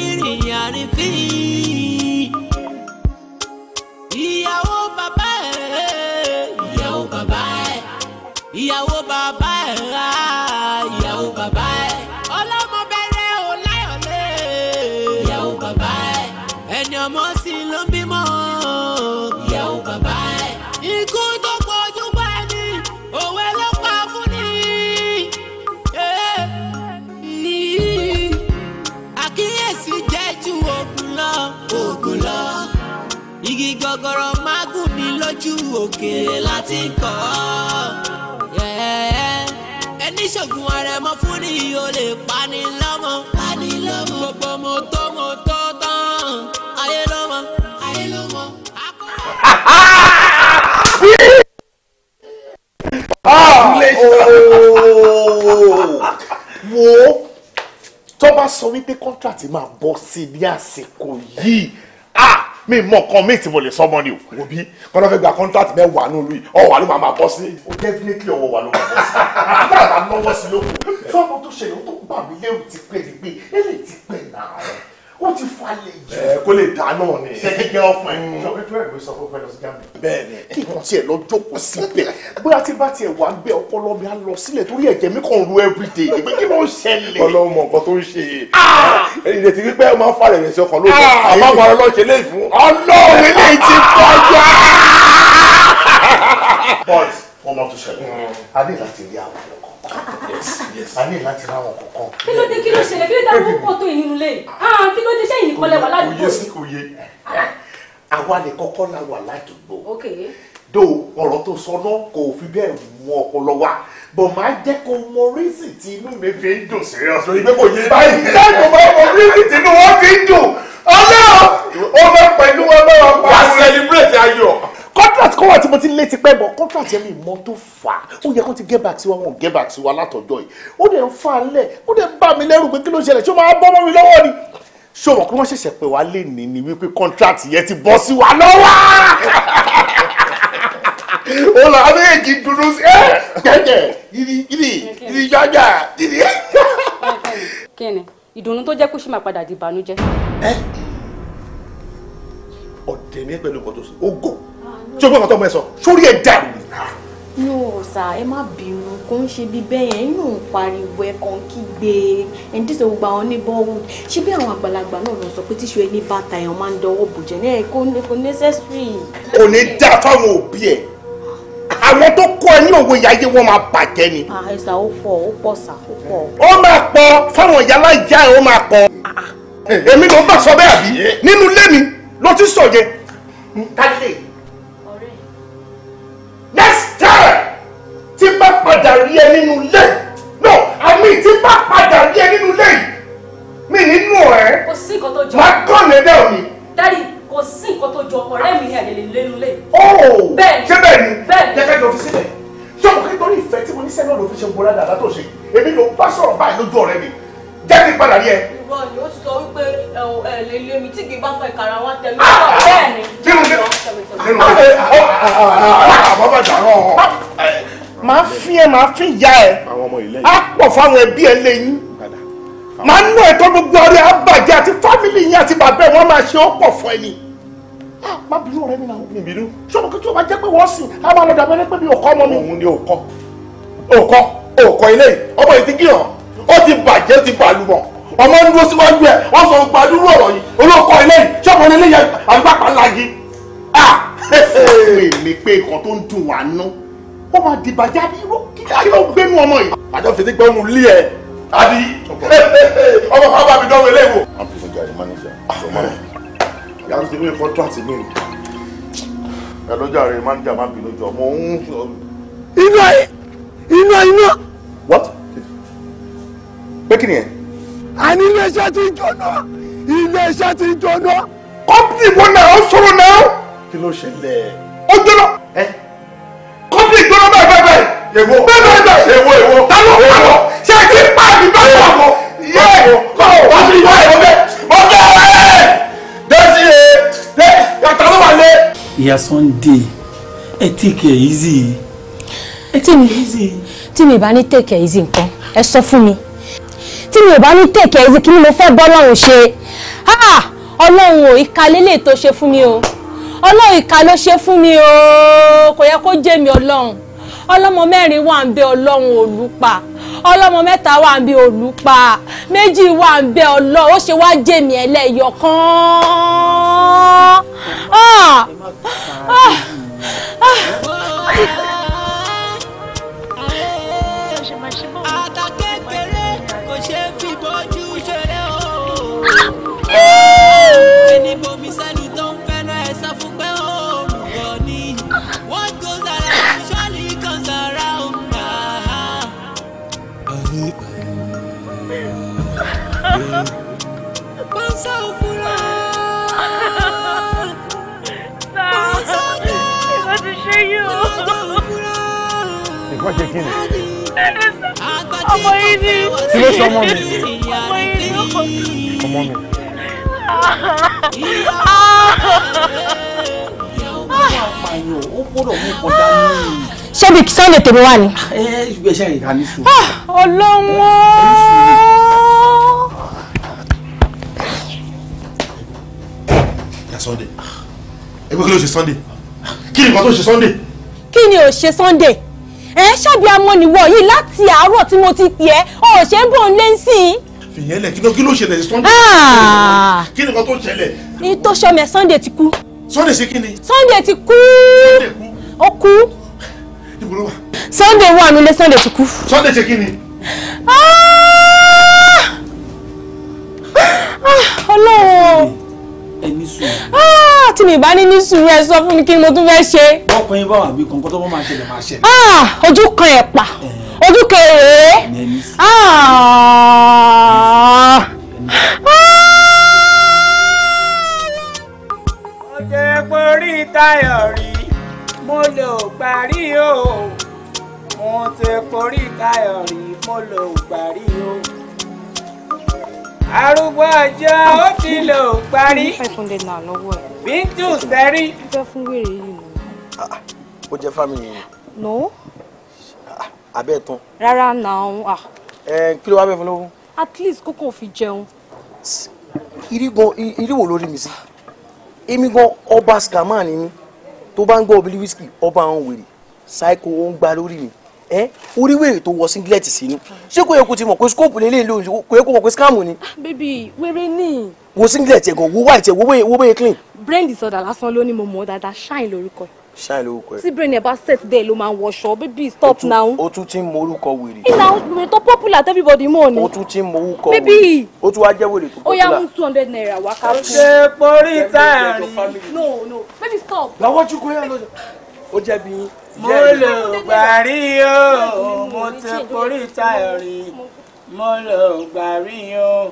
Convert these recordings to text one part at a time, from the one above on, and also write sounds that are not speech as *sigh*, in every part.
yeah. òkèèrè láti kọ́ ẹni ṣògùn ara ẹmọ fún ni o lè pani lọ́mọ pani lọ́mọ gbogbo mo tó mo tó tán ayé lọ́mọ ayé lọ́mọ. Ah, ah, ah, oh. *laughs* wo tó bá sọ wípé kọ́ńtàtì máa bọ́ sí ní àsìkò yìí ah mi mọ nǹkan mi tí mo lè sọmọ ni o òbí kọ́ ló fẹ́ gba contract mẹ́wàá nínú yìí ọ̀wà ló máa máa bọ́ sí o definitely ọwọ́ wa ló máa bọ́ sí àbúrò àbá lọ́wọ́ sí lóko fún ọmọ tó ṣẹlẹ̀ ó tó gbà mí lérò ti pẹ́ ti pé eléyìí ti pẹ́ náà ó ti falẹ̀ jù. ẹ kó lè dá náà ni. sẹ́kẹ́kẹ́ ọ̀fun ẹ̀ mm. sọ pé fẹ́rẹ̀ ló sọ fún fẹ́rẹ̀ lọ́sí gàmù. bẹ́ẹ̀ni kí n tiẹ̀ lọ jókòó síbẹ̀ bóyá tí bá tiẹ̀ wà bẹ ọpọlọ mi á lọ sílẹ̀ torí ẹ̀jẹ̀ mi kàn ru everyday pé kí ló ń ṣẹlẹ̀. ọlọ́run mọ nǹkan tó ń ṣe ah! ìrètí pípẹ́ ó máa ń fàrẹ̀ rẹ̀ sí ọkàn lóòótọ́ ah! àmọ́ àwọn ọlọ́run ṣe léè fún. ọlọ́run eléyìí ti kọjá. *laughs* bọ́ọ̀sì wọ́n máa tún ṣẹlẹ̀ mm. adé a ní láti ráwọn kọ̀ọ̀kan. kí ló dé kí ló ṣẹlẹ̀ kí ló dé àwọn pọ̀ tó yìí nílé ah, kí ló dé sẹ́yìn nìkan lẹ́wà ládùúgbò. òye sí òye àwa lè kọ́kọ́ la wà ládùúgbò do ọ̀rọ̀ tó sọ náà kò fi bẹ́ẹ̀ mú ọpọlọ wa bọ̀ máa jẹ́ kó mọ rísì tí inú mi fi ń dùn serious lórí pé kò yé báyìí jẹ́ kó mọ mọ rísì tí inú wọn fi ń dùn ọlọ́ọ̀ ọmọ pẹ̀lú ọlọ́ọ̀ pa. wàá celebrate ayọ̀ contract kọ́ wà tí mo ti lé tipẹ́ bọ̀ contract yẹn mi mọ́ tó fà á ó yẹ kó ti get back sí wa wọn ò get back sí wa látọjọ́ yìí ó dẹ̀ ń fa lẹ̀ ó dẹ̀ ń bà mí lẹ́rù pé kí ló ṣẹlẹ̀ ṣé ó máa bọ́ mọ́ mi lọ́wọ́ ni ṣé o mọ̀ pé wọ́n ṣẹ̀ṣẹ̀ pé wá lè ní ni wípé contract yẹn ti bọ́ sí wa lọ́wọ́ ó lọ abẹ́yẹ̀kì dúró sí eh, ẹ kẹ̀kẹ́ yìí yìí yìí jọjà yìí. kí ìdùnnú tó jẹ́ kó ṣì máa padà di ìbànújẹ́. Eh? ọ̀dẹ̀ mi pẹ̀lú nǹkan tó sọ ogún ṣé o gbọ́ nǹkan tó ọmọ ẹ sọ sórí ẹ dà rú ni. no sir ẹ má bínú kò ń ṣe bí bẹ́ẹ̀ yẹn inú ń pariwo ẹ kàn kígbe ẹni tí sọ̀rọ̀ gba wọn ní bọ́ọ̀wùd ṣé bí àwọn àgbàlagbà náà lọ sọ pé tíṣu ẹni bàtà ẹ̀ máa ń dọwọ́ bòjẹ́ náà kò necessary. kò ní dáa fáwọn òbí ẹ̀ àwọn tó kọ́ ẹ ní òwe yáyé wọn máa bàjẹ́ ni. àìsàn ah, ó pọ̀ ó pọ̀ sà ó pọ̀. ó máa pọ̀ fáwọn ìyá aláìyá ẹ ó máa pọ̀. Ah, ah. èmi ló bá sọ bẹ́ẹ̀ àbí eh. nínú ilé mi ló ti sọ yẹn. kálí next time tí bá padà rí ẹ nínú ilé no àmì tí bá padà rí ẹ nínú ilé mi nínú ẹ máa gàn lé náà mi. dáàdi kò sí nǹkan tó jọ ọ̀rẹ́ mi ní àyẹ̀lẹ̀ lẹ́nu lé. ooo ṣé bẹ́ẹ̀ ni jẹ́kẹ́ jọ fi sílẹ̀ ṣé mo kí lórí ìfẹ́ tí mo ní sẹ́yìn lọ́dún fi ṣe ń bọ́lá dàda tó ṣe èmi ló bá sọ̀rọ̀ báyìí lójú ọ̀rẹ́ mi jáde padà rí ẹ. ìrọ̀ ni ó ti sọ wípé ẹ̀ mi tí kì í bá fẹ́ kàrà wọn tẹ̀lé nínú ilé nínú ilé àbábà dàrọ ọ. màá fi ẹ màá fi ìyá ẹ á pọ̀ fáwọn ẹbí ẹ lẹ́yìn màá nù ẹ̀ tó gbogbo ọrẹ àbàjẹ́ àti fámìlì yín àti bàbá ẹ̀ wọ́n máa ṣe ó pọ̀ fún ẹ ni má bínú ọ̀rẹ́ mi náà. mi bínú. sọ́kùn kí tí o bá jẹ́ pé wọ́n sìn á máa lọ dàbẹ́ ní pé mi ò kọ́ ọmọ mi. òun ni ò kọ́ ò ilé ọmọ yìí ti gíràn ó ti bàjẹ́ ó ti bàlùmọ̀ ọmọ ń dúró síwájú ẹ̀ wọ́n sọ gbàdúrú ọ̀rọ̀ yìí olóòkọ́ ilé yìí sọ́kùn ilé yẹn àgbàpá ńlá Ah! èmi pé nǹkan tó ń dùn wá ná ó máa di bàjẹ́ àbí irú kí ló gbénu ọmọ yìí. àjọ fi ti gbọ́ nu lé ẹ àbí ọmọ kan bá mi dánwò ilé ìwò. i'm prison guy manager so man. yàrá ti ní contract mi ẹ lọ́jà rẹ̀ manager máa bínú jọ mo ń. iná iná iná. what pé kí ni ẹ. a ní iléeṣẹ́ tí ń jóná iléeṣẹ́ tí ń jóná. kọ́ńtì wọn náà ó sọ̀rọ̀ náà kí ló ṣẹlẹ̀. ó jóná. ẹ kọ́ńtì jóná bẹ́ẹ̀ bẹ́ẹ̀ bẹ́ẹ̀. èwo bẹ́ẹ̀ bẹ́ẹ̀ bẹ́ẹ̀. èwo èwo. ta ló wà lọ. ṣé ẹ ti pa àbí bá wà lọ. yẹ kọ́ wọ́n ti yọ ẹ̀rọ bẹ́ẹ̀. wọ́n bẹ́ ẹ̀ dẹ́sí ẹ̀ dẹ́ yàtọ̀ ló wà lé. ìyá Sunday ẹ take it easy. ẹ tí mi tí mi bá ní take it easy nǹkan ẹ sọ fún mi tí mi ò bá ní take it easy kí ni mo fẹ́ bọ́ lọ́rùn ṣe ọlọ́run ò ìka lélẹ̀ tó ṣe fún mi o ọlọ́run ìka ló ṣe fún mi o kò yẹ kó jẹ́ mi ọlọ́run ọlọ́mọ mẹ́rin wà ń bẹ ọlọ́run òlùpà ọlọ́mọ mẹ́ta wà ń bẹ òlùpà méjì wà ń bẹ ọlọ́run ó ṣe wá jẹ́ mi ẹlẹ́yọ kan. Ah! Ah! Ah! Ẹni bomi sẹ́ni ẹ sọ ni what goes around surely comes around. Pọ́nsá Ọmọ yìí ni. Ọmọ yìí ni. Ọmọ mi ṣébi kí sunday tèmi wà ní. ọlọ́wọ́. ẹgbẹ́ kí ló ṣe sunday kí ni nǹkan tó ṣe sunday. kí ni ò ṣe sunday ẹ ṣàbí amọ̀nìwọ̀ yìí láti àárọ̀ tí mo ti pè ẹ́ ò ṣe é bò ń lé sí i fìyẹn lẹ̀ kí ló ṣẹlẹ̀ Sunday ah! kí ni nǹkan tó ṣẹlẹ̀. ní tó ṣọmẹ Sunday ti kú. Sunday ṣe kí ni. Sunday ti kú. Sunday kú. ó kú. níbo ló wà. Sunday wà nílé Sunday ti kú. Sunday ṣe kí ni. Ah! Ah! Ọlọ́run ẹni sùúrù. tí mi bá ní ní sùúrù ẹ sọ fún mi kí ni mo tún fẹ́ ṣe. wọ́n kọyìn báwọn àbí kankan tó wọ́n máa ṣẹlẹ̀ máa Ah! ojú kan ẹ̀ pa. Eh ojú kẹrẹ ah! ọ̀sẹ̀ porí tayọ̀ rí arúgbó ọjọ́ ó ti lò parí bíntù sẹ́rí. Ah, ó jẹ́ fámìlì. no abẹ́ tán. rárá nà án wà. kí ló wá bẹ fún lọ́wọ́. at least kókò fi jẹun. irí gan irí wo lórí mi sí èmi gan ọba scammer ni tó bá ń gbọ́ obìnrin wíṣkì ọba àwọn wèrè psycho ó ń gba lórí mi ẹ orí wèrè tó wọ singlet sínú ṣé kò yẹ kó ti mọ̀ pé scope lè lè lò kò yẹ kó mọ̀ pé scam ni. Ah, bébì wéré ní. wo singlet ẹ̀ gan wo white ẹ̀ wo bóyá clean. brain disorder lásán ló ní mo mọ̀ dáadáa shine lórúkọ ẹ̀ ṣáà ló kọ ẹ. tí brain ẹ bá set there ló máa ń wọṣọ baby stop now. o tún ti ń morúkọ wèrè. iná wèrè tó popular tẹ́ everybody mọ̀ ni. o tún ti ń morúkọ wèrè. baby o tún wá jẹ́ wèrè tó popular. ó yá mú two hundred naira wá ká fún. ṣe porí tá a no no baby stop. làwọn jù kó yà lọ ó jẹ́ bí. mo lò gbàrí o mo ti porí tá a mo lò gbàrí o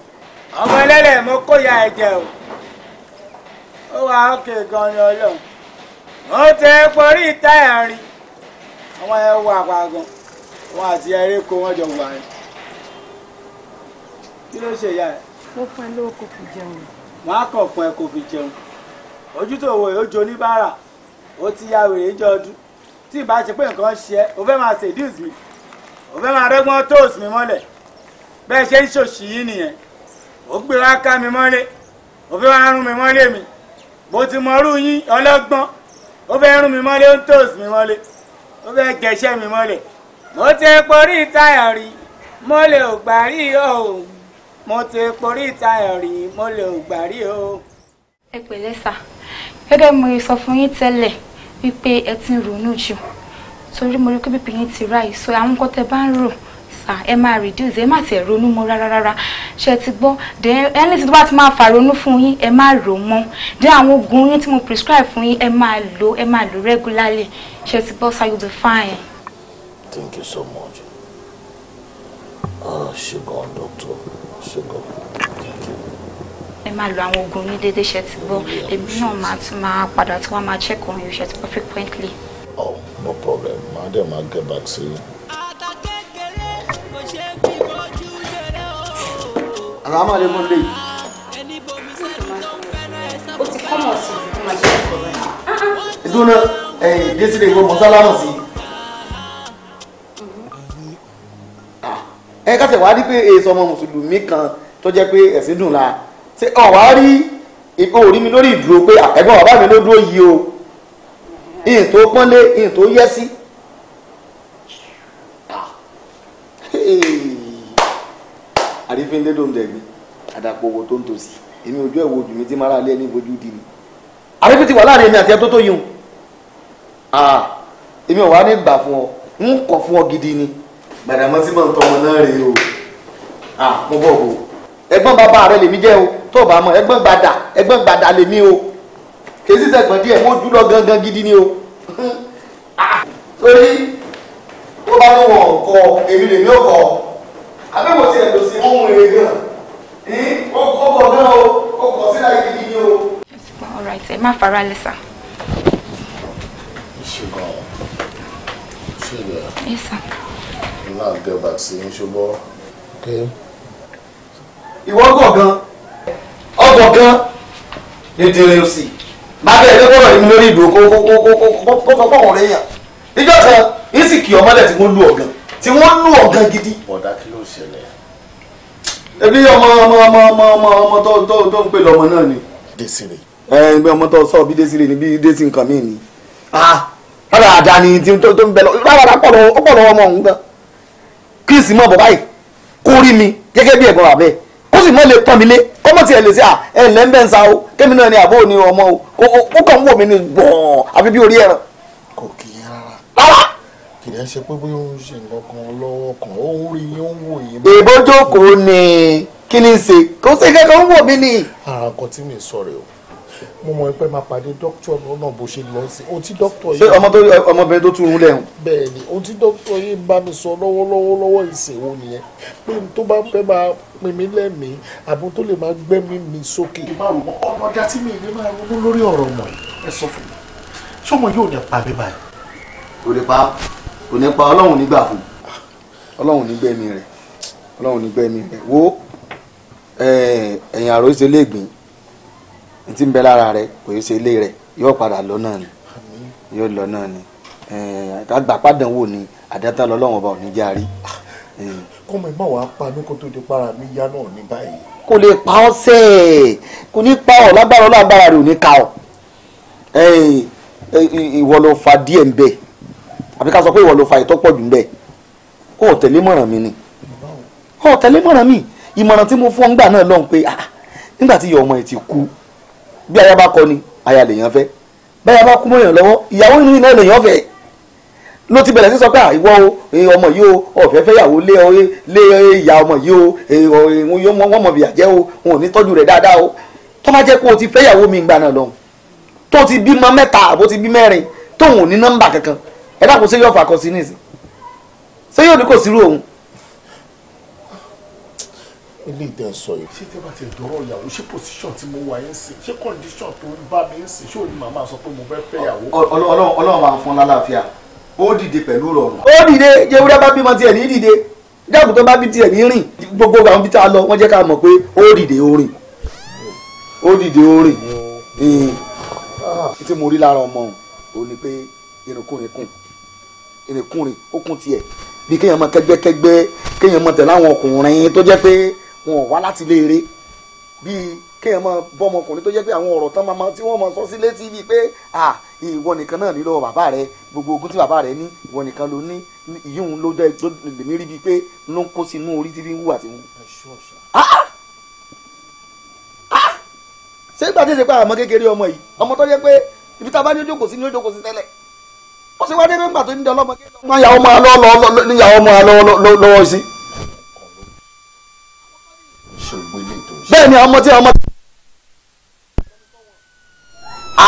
ọmọ ẹlẹ́lẹ̀ mo kó ya ẹ̀jẹ̀ o ó wà ókè gan-an ni wọ́n tẹ porí táyà rìn àwọn ẹ̀ wọ àpagàn wọn àti ẹrẹ́ kó wọ́n jọ wà ní. kí ló ṣe ìyá ẹ. ó fún ẹ lówó kò fi jẹun. wọn á kàn fún ẹ kò fi jẹun ojú tó wo èèjọ oníbàárà ó ti ya wèrè jọ ọdún tí ìbá ṣe pé nǹkan ṣe ẹ o fẹ́ máa seduce mi o fẹ́ máa rẹ́gbọ́n tóòsì mi mọ́lẹ̀ bẹ́ẹ̀ ṣe ń ṣòṣì yìí nìyẹn ó gbé wá ká mi mọ́lé ó fẹ́ wá rún mi mọ́lé mi bó ti mọ irú yín ọlọ́gbọ́n ó fẹ́ rún mi mọ́lé ó ń tòs mi mọ́lé ó fẹ́ gẹ̀ṣẹ́ mi mọ́lé mo ti porí táyà rí mọ́lẹ̀ ò gbà rí o mo ti porí táyà rí mọ́lẹ̀ ò gbà rí o. ẹ pẹ̀lẹ́ sà gẹ́gẹ́ mo sọ fún yín tẹ́lẹ̀ wípé ẹ ti ń ronú jù torí mo rí pé bíbí yín ti ráì so àwọn nǹkan tẹ bá ń rò Ah, ẹ máa reduce ẹ má tiẹ̀ ronú mọ́ rárá ṣe ti gbọ́ then anything tó bá ti máa fà ronú fún yín ẹ má rò mọ́ then àwọn oògùn yín tí mo prescribe fún yín ẹ máa lò ẹ máa lò regularly ṣe ti gbọ́ sir you be fine. thank you so much ah, ṣùgbọ́n doctor ṣùgbọ́n thank you. ẹ máa lo àwọn oògùn yín déédéé ṣe ti gbọ́ èmi náà máa tún máa padà tí wọ́n máa check on you ṣe ti gbọ́ frequently. oh no problem madam i'll get back to you. àrà máa lè mú lè. ó ti kọ́ mọ̀ sí i kó máa ṣe ìkọ̀ rẹ̀. ìdúró ẹ̀yìn dé sílé ìwọ mọ̀sálámù sí i. Ah, ẹ kásẹ̀ wá rí pé èso e ọmọ mùsùlùmí kan tó jẹ́ pé ẹ̀sìn dùn la ṣé ọ̀ wá rí ìpò orí mi lórí ìdúró pé ah, ẹ̀gbọ́n bàbá mi ló dúró yìí o ìyìn tó pọ́nlé ìyìn tó yẹ sí. Ah, hey àrífín dédòm dẹ̀gbin àdàpọ̀ owó tó ń tòsí èmi ojú ẹ̀ ojú mi tí mara alẹ́ ní ìbojú di ni àrífín ti wà láàrin èmi àti ẹ tó tó yun ah èmi ò wá ní gbà fún ọ ń kọ̀ fún ọ gidi ni gbàdàmọ́sí máa ń tọ́ náà rèé o ah mo bọ̀ bò ẹ̀gbọ́n bàbá rẹ lèmi jẹ́ o tó bá mọ̀ ẹ̀gbọ́n gbàdà ẹ̀gbọ́n gbàdà lèmi o kèsì sẹ̀gbọ́n díẹ̀ mo jù gangan gidi ni o ah *laughs* torí tó bá ló wọ̀ ọ̀kọ́ èmi lèmi ò kọ́ abẹ́wò tí ẹ̀ lò sí ohun èrè gan ó kọ̀ gan o ó kọ̀ sílá gidi ni o. alright ẹ má fara lẹ sá. ṣùgbọ́n ṣùgbọ́n náà gẹ̀bà sí ń ṣubọ́. ìwọ gọ̀gán ọgọ̀gán nídìrí òsì máa bẹ̀rẹ̀ pé kọ́nà ìmú lórí ìdúró kókókókókókókókókókókókó ìjọ kan ìsìnkì ọmọdé tí wọ́n lù ọ̀gán tí wọ́n lù ọ̀gá gidi. bọ̀dá kí ló ṣẹlẹ̀. ẹbí ọmọ ọmọ ọmọ ọmọ ọmọ ọmọ tó tó tó ń pè lọmọ náà ni. Désiré. ẹ ẹgbẹ́ ọmọ tó sọ bí Désiré ni bí Désì nǹkan mi ni. rárá àdá ni tí tó ń bẹ lọ rárá ọpọlọ ọpọlọ ọmọ òun gan. kíìsì mọ bọ̀ báyìí kó rí mi gẹ́gẹ́ bí ẹ̀gbọ́n bàbẹ́ ó sì mọ lè pọ́n mi lé ọmọ tiẹ̀ lè ṣe à ẹ̀ lẹ́ ń bẹ́ ń sa o kémi náà ni àbó ni ọmọ o ó kàn ń wò mí ni gbọ̀n àfi bí orí ẹ̀ràn. kò kì í rárá. rárá kì í ṣe pé bóyá ó ń ṣe nǹkan kan lọ́wọ́ kan ó ń rí ó ń wò yín. ìbójókòó ni kí ni ṣe kó ṣe kẹ́kọ̀ọ́ ń wò mí ni. ara nǹkan tí mi sọ rèé o mo mọ pé máa pàdé dókítà lọ́nà bó ṣe lọ sí ohun tí dókítà yìí. ṣé ọmọbìnrin tó tún un lẹ́hùn. bẹ́ẹ̀ni ohun tí dókítà yìí bá mi sọ lọ́wọ́lọ́wọ́ lọ́wọ́ ìṣèwò nìyẹn pé tó bá fẹ́ máa pin mí lẹ́mìí àbí tó lè máa gbẹ́mí mi sókè. ọ̀nàdà tí mi ìlú máa ronú lórí ọ̀rọ̀ ọmọ yìí sọ fún mi ṣé ọmọ yóò dẹ̀ pa mi báyìí kò ní pa ọlọ́run nígbà fún ọlọ́run nígbẹ̀mí rẹ̀ ọlọ́run nígbẹ̀mí rẹ̀ wo ẹ̀yìn àrò ṣe léègbín tí ń bẹ lára rẹ̀ kò yóò ṣe ilé rẹ̀ yóò padà lọ náà ni yóò lọ náà ni àgbà pàdánwò ni àdáta lọ́lọ́run ọba ò ní járí. Ah, eh. kọ́mọ ẹ̀ má wàá pa mí kó tó di para mi yá náà ní báyìí. kò lè pa ọ́ sẹ́ẹ̀ kò ní pa ọ́ lágbára ọlọ́gbára rẹ̀ ò ní ka ọ́ ìwọ ló fa díẹ̀ ń bẹ́ẹ̀ àbí ká sọ pé ìwọ ló fa ìtọ́pọ̀ jù ńbẹ ó tẹ̀lé mọ̀ràn mi ni ó tẹ̀lé mọ̀ràn mi ìmọ̀ràn tí mo fún ọ ńgbà náà lọ́hùn pé ah nígbà tí ìyá ọmọ ẹ̀ ti kú bí aya bá kọ ni aya lèèyàn fẹ́ báyà bá kú mọ́yàn lọ́wọ́ ìyàwó inú iná lèèyàn fẹ́ ló ti bẹ̀rẹ̀ sí sọ pé ah, ìwọ o ọmọ yìí o ọ̀fẹ́ fẹ́yàwó lé lé ìyá ọmọ yìí o wọ́n mọ̀ bìyà jẹ́ o wọn ò ní tọ́jú rẹ̀ dáadáa o tó má jẹ́ pé o ti fẹ́yàwó mi ìgbà náà lọ́hùn tó ti bímọ mẹ́ta àbó ti bí mẹ́rin tóun ò ní nọ́mbà kankan ẹ dàpọ̀ ṣé yóò fà kọ sí nísìn ṣé yóò ní kò sírú òun. ilé ìdẹ́ sọ yìí. ṣé tẹ́ bá ti dọ̀rọ̀ ìyàwó ṣé pòsíṣàn tí mo wà yẹn ń sìn ṣé kọ́ndíṣàn tó ń bá mi ń sìn ṣé òní màmá sọ pé mo fẹ́ fẹ́ ìyàwó. ọlọ́run máa fún lálàáfíà ó dìde pẹ̀lú rọrùn. ó dìde jẹ́wúrẹ́ bá bímọ tiẹ̀ ní dìde dáàbò tó bá bí tiẹ̀ ní rìn gbogbo àwọn bí tá a lọ wọ́n jẹ́ ká mọ̀ pé ó dìde ó ó dìde ó tí mo rí lára ọmọ òun ni pé irunkúrinkún èrèkùnrin ó kún tiẹ̀ bí kéèyàn máa kẹgbẹ́kẹgbẹ́ kéèyàn máa tẹ̀lé àwọn ọkùnrin tó jẹ́ pé wọn ò wá láti léèrè bíi kéèyàn máa bọ́mọ ọkùnrin tó jẹ́ pé àwọn ọ̀rọ̀ tán máa tí wọ́n máa sọ sí létí bíi pé à ìwọ nìkan náà nílò bàbá rẹ gbogbo ogun tí bàbá rẹ ní ìwọ nìkan ló ní ìyíhun ló dẹ lèmi rí bíi pé ló ń kó sínú orí tí fi ń wù àti wù. ṣé gbàdéjì pa àmọ́ kékeré ọmọ yìí ọmọ tó jẹ́ pé ibi tá a bá ní ojókòó sí ní ojókòó sí tẹ́lẹ̀ ó sì wá dé nígbà tó ń dẹ ọlọ́mọ kí níyàwó máa lọ́ lọ́wọ́ lọ́wọ́ sí. bẹ́ẹ̀ ni àwọn ọmọ tí àwọn ọmọ.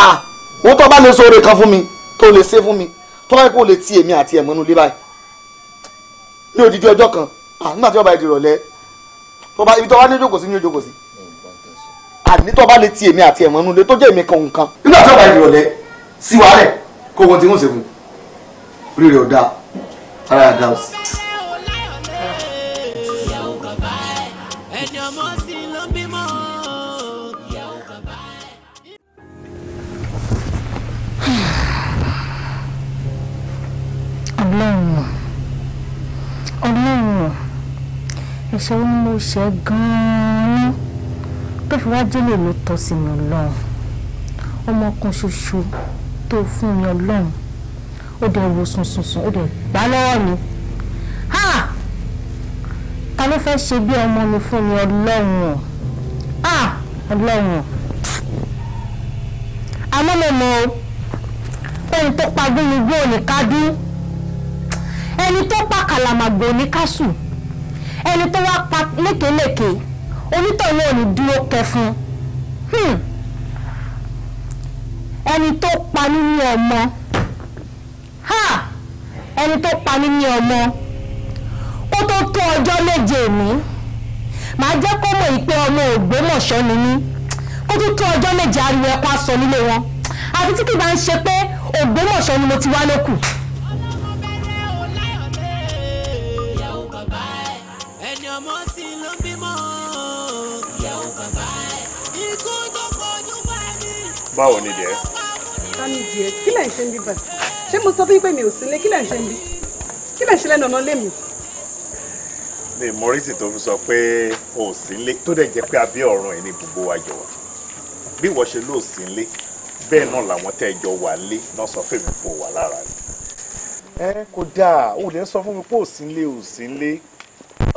à wọ́n tó bá lè sọ oore kan fún mi tó lè ṣe fún mi tó wáyé kó lè ti èmi àti ẹ̀mọ́nú lé báyìí ní odidi ọjọ́ kan nígbà tí ọba ìdìrọ̀lẹ́ ibi tó bá ní ojókòó sí ní ojókòó sí àní tó lè ti èmi àti ẹ̀mọ́nú lé tó jẹ́ èmi kan nǹkan nígbà tí ọba ìdìrọ̀lẹ́ sí wàhálẹ̀ kó wọn ti ń ṣe fún un orí rẹ̀ ọ̀dà ara rẹ̀ dà. ọlọ́run ọlọ́run ẹ̀ṣẹ̀ wo ni mo ṣe gan-an tó fi wá jẹ́lẹ̀ ló tọ́ sí mi ọlọ́run ọmọ kan ṣoṣo tó fún mi ọlọ́run ó dẹ̀ wo sunsunsun ó dẹ̀ gbá lọ́wọ́ mi ha ta ló fẹ́ ṣe bí ọmọ mi fún mi ọlọ́run ọ ọlọ́run ọ àmọ́ mo mọ̀ ohun tó pa gbólógbó ò ní ká dún ẹni tó pa kàlàmàgbò ní kásù ẹni tó wá pa lékeleke onítọ̀hún ò ní dúró kẹfun hmm. ẹni tó pa nínú ọmọ ẹni tó pa mí ní ọmọ ó tó tó ọjọ́ méje mi màá jẹ́ kó mọ̀ ìpè ọmọ Ògbómọ̀ṣọ́ ni mí kó tó tó ọjọ́ méje ariwo ẹ̀kọ́ aṣọ nílé wọn àfi tí kì bá ń ṣe pé Ògbómọ̀ṣọ́ ni mo ti wá lókù. báwo ni dẹ dání díẹ̀ kí lẹ̀ ń ṣe ń bí báyìí ṣé mo sọ fún yín pé mi ò sílé kí lẹ̀ ń ṣe ń bí kí lẹ̀ ń ṣe lẹ́nu ọ̀nà lé mi. mi mọ̀rísì tó fi sọ pé o ò sílé tó dẹ̀ jẹ́ pé abẹ́ ọ̀run ẹ̀ ní gbogbo wa jọ wá bí wọ́n ṣe ló sílé bẹ́ẹ̀ náà làwọn tẹ́ ẹ jọ wà lé náà sọ fún mi pò wà lára rẹ̀. ẹ kò dáa o ò dẹ̀ sọ fún mi pé ò sílé ò sílé.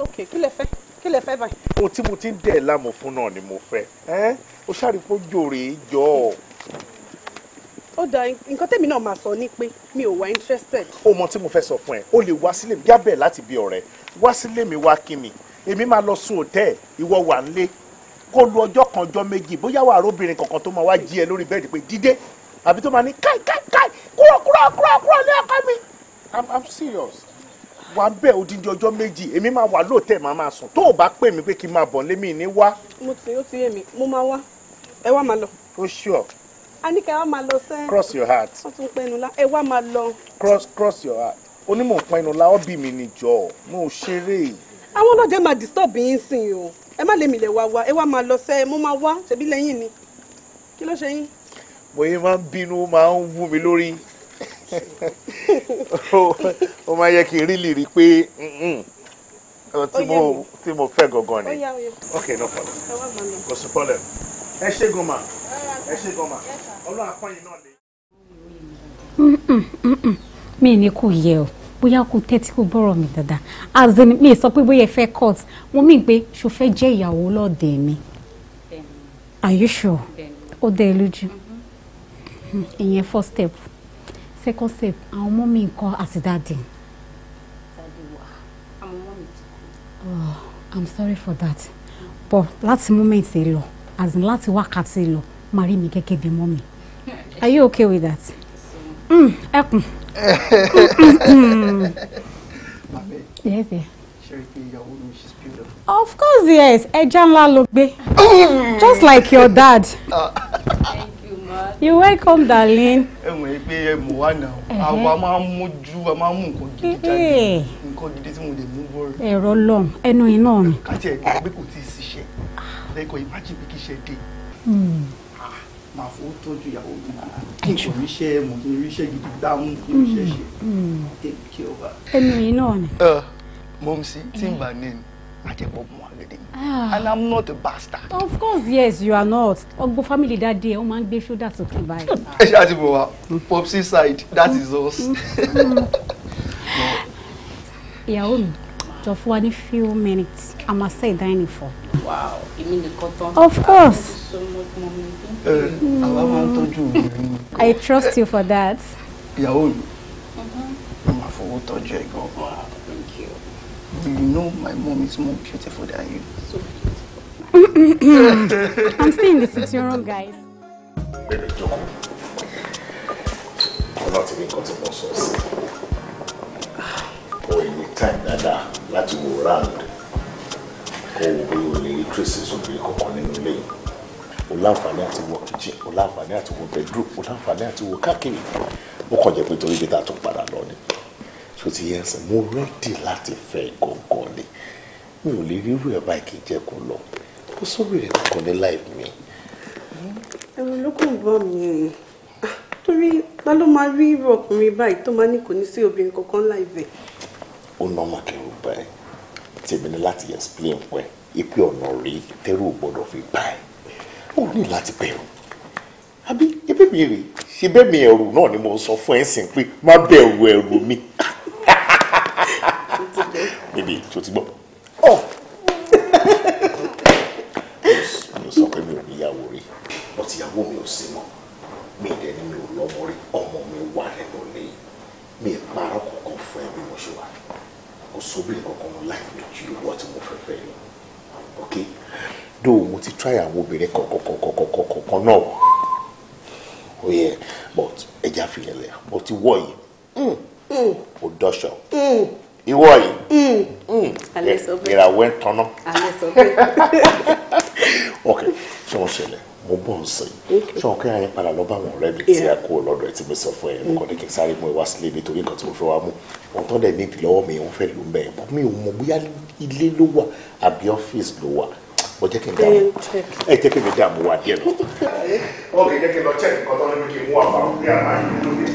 ok kí lẹ fẹ́ kí lẹ fẹ́ báyìí. o tí mo ti ń dẹ̀ láàmú náà ni mo fẹ́ ẹ́ o ṣàrífọ́ jòrè jọ ọ́ ó da nǹkan tẹ́mi náà máa sọ ni pé mi ò wá interested. ó mọ tí mo fẹ́ sọ fún ẹ o lè wá sílé mi yábẹ̀ láti bí ọ̀rẹ́ wá sílé mi wá kí mi èmi máa lọ sùn òtẹ́ẹ̀ ìwọ wà ń lé kó lu ọjọ́ kan ọjọ́ méjì bóyá wàá róbìnrin kankan tó máa wá jí ẹ lórí bẹ́ẹ̀dì pé dídé àbí tó máa ní káì káì káì kúrò kúrò kúrò kúrò ní ọkọ mi. i'm i'm serious wà á bẹ̀ odindi ọjọ́ méjì èmi máa wà lóòótẹ́ màá máa sùn tó o bá pè mí pé kí n máa bọ̀ lé mi ní wá. mo ti ó ti yé mi mo máa wá ẹ wá máa lọ. ó ṣùọ́ a ní kẹ́ ẹ wá máa lọ sẹ́. cross your heart. wọ́n tún pẹ́nu la ẹ wá máa lọ. cross cross your heart onímọ̀ pẹ́nu la ọ́bì mi ni jọ mo ṣeré. àwọn ọlọ́dẹ máa disturb yín sìn o ẹ má lè mi lè wá wá ẹ wá máa lọ sẹ́ mo máa wá ṣèbí lẹ́yìn ni kí ló ṣe yín. bóyá máa ń bínú máa ń wú mi lórí *laughs* ó máa yẹ kí n rí lè pé tí mo fẹ́ gangan ni ok no problem kò sí problem ẹ ṣe gan ẹ ṣe gan ọlọ́run apọ́yìn náà lè. mi ni kò yẹ o bóyá kò tẹ́tí kò gbọ́rọ̀ mi dáadáa as in mi sọ pé bóyá ẹ fẹ́ cut wọ́n mí pé ṣo fẹ́ jẹ́ ìyàwó lọ́ọ̀dẹ̀ mi are you sure ó dẹ́ ẹ lójú mm-hmm. ìyẹn first step second step àwọn ọmọ mi nǹkan àti dáàdì. I'm sorry for that. But láti moment yìí lọ as in láti wákàtí lọ máa rí mi gẹ́gẹ́ bí are you okay with that? Mm, ẹkùn. mami yes dear. of course yes ẹja ńlá just like your dad. thank you ma. you welcome darling. ẹ mọ̀ ẹ pé ẹ mọ̀ wá náà àwa a máa ń mú gidi jáde nǹkan gidi tí mo lè mú bọ́ọ̀rù. ẹ̀rọ lọ́n ẹnu iná mi. káti ẹ̀ gbàgbé kò tí ì lẹ́kọ̀ọ́ imagine bí kì í ṣe dé hmm. ah, máa fowó tọ́jú ìyàwó mi ah, kí n kò ríṣẹ́ mọ̀ kí n ríṣẹ́ gidi dáhùn kí n ríṣẹ́ ṣe take care of her. ẹnu yìí náà ni. Eh, mọ̀mísí tí n bá hmm. ní ni àjẹpọ̀ mọ́ àgẹ̀dẹ̀ mi and i'm not a bastard. of course yes you are not ọgbọ́n family dáadé ẹ̀ ó máa ń sókè báyìí. *laughs* ẹ ṣe àti bọ̀wá popsi side that is us. Mm, mm. *laughs* ìyàwó mi jọ fún wa ní few minutes. I must say dining for. Wow, èmi nìkan tán. Of course. So much mommy. Eh, àwa máa I trust you for that. Yeah, mi, mm-hmm. mo máa fowó tọ́jú ẹ̀ Wow, thank you. You know my mom is more beautiful than you. So beautiful. *laughs* I'm still in the sitting room, guys. Bẹ́ẹ̀ni, jókòó. Ọlá ti ní nǹkan tí mo sọ sí. time dáadáa láti wò round kọ́ wo bí o ní tracy sóbìrì kankan nínú ilé yìí o láǹfààní àti wọ kitchen o láǹfààní àti wọ bedroom o láǹfààní àti wọ káàkiri ó kàn jẹ́ pé torí bí táà tún padà lọ ni tó ti yẹn sìn mo rẹ́dì láti fẹ́ gọ̀ọ̀gàn ni mi ò lè rírú ẹ̀ báyìí kì í jẹ́ kó lọ kó sóbìrì kankan ní láì mi. ẹ̀rù ló kàn bọ́ mi ah, torí ta ló máa rí irú ọkùnrin báyìí tó máa ní kò ní sí obìnrin kankan láì bẹ̀. ó nọ́ màkẹ́rù báyìí tèmi ni láti explain pẹ́ ipe ọ̀nà rí tẹ́rù gbọ́dọ̀ fi gbà ẹ́ ó ní láti bẹ̀rù àbí ebí mi rè ṣe bẹ́ẹ̀ mi ẹ̀rù náà ni mo sọ fún ẹ̀ sìn pé má bẹ̀rù ẹ̀rù mi *laughs* bèbè tó ti gbọ́ ọ *laughs* mo sọ pé mi ò níyàwó rí ọtíyàwó mi ò sí mọ́ mi ìdẹ́ni mi ò lọ́mọ rí ọmọ mi wà lẹ́nu ní mi ìparọ́ kọ̀ọ̀kan fún ẹ bí mo ṣe wà rí kò sóbìnrin kankan láì dojú ìwọ tí mo fẹ́ fẹ́ lọ ok do mo ti try àwọn obìnrin kọ̀ọ̀kọ̀ọ̀kọ̀ọ̀kọ̀ọ̀kan náà ó yẹ but ẹja fi yẹn lẹ mo ti wọ yìí mm, mm. O dọ́ṣọ mm. ìwọ yìí ìràwọ̀ ẹ̀ tán náà *laughs* ok ṣé wọ́n ṣẹlẹ̀ mo bọ̀ ń sìn ṣé wọn kẹ́ra yẹn padà lọ bá àwọn ọ̀rẹ́ mi tí a kó lọ́dọ̀ ẹ̀ tí mo sọ fún ẹ nǹkan ní kí n sáré mú ẹ wá sílé nítorí nǹkan tí mo fẹ́ wá mú wọn tọ́ dẹ̀ nídìí lọ́wọ́ mi wọ́n fẹ́ lò ń bẹ̀ bọ́ mi ò mọ bóyá ilé ló wà àbí ọ́fíìsì ló wà mo jẹ́ kí n dààmú ẹ jẹ́ kí n dààmú wá díẹ̀ lọ. wọ́n kì kí n lọ check nǹkan tó ní kí n mú àbá mo lè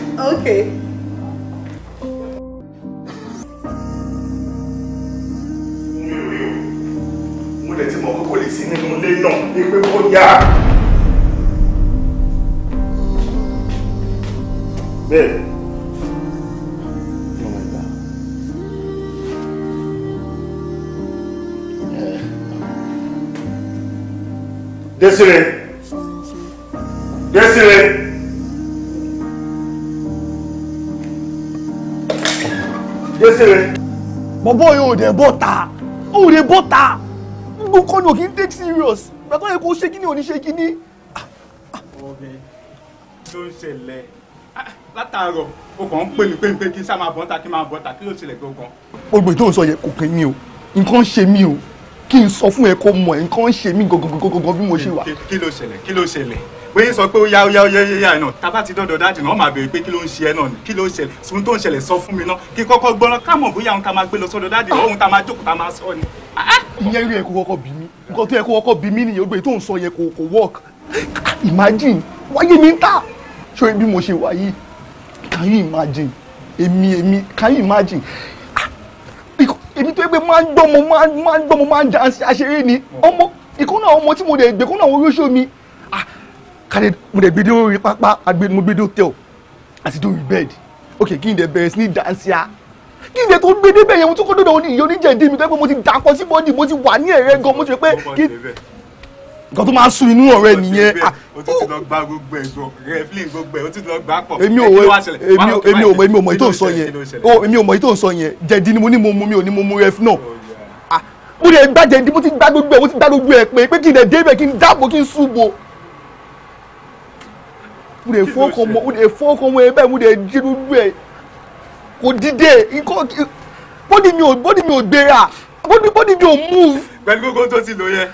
ti mọ̀ pé lè sí nínú ilé náà ní pé bóyá. bẹ́ẹ̀ ló máa gbà. Desire Desire. Desire. bọ̀bọ̀ yóò dé bọ́ta ó dé bọ́ta gbogbo kọ́ni ò kí n take serious gbàtọ́ yẹ kó ṣe kí ni ò ní ni. ọbẹ̀ ló ń ṣẹlẹ̀ látàárọ̀ o kàn ń pè mí pé pé kí n sá máa bọ́ ta kí n máa bọ́ ta kí ló tilẹ̀ gbé o gan. olùgbé tó ń sọ yẹn kò pè mí o nǹkan ṣe mí o kí n sọ fún ẹ kó mọ ẹ nǹkan ṣe mí gọgọgọgọgọ bí mo ṣe wà. kí ló ṣẹlẹ̀ kí ló ṣẹlẹ̀ pé sọ pé ó yá ó yá ó yá ó yá náà tábà ti dọ́dọ̀ dáàdì náà máa béèrè pé kí ló ń ṣe ẹ náà kí ló ń ṣẹlẹ̀ sùn tó ń ṣẹlẹ̀ sọ fún mi náà kí kọ́kọ́ gbọ́nà ká mọ̀ bóyá òun ta máa gbé lọ sọ́dọ̀ dáàdì òun ta máa jókòó ta máa sọ ni. ìyẹn rí ẹ kó kọ́kọ́ bí mi nǹkan tó yẹ kó kọ́kọ́ bí mi nìyẹn ó gbé tó ń sọ yẹ kó kó work imagine wáyé mi ń ta ṣé bí mo ṣe wà yìí can you imagine èmi èmi can you imagine ah, èmi tó yẹ pé máa ń gbọ́ mo máa ń gbọ́ mo máa ń jà àṣeré ni ọmọ ìkúnná ọmọ tí mo dẹ̀ gbé kúnná àwọn oríṣi omi ah, kàdé mo dẹ̀ gbédé orí pápá agbé mo gbédé hotel àti dórí bed ok kí n dẹ̀ bẹ̀rẹ̀ sí ní dansia kí n dẹ̀ tó gbédé bẹ̀yẹ̀ mo tún kọ́ dọ̀dọ̀ ìyọníjẹ̀dí mi tó yẹ pé mo ti dakọ sí bọ́dì mo ti wà ní ẹ̀rẹ́ gan mo ti rẹ pé kí nǹkan tó máa ń sun inú ọ̀rẹ́ nìyẹn. o ah. ti ti lọ gba gbogbo ẹ̀sùn reflin gbogbo ẹ̀ o ti ti lọ gbà pọ̀. èmi ò èmi ò èmi ò mọ̀ èyí tó ń sọ yẹn oh, èmi ò mọ̀ èyí tó ń sọ yẹn jẹ̀dí ni mo ní mo mú mi ò ní mo mú ref náà oh, ah. mo lè gba jẹ̀dí mo ti gba gbogbo ẹ̀ mo ti gba gbogbo ẹ̀ pé pé kí n lè débẹ̀ kí n dáàbò kí n súbo mo lè fọ́ọ̀kan mọ mo lè fọ́ọ̀kan mọ ẹbẹ̀ mo lè jí gbogbo ẹ̀ kò dìde bọ́dì mi ò gbéra bọ́dì mi ò move. pẹ̀lú gbogbo tó ti lò yẹn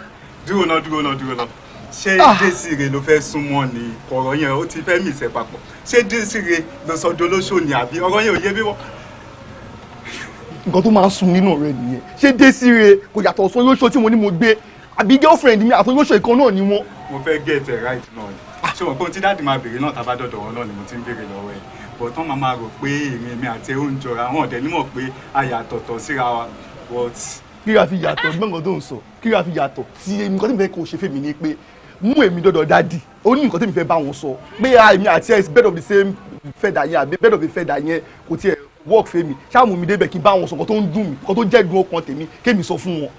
dúró náà dúró náà dúró náà ṣé ah! désìrè ló fẹ́ súnmọ́ ni ọ̀rọ̀ yẹn ó ti fẹ́ mì ìṣẹ́ papọ̀ ṣé désìrè ló sọ dolóṣò ni àbí ọ̀rọ̀ yẹn ò yé bí wọ́n. nǹkan tó máa ń sun nínú rẹ̀ nìyẹn ṣé désìrè kò yàtọ̀ sọ yóò ṣó tí mo ní mo gbé àbí girlfriend mi àti olóṣò ìkan náà ni wọn. mo fẹ́ get it right náà ni ṣé wọn pé ohun tí dáàdì máa béèrè náà tábà dọ̀dọ̀ wọn náà ni mo ti ń béèrè lọ́wọ́ ẹ̀ bọ̀ tán máa máa rò pé èmi èmi kíra fi yàtọ̀ gbọ̀ngàn tó ń sọ kíra fi yàtọ̀ tí nǹkan tí mo fẹ́ kó o ṣe fèmí ni pé mú èmi dọ́dọ̀ dáàdì ó ní nǹkan tí mo fẹ́ bá wọn sọ pé èmi àti ẹ̀ bed of the same feather yẹn àbí bed of the feather yẹn kò tiẹ̀ work fèmí ṣáàmù mi débẹ̀ kí n bá wọn sọ nǹkan tó ń dùn mí nǹkan tó jẹ́ dùn ọkàn tèmi kémi sọ fún wọn.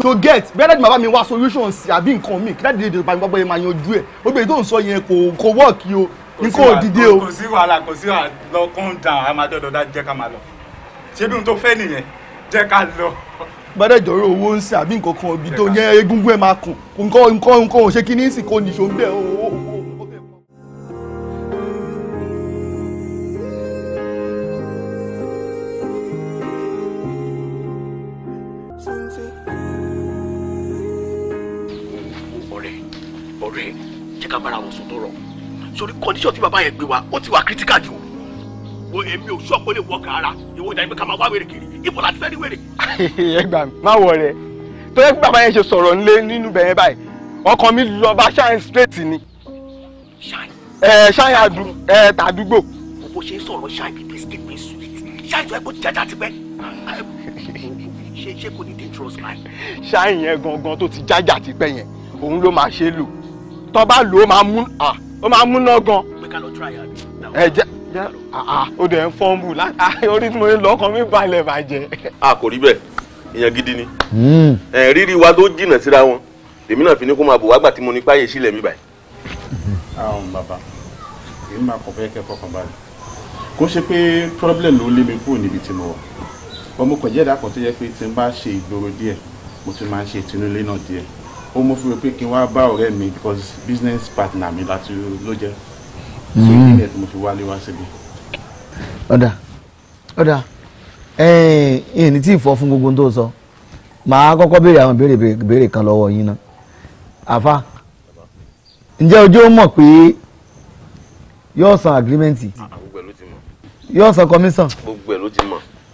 to get bẹ́ẹ̀ni bàbá mi wá solution sí àbí nǹkan mi kí dáàdì dèdè bàbá mi gbàgbọ́ yẹn máa yanjú ẹ̀ ó gbé tó ń sọ yẹn kò kò work yìí o nǹkan òdìdé o. kò sí wàhálà kò sí wàhálà lọ kún dàn á jẹ́ ká máa lọ ṣé bí n tó fẹ́ nìyẹn jẹ́ ká lọ. gbọ́dọ̀ jọ̀rọ̀ owó ń sìn àbí nǹkan kan ibi tó yẹ egungun ẹ̀ máa kùn nǹkan nǹkan ò ṣe kí ní sìn kò nìṣó ń bẹ̀ owó. ọ̀rẹ́ kọ́ndíṣọ̀ tí bàbá yẹn gbé wa ó ti wà kírítíkà jù wo èmi ò sọ pé lè wọ́ọ̀kì rárá ìwọ ìdájọ́ pé ká máa wá wèrè kiri ibo láti fẹ́ rí wèrè. *laughs* ẹ gbà mí má wọ rẹ tó yẹ kí bàbá yẹn ṣe sọ̀rọ̀ nílé nínú bẹ̀rẹ̀ báyìí ọkàn mi lọ bá ṣáìn straight ni. ṣáìn. ẹ ṣáìn ẹ tàdúgbò. bó ṣe ń sọ̀rọ̀ ṣáìn bíi biscuit bíi sweet ṣáìn tó ẹ kó jẹjà ti pẹ́. ṣe ṣe kò ní dangerous line. ṣáìn yẹn gangan tó ti jájà ti pẹ́ yẹn òun ló máa ṣe lò tó bá lò ó máa mú ó máa múná gan. pé ká lọ try àbí. ẹ jẹ́ jẹ́ ó ah, ah. dẹ̀ ń fọ́nbù ah, orí tí mo ní lọ́kàn mi balẹ̀ bàjẹ́. a kò rí bẹ́ẹ̀ èèyàn gidi ni hmm. rírí wa tó jìnnà síra wọn èmi náà fi ní kó máa bò wá gbà tí mo ní páyé sílẹ̀ mi báyìí. àwọn bàbá èmi máa kọ̀ fẹ́ kẹ́kọ̀ọ́ kan báyìí kó ṣe pé problem ló lé mi kúrò níbi tí mo wà ọmọ kò jẹ́dá kan tó yẹ pé tí n bá ṣe ìgboro díẹ̀ mo ti máa ń ṣe ìtinúlé náà díẹ̀ ó mú fún mi pé kí n wá bá ọ̀rẹ́ mi because business partner mi láti ló jẹ́ sórí hmm. ilẹ̀ tí mo fi wálé wá síbi. ọ̀dà ọ̀dà ẹ̀ẹ́n ní tí ì fọ́ fún gbogbo tó sọ màá kọ́kọ́ béèrè àwọn béèrè béèrè kan lọ́wọ́ yín náà àfa ǹjẹ́ ojú ó mọ̀ pé yóò san agirimẹ́ǹtì ah, ah, yóò san kọmíṣàn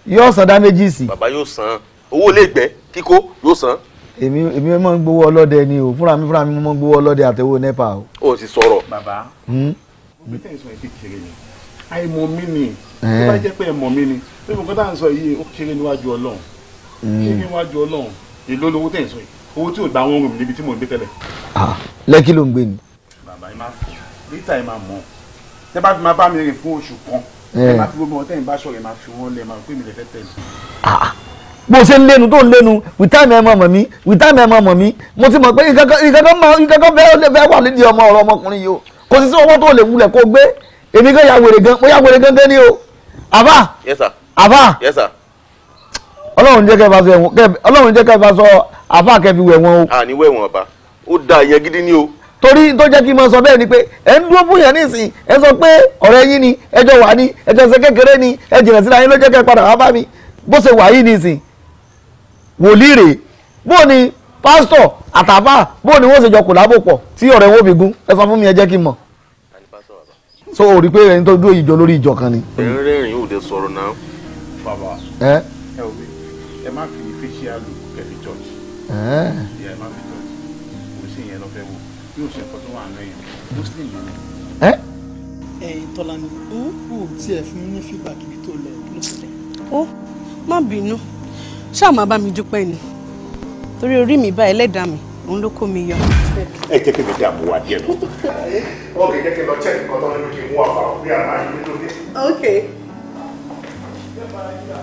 yóò san dáméjìsì. bàbá yóò san owó ilé kíkó yóò san èmi mọ̀ ń gbowó ọlọ́dẹ ni o fúnra mi fúnra mi mọ̀ ń gbowó ọlọ́dẹ àtẹwò nepa o. o sì sọ̀rọ̀. bàbá hmm? omi àìmọ̀ mi ni tó bá jẹ́ pé ẹ̀mọ̀ mi ni pé nǹkan tá à ń sọ yìí ó kéré níwájú ọlọ́run kéré níwájú ọlọ́run èló lówó tẹ̀ ń sọ yìí owó tí ò gbà wọn rùn níbi tí mò ń gbé tẹ́lẹ̀. lẹ́kí ló ń gbé ni. bàbá ẹ máa fò lítà ẹ máa mọ̀ tẹ bá fi máa bá mi rìn fún oṣù kan ẹ máa fi gbogbo ọtẹ ìbá sọ̀rọ̀ ẹ máa fi wọn lẹ máa pè mí lẹfẹ tẹ́lẹ̀. bó o ṣe ń lẹ́nu tó ń lẹ́nu wìtáàmì ẹ máa mọ̀ mí wìtáàmì ẹ máa mọ̀ mí mo ti mọ̀ pé ìkankan bẹ́ẹ̀ wà nídìí ọmọ ọ̀rọ̀ ọmọkùnrin yìí o kò sí sí owó tó lè wulẹ̀ kó gbé èmi gan ya wèrè gan mo ya wèrè gangan ni o àbá àbá ọlọ́run jẹ́ kẹfà sọ ọlọ́run jẹ́ kẹfà sọ àfà kẹfì wẹ̀ o. àní wẹ̀ wọn ọba ó da ìyẹn gidi ni o. torí tó jẹ́ kí n máa sọ bẹ́ẹ̀ ni pé ẹ̀ ń dúró fún yẹn nísìn ẹ sọ pé ọ̀rẹ́ yín ni ẹjọ́ wà ní ẹjọ́ ṣe kékeré ni ẹ jìnà síra yín ló jẹ́ kẹ́ padà wá bá mi bó ṣe ni pásítọ̀ àtàfà bó ni wọ́n ṣe jọ kò lábò pọ̀ tí ọ̀rẹ́ wọn ò fi gún ẹ so o rí pé ẹni tó dúró ìjọ lórí ìjọ kan ni. ẹ̀rín rẹ́rìn òde sọ̀rọ̀ náà. bàbá ẹ ẹ òwe ẹ má fi facial look kẹfì church. ẹ ẹ má fi church kò sí ìyẹn lọ fẹ́ wò yóò ṣe nǹkan tó wà náà yẹn muslim yẹn. ẹ. ẹyin tọ́lá ni ó kù tiẹ̀ fún mi ní feedback ibi tó lọ ló ṣẹlẹ̀. ó má bínú ṣáà má bá mi dúpẹ́ ni torí orí mi bá ẹlẹ́dàá mi òun ló kó mi yọ ẹ jẹ́ kí mi dá àmúwá díẹ̀ nù. ó lè kí n lọ check nǹkan tó ní kí n mú àbá bí àmà yìí nítorí. ok. Ah,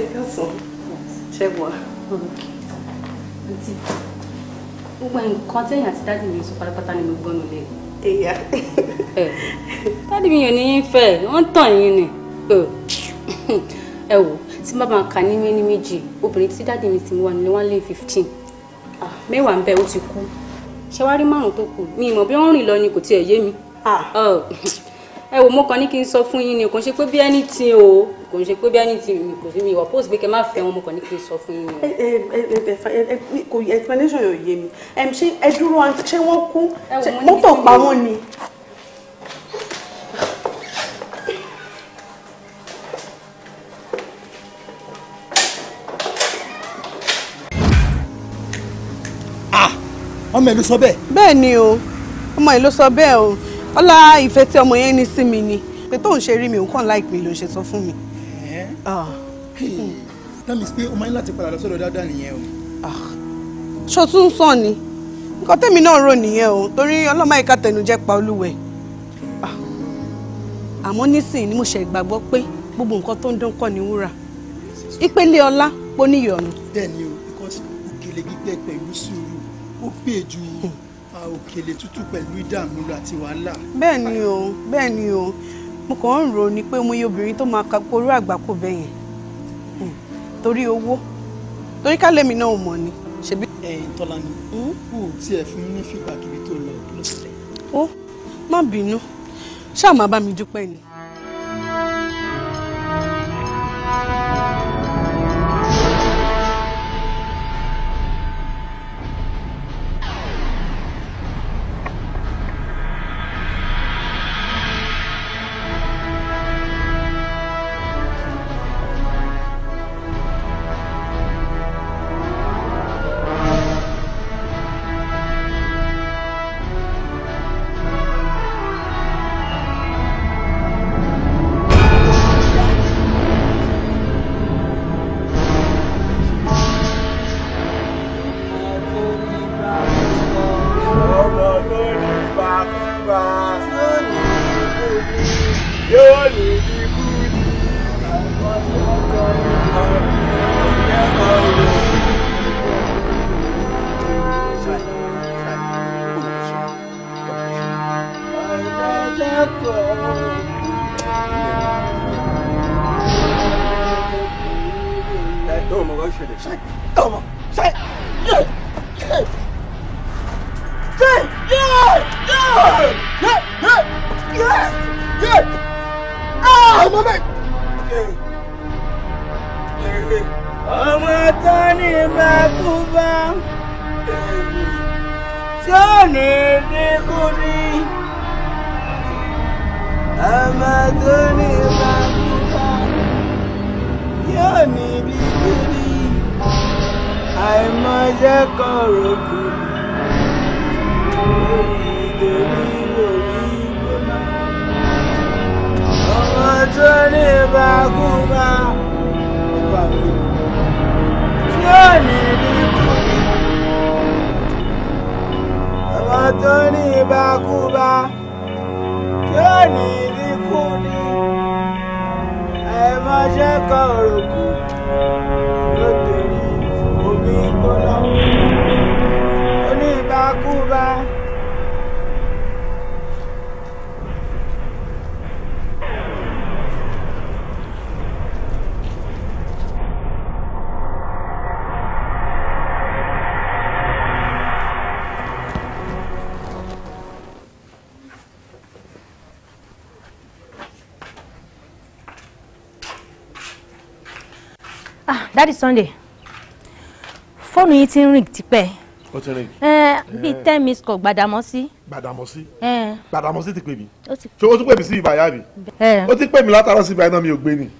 ẹ ká sàn ṣe wà. àǹtí gbogbo nǹkan tẹ̀yìn àti dáàdì mi sọ pátápátá ni mo gbọ́ nù lé. ẹ̀yà. dáàdì mi yàn ní í fẹ́ wọ́n tàn yín ni ẹ wò tí má bàa kà ní méní méjì obìnrin tí dáàdì mi ti mú ní one lane fifteen mẹ́wàá ń bẹ ó ti kú ṣé márùn tó kù mi ìmọ̀ bí wọ́n rìn lọ ni kò tiẹ̀ yé mi ẹ wò mo kàn ní kí n sọ fún yín ni kò ń ṣe pé bí ẹni tí o kò ń ṣe pé bí ẹni tí mi kò sí mi ìwà post pé kẹ má fẹ́ wọn mo kàn ní kí n sọ fún yín ni. kò explanation yóò yé mi ṣé ẹ dúró ṣé wọ́n kú mọ́tò pa wọ́n ni. ọmọ ẹ ló sọ bẹ́ẹ̀. bẹ́ẹ̀ ni o ọmọ ẹ ló sọ bẹ́ẹ̀ o ọlá ìfẹ́ tí ọmọ yẹn ní sí mi ni pé tóun ṣe rí mi òun kàn láìpẹ́ mi ló ṣe sọ fún mi. Ah. that pé o máa ń láti padà lọ sọ́dọ̀ dáadáa nìyẹn o. Ah. ṣó tún sàn ni nǹkan tẹ́mi náà rò nìyẹn o torí ọlọ́mọ ìka tẹnujẹ́ pa olúwẹ̀ ah. àmọ́ nísìnyí ni mo ṣe gbàgbọ́ pé gbogbo nǹkan tó ń dán kọ́ ni wúrà ìpele ọlá pọ̀ níyọ̀nù. bẹ́ẹ̀ ni o because òkèlè gbígbẹ pẹ̀lú sùn pè ju òkèlè tútù pẹ̀lú ìdààmú àti wàhálà. bẹ́ẹ̀ ni o bẹ́ẹ̀ ni o mo kàn ń rò ní pé mo yẹ obìnrin tó máa ka korú àgbákò bẹ́ẹ̀ yẹn hmm. torí owó torí kálẹ̀mí náà mọ̀ ni. ṣebí. ẹyin tọ́lá ni kò hmm? tiẹ̀ fún ní fìgbà kíbi tó lọ lọ́sẹ̀. ó má bínú ṣáà má bá mi dúpẹ́ ni. ọba ọba mi tí ó ní bíbù mi ọmọ tó ní ibàkúbà tí ó ní dínkù ni àìmọṣẹ́ kan òrùkù ló torí omi gbóná. Daddy Sunday fóònù yìí ti ń ring tipẹ́ ó ti ring bíi ten minutes kò Gbàdámọ́sí. Gbàdámọ́sí Gbàdámọ́sí ti pè mí ṣé o tún pè mí sí ibà yá mi ó ti pè mí látara sí ibà yá mi ò gbé ni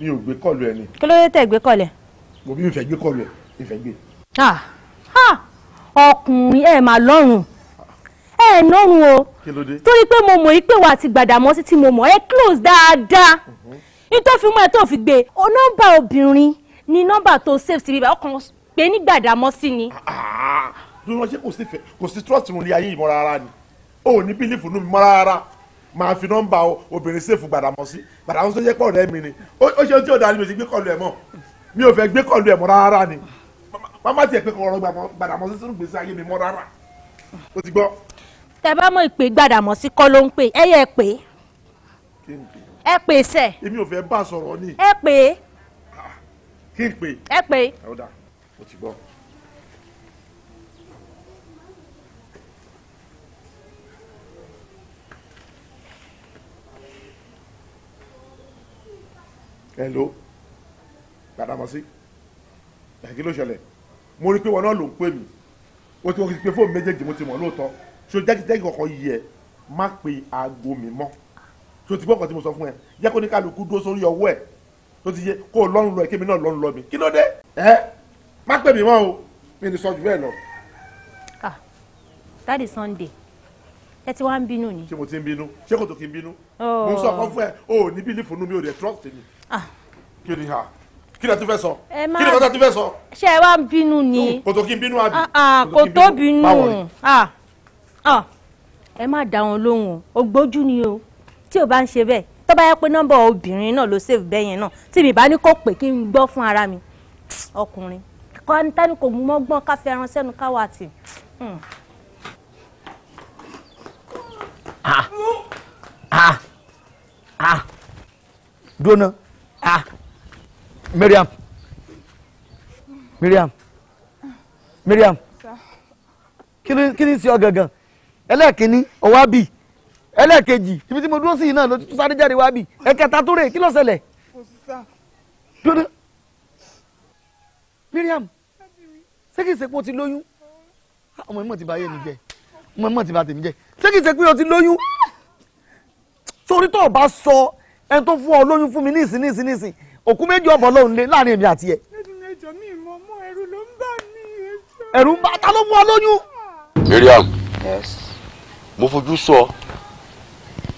mi ò gbé kọlu ẹ ni. kí ló yẹ tẹ gbé kọlu ẹ. mo bí mi fẹ́ gbé kọlu ẹ mi fẹ́ gbé. ọkùnrin ẹ mà lọ́rùn ẹ nọ́rùn o torí pé mo mọ̀ yí pé wà á ti Gbàdámọ́sí tí mo mọ̀ ẹ close dáadáa mhm. nítorí fi mú ẹ tó fi gbé o nọ́mbà obìnrin ni nọ́mbà tó save sí bíbá ọkàn pé nígbàdámọ́ sí ni. dúró ah, ah, ṣé kò sí fẹ kò sí trust mu ní ayé ìmọ̀ rárá ni o ò ní bílífù nù mí mọ́ rárá máa fi nọ́mbà obìnrin sèfù gbàdámọ́ sí gbàdámọ́ tó jẹ́ pọ̀ rẹ́ mi ni ó ṣe tí ò dáa ni mi ti gbé kọlu ẹ̀ mọ́ mi ò fẹ́ gbé kọlu ẹ̀ mọ́ rárá ni má má tiẹ̀ pé kò rọrùn gbàdámọ́ sí sínú gbèsè ayé mi mọ́ rárá o ti gbọ́. tẹ bá mọ ìpè gbàdámọ́ sí kọ́ ló ń pè ẹ yẹ pé ẹ pè sẹ. èmi ò fẹ́ bá a sọ̀rọ̀ ni. ẹ pè é kí n pè. ẹ pè. ọ̀dà mo ti gbọ́. hello gbàdámọ́sí ẹ̀ kí ló ṣẹlẹ̀ mo rí i pé wọn náà ló ń pè mí o ti wọ́n ti pe fóònù méjèèjì mo ti mọ̀ lóòótọ́ ṣo jẹ́kijẹ́kì kọ̀ọ̀kan yìí ẹ má pe aago mi mọ́ ṣo ti gbọ́ nǹkan tí mo sọ fún ẹ jẹ́ kó ní kálukú dúró sórí ọwọ́ ẹ̀ tó ti yẹ kó lọ́rùn lọ kémi náà lọ́rùn lọ mi kí ló dé ẹ má pè mí mọ́ o mi ní sọ bẹ́ẹ̀ lọ. ah dáàdi Sunday ẹ ti wá ń bínú ni. ṣé mo ti ń bínú ṣé kò tó kí n bínú. Oh. mo sọ fún fún ẹ o ní bílífù nú mi ò dé trust mi. Ah. kí ni ha ah, kí ni ẹ tún fẹ́ sọ kí ni ẹ tún fẹ́ sọ. ṣé ẹ wá ń bínú ni. kò tó kí n bínú àbí. Ah, kò tó bínú ẹ má dá wọn lóhùn o ògbójú ni o tí o bá ń ṣe bẹ́ẹ̀ tó bá yẹ pé nọ́mbà obìnrin náà ló save bẹ́ẹ̀ yẹn náà tí mi bá ní kó pè kí n gbọ́ fún ara mi ọkùnrin kọ́ńtánì kò mú mọ́gbọ́n ká fi ẹran sẹ́nu káwá tì. Hmm. dúró náà Mariam Mariam Mariam kí ni kí ni sí ọ gangan ẹlẹ́ẹ̀kínní ọwọ́ bíi ẹlẹ́ẹ̀kejì ibi tí mo dúró sí yìí náà ló tún sáré jáde wá bì ẹ̀kẹta tó rè kí ló ṣẹlẹ̀. dúró Miriam ṣé kìí ṣe pé o ti lóyún ọmọ ìmọ̀ ti bá yé mi jẹ ọmọ ìmọ̀ ti bá tèmi jẹ ṣé kìí ṣe pé o ti lóyún sórí tó o bá sọ ẹni tó fún ọ lóyún fún mi ní ìsìn ní ìsìn ní òkú méjì ọ̀bọ̀ lòun lé láàrin èmi àti ẹ. ẹjọ ń bà ta ló mú ọ lóyún. Miriam mo fojú sọ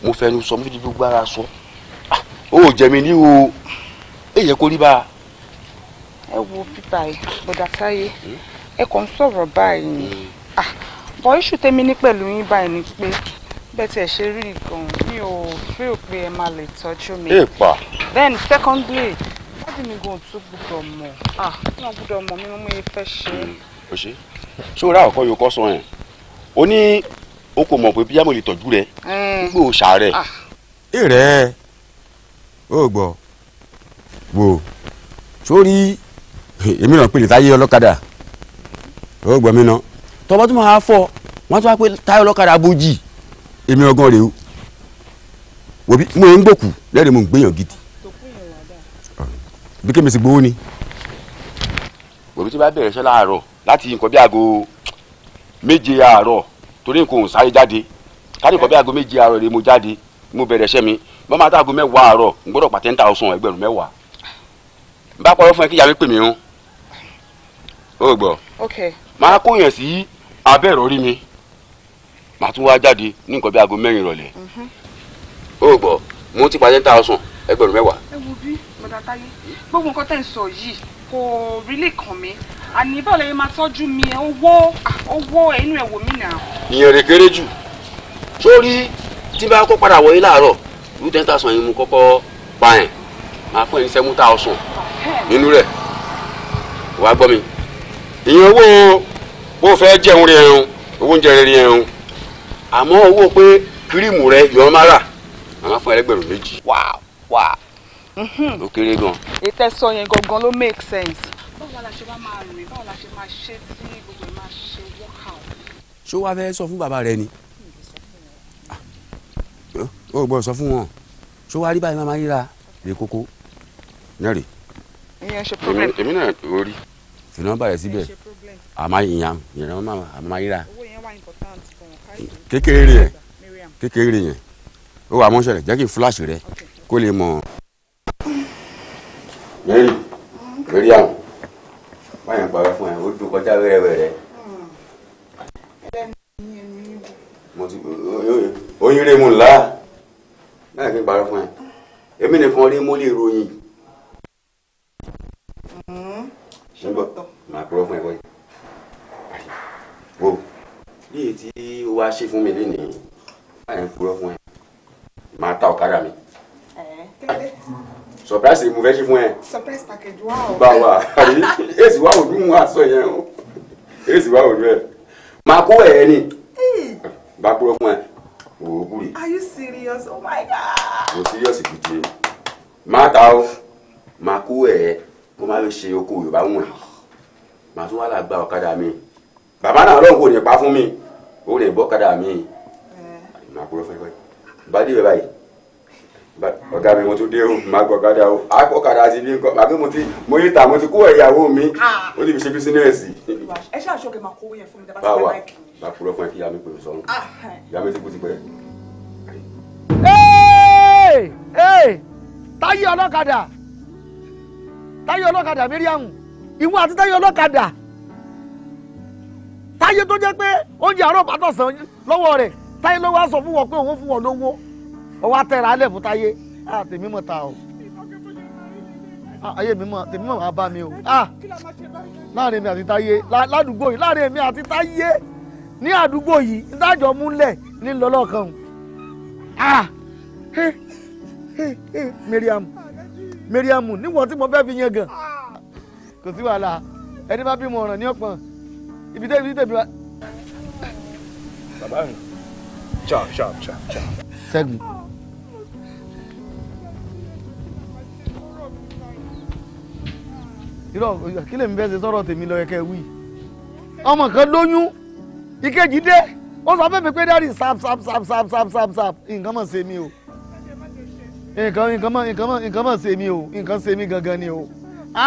mo fẹnu sọ mo fi di gbogbo ara sọ ah, ó jẹ ní o ẹ yẹ kó rí bá a. ẹ wo bíbá yìí bọ̀dà táyé hmm? ẹ kàn ń sọ̀rọ̀ báyìí hmm. ah, bọ̀ iṣu tẹ́mi ní pẹ̀lú yín báyìí ni pé bẹ́ẹ̀ tí ẹ ṣe rí gan mi ò fi rò pé ẹ máa lè tọ́jú mi. èèpà. then secondly bọ́dì mi gan tún gbúdọ̀ mọ̀ ah wọ́n gbúdọ̀ mọ̀ mi mo mú ife ṣe. Hmm, o ṣe ṣé o rà ọkọ sọ yẹn o ní o kò mọ̀ pé bí àmọ̀ lè tọ́jú rẹ nígbà òòṣà rẹ. ìrẹ́ ò gbọ́ wò sórí èmi náà pèlè táyé ọlọ́kadà ò gbọ́ mi náà tọ́ba tó máa fọ́ wọ́n tó wá pé táyé ọlọ́kadà bójì èmi ọgán rèé o wòbí mo ń gbòkù lẹ́rìí mo ń gbéyàn gidi bí kémi sì gbowó ni. wòbí tó bá bẹ̀rẹ̀ iṣẹ́ láàárọ̀ láti nǹkan bí aago méje àárọ̀ torí nǹkan ò sáré jáde kárí nǹkan bí eh. aago méjì àárọ̀ rẹ mo jáde mo bẹ̀rẹ̀ iṣẹ́ mi bọ́n máa táago mẹ́wàá àárọ̀ n gbọ́dọ̀ pàtẹ́ ń ta ọ̀sán ẹgbẹ̀rún mẹ́wàá n bá pọ̀rọ̀ fún ẹ kí ìyá mi pè mí o ò gbọ́ máa kó yẹn sí abẹ́ ìrọ̀rí mi màá tún wá jáde ní nǹkan bí aago mẹ́rin ìrọ̀lẹ́ ò mhm. gbọ́ mo ti pàtẹ́ ń ta ọ̀sán ẹgbẹ̀rún mẹ́wàá. ẹ wo bí mọ̀dà táyé gbogbo nǹkan tẹ̀ ń sọ yìí kò rí lè kàn mí àní bọ́ọ̀lù yìí máa tọ́jú mi owó owó inú ẹ̀ wò mí nà. ìyẹn rè kéré jù sórí tí bá kó padà wọlé láàárọ̀ ní ten thousand yìí mo kọ́kọ́ pa ẹ̀ máa fún ẹ̀ ní seven thousand nínú rẹ̀ wàá gbọ́ mi ìyẹn owó bó fẹ́ jẹun rẹ̀ ẹ̀hún owó oúnjẹ rẹ̀ ẹ̀hún àmọ́ owó pé kírímù rẹ̀ yọ̀ọ́ má rà màmá fún ẹlẹ́gbẹ̀rún méjì. wàá wàá ó kéré gan. ètò ẹ̀sọ́ yẹn gangan ló make sense báwo la ṣe máa rìn báwo la ṣe máa ṣe tí gbogbo ẹ̀ máa ṣe work out. ṣó wàá fẹ́ sọ fún bàbá rẹ ni hm? o gbọ́dọ̀ sọ fún wọn ṣó wàá rí báyìí máa yíra rè kókó náà ìyẹn ṣe problem. èmi náà ò rí. fìlà bàrẹ̀ síbẹ̀ àmà ìyàn ìyàn àmà yíra. owó yẹn wà important kékeré rẹ yẹn ó wà mọ́ṣẹ́ rẹ̀ jẹ́ kí flash rẹ kó lè mọ̀. mary mary am má yàn parọ́ fún ẹ ó dún kọjá wẹ́rẹ́wẹ́rẹ́. mo ti oyin rèé mu ńlá náà kí n parọ́ fún ẹ èmi nìkan rí mo lè ròyìn. ṣé lóòótọ́ màá parọ́ fún ẹ wọ́yìí wo bí èyí tí o wá ṣe fún mi lénìí má yàn parọ́ fún ẹ màá ta ọ̀kadà mi surprise ni mo fẹ́ ṣe fún ẹ. surprise package wa o. gbà wá àbí wa ò dùn wá sọ yẹn o èsì wa ò dùn ẹ máa kó ẹ ni eh. bá kúrò fún ẹ òwò kúrì. are you serious oh my god. mo serious gidi máa ta o máa kó ẹ kó má lè ṣe oko yorùbá wọn màá tún wà láà gba ọ̀kadà mi bàbá náà lóun kò ní pa fún mi òun lè bọ́ ọ̀kadà mi eh. màá kúrò fún ẹ bá dé bẹ́ẹ̀ báyìí ọ̀gá mi mo tún dé o máa gbọ́ ọ̀gádà o ọ̀kadà ti bí nǹkan àbí mo ti mo yí ta mo ti kó ẹ̀yàwó mi ah. ó ti fi ṣe bísínẹ́ẹ̀sì. ẹ ṣáà ṣọ́ kẹ́ máa kó yẹn fún mi dábàá sí báyìí. bá a kúrọ́ fún ẹ kí yàmi pè mí sọ́run ah. yàmi ti kú ti pẹ́. táyé ọlọ́kadà táyé ọlọ́kadà Mariam ìwọ àti táyé ọlọ́kadà táyé tó jẹ́ pé oúnjẹ àárọ̀ bàtọ̀ sàn lọ́wọ́ rẹ̀ táyé ló wá sọ fún wọn pé òun fún wọn lówó ó wá tẹ̀ra alẹ́ fún táyé tèmi mọ̀ ta o ayé mi mọ̀ tèmi mọ̀ wá bá mi o láàrin èmi àti táyé ládùúgbò yìí láàrin èmi àti táyé ní àdúgbò yìí ìdájọ́ múlẹ̀ ní lọ́lọ́kan Mariam Mariam níwọ̀n tí mo fẹ́ fi yẹn gan kò sí wàhálà ẹni bá bímọ ọ̀ràn ní ọ̀pọ̀n ibi tẹ́ ibi tẹ̀bi wa. bàbá mi chop irọ́ kí lèmi fẹ́ ṣe sọ̀rọ̀ tèmi lọ ẹ̀kẹ́ wí. ọmọ kan lóyún ìkejì dé ó sọ fẹ́mi pé dárí sap sap sap sap sap sap sap nǹkan mọ̀ ṣe mí o nǹkan nǹkan mọ̀ nǹkan mọ̀ nǹkan mọ̀ ṣe mí o nǹkan ṣe mí gangan ni o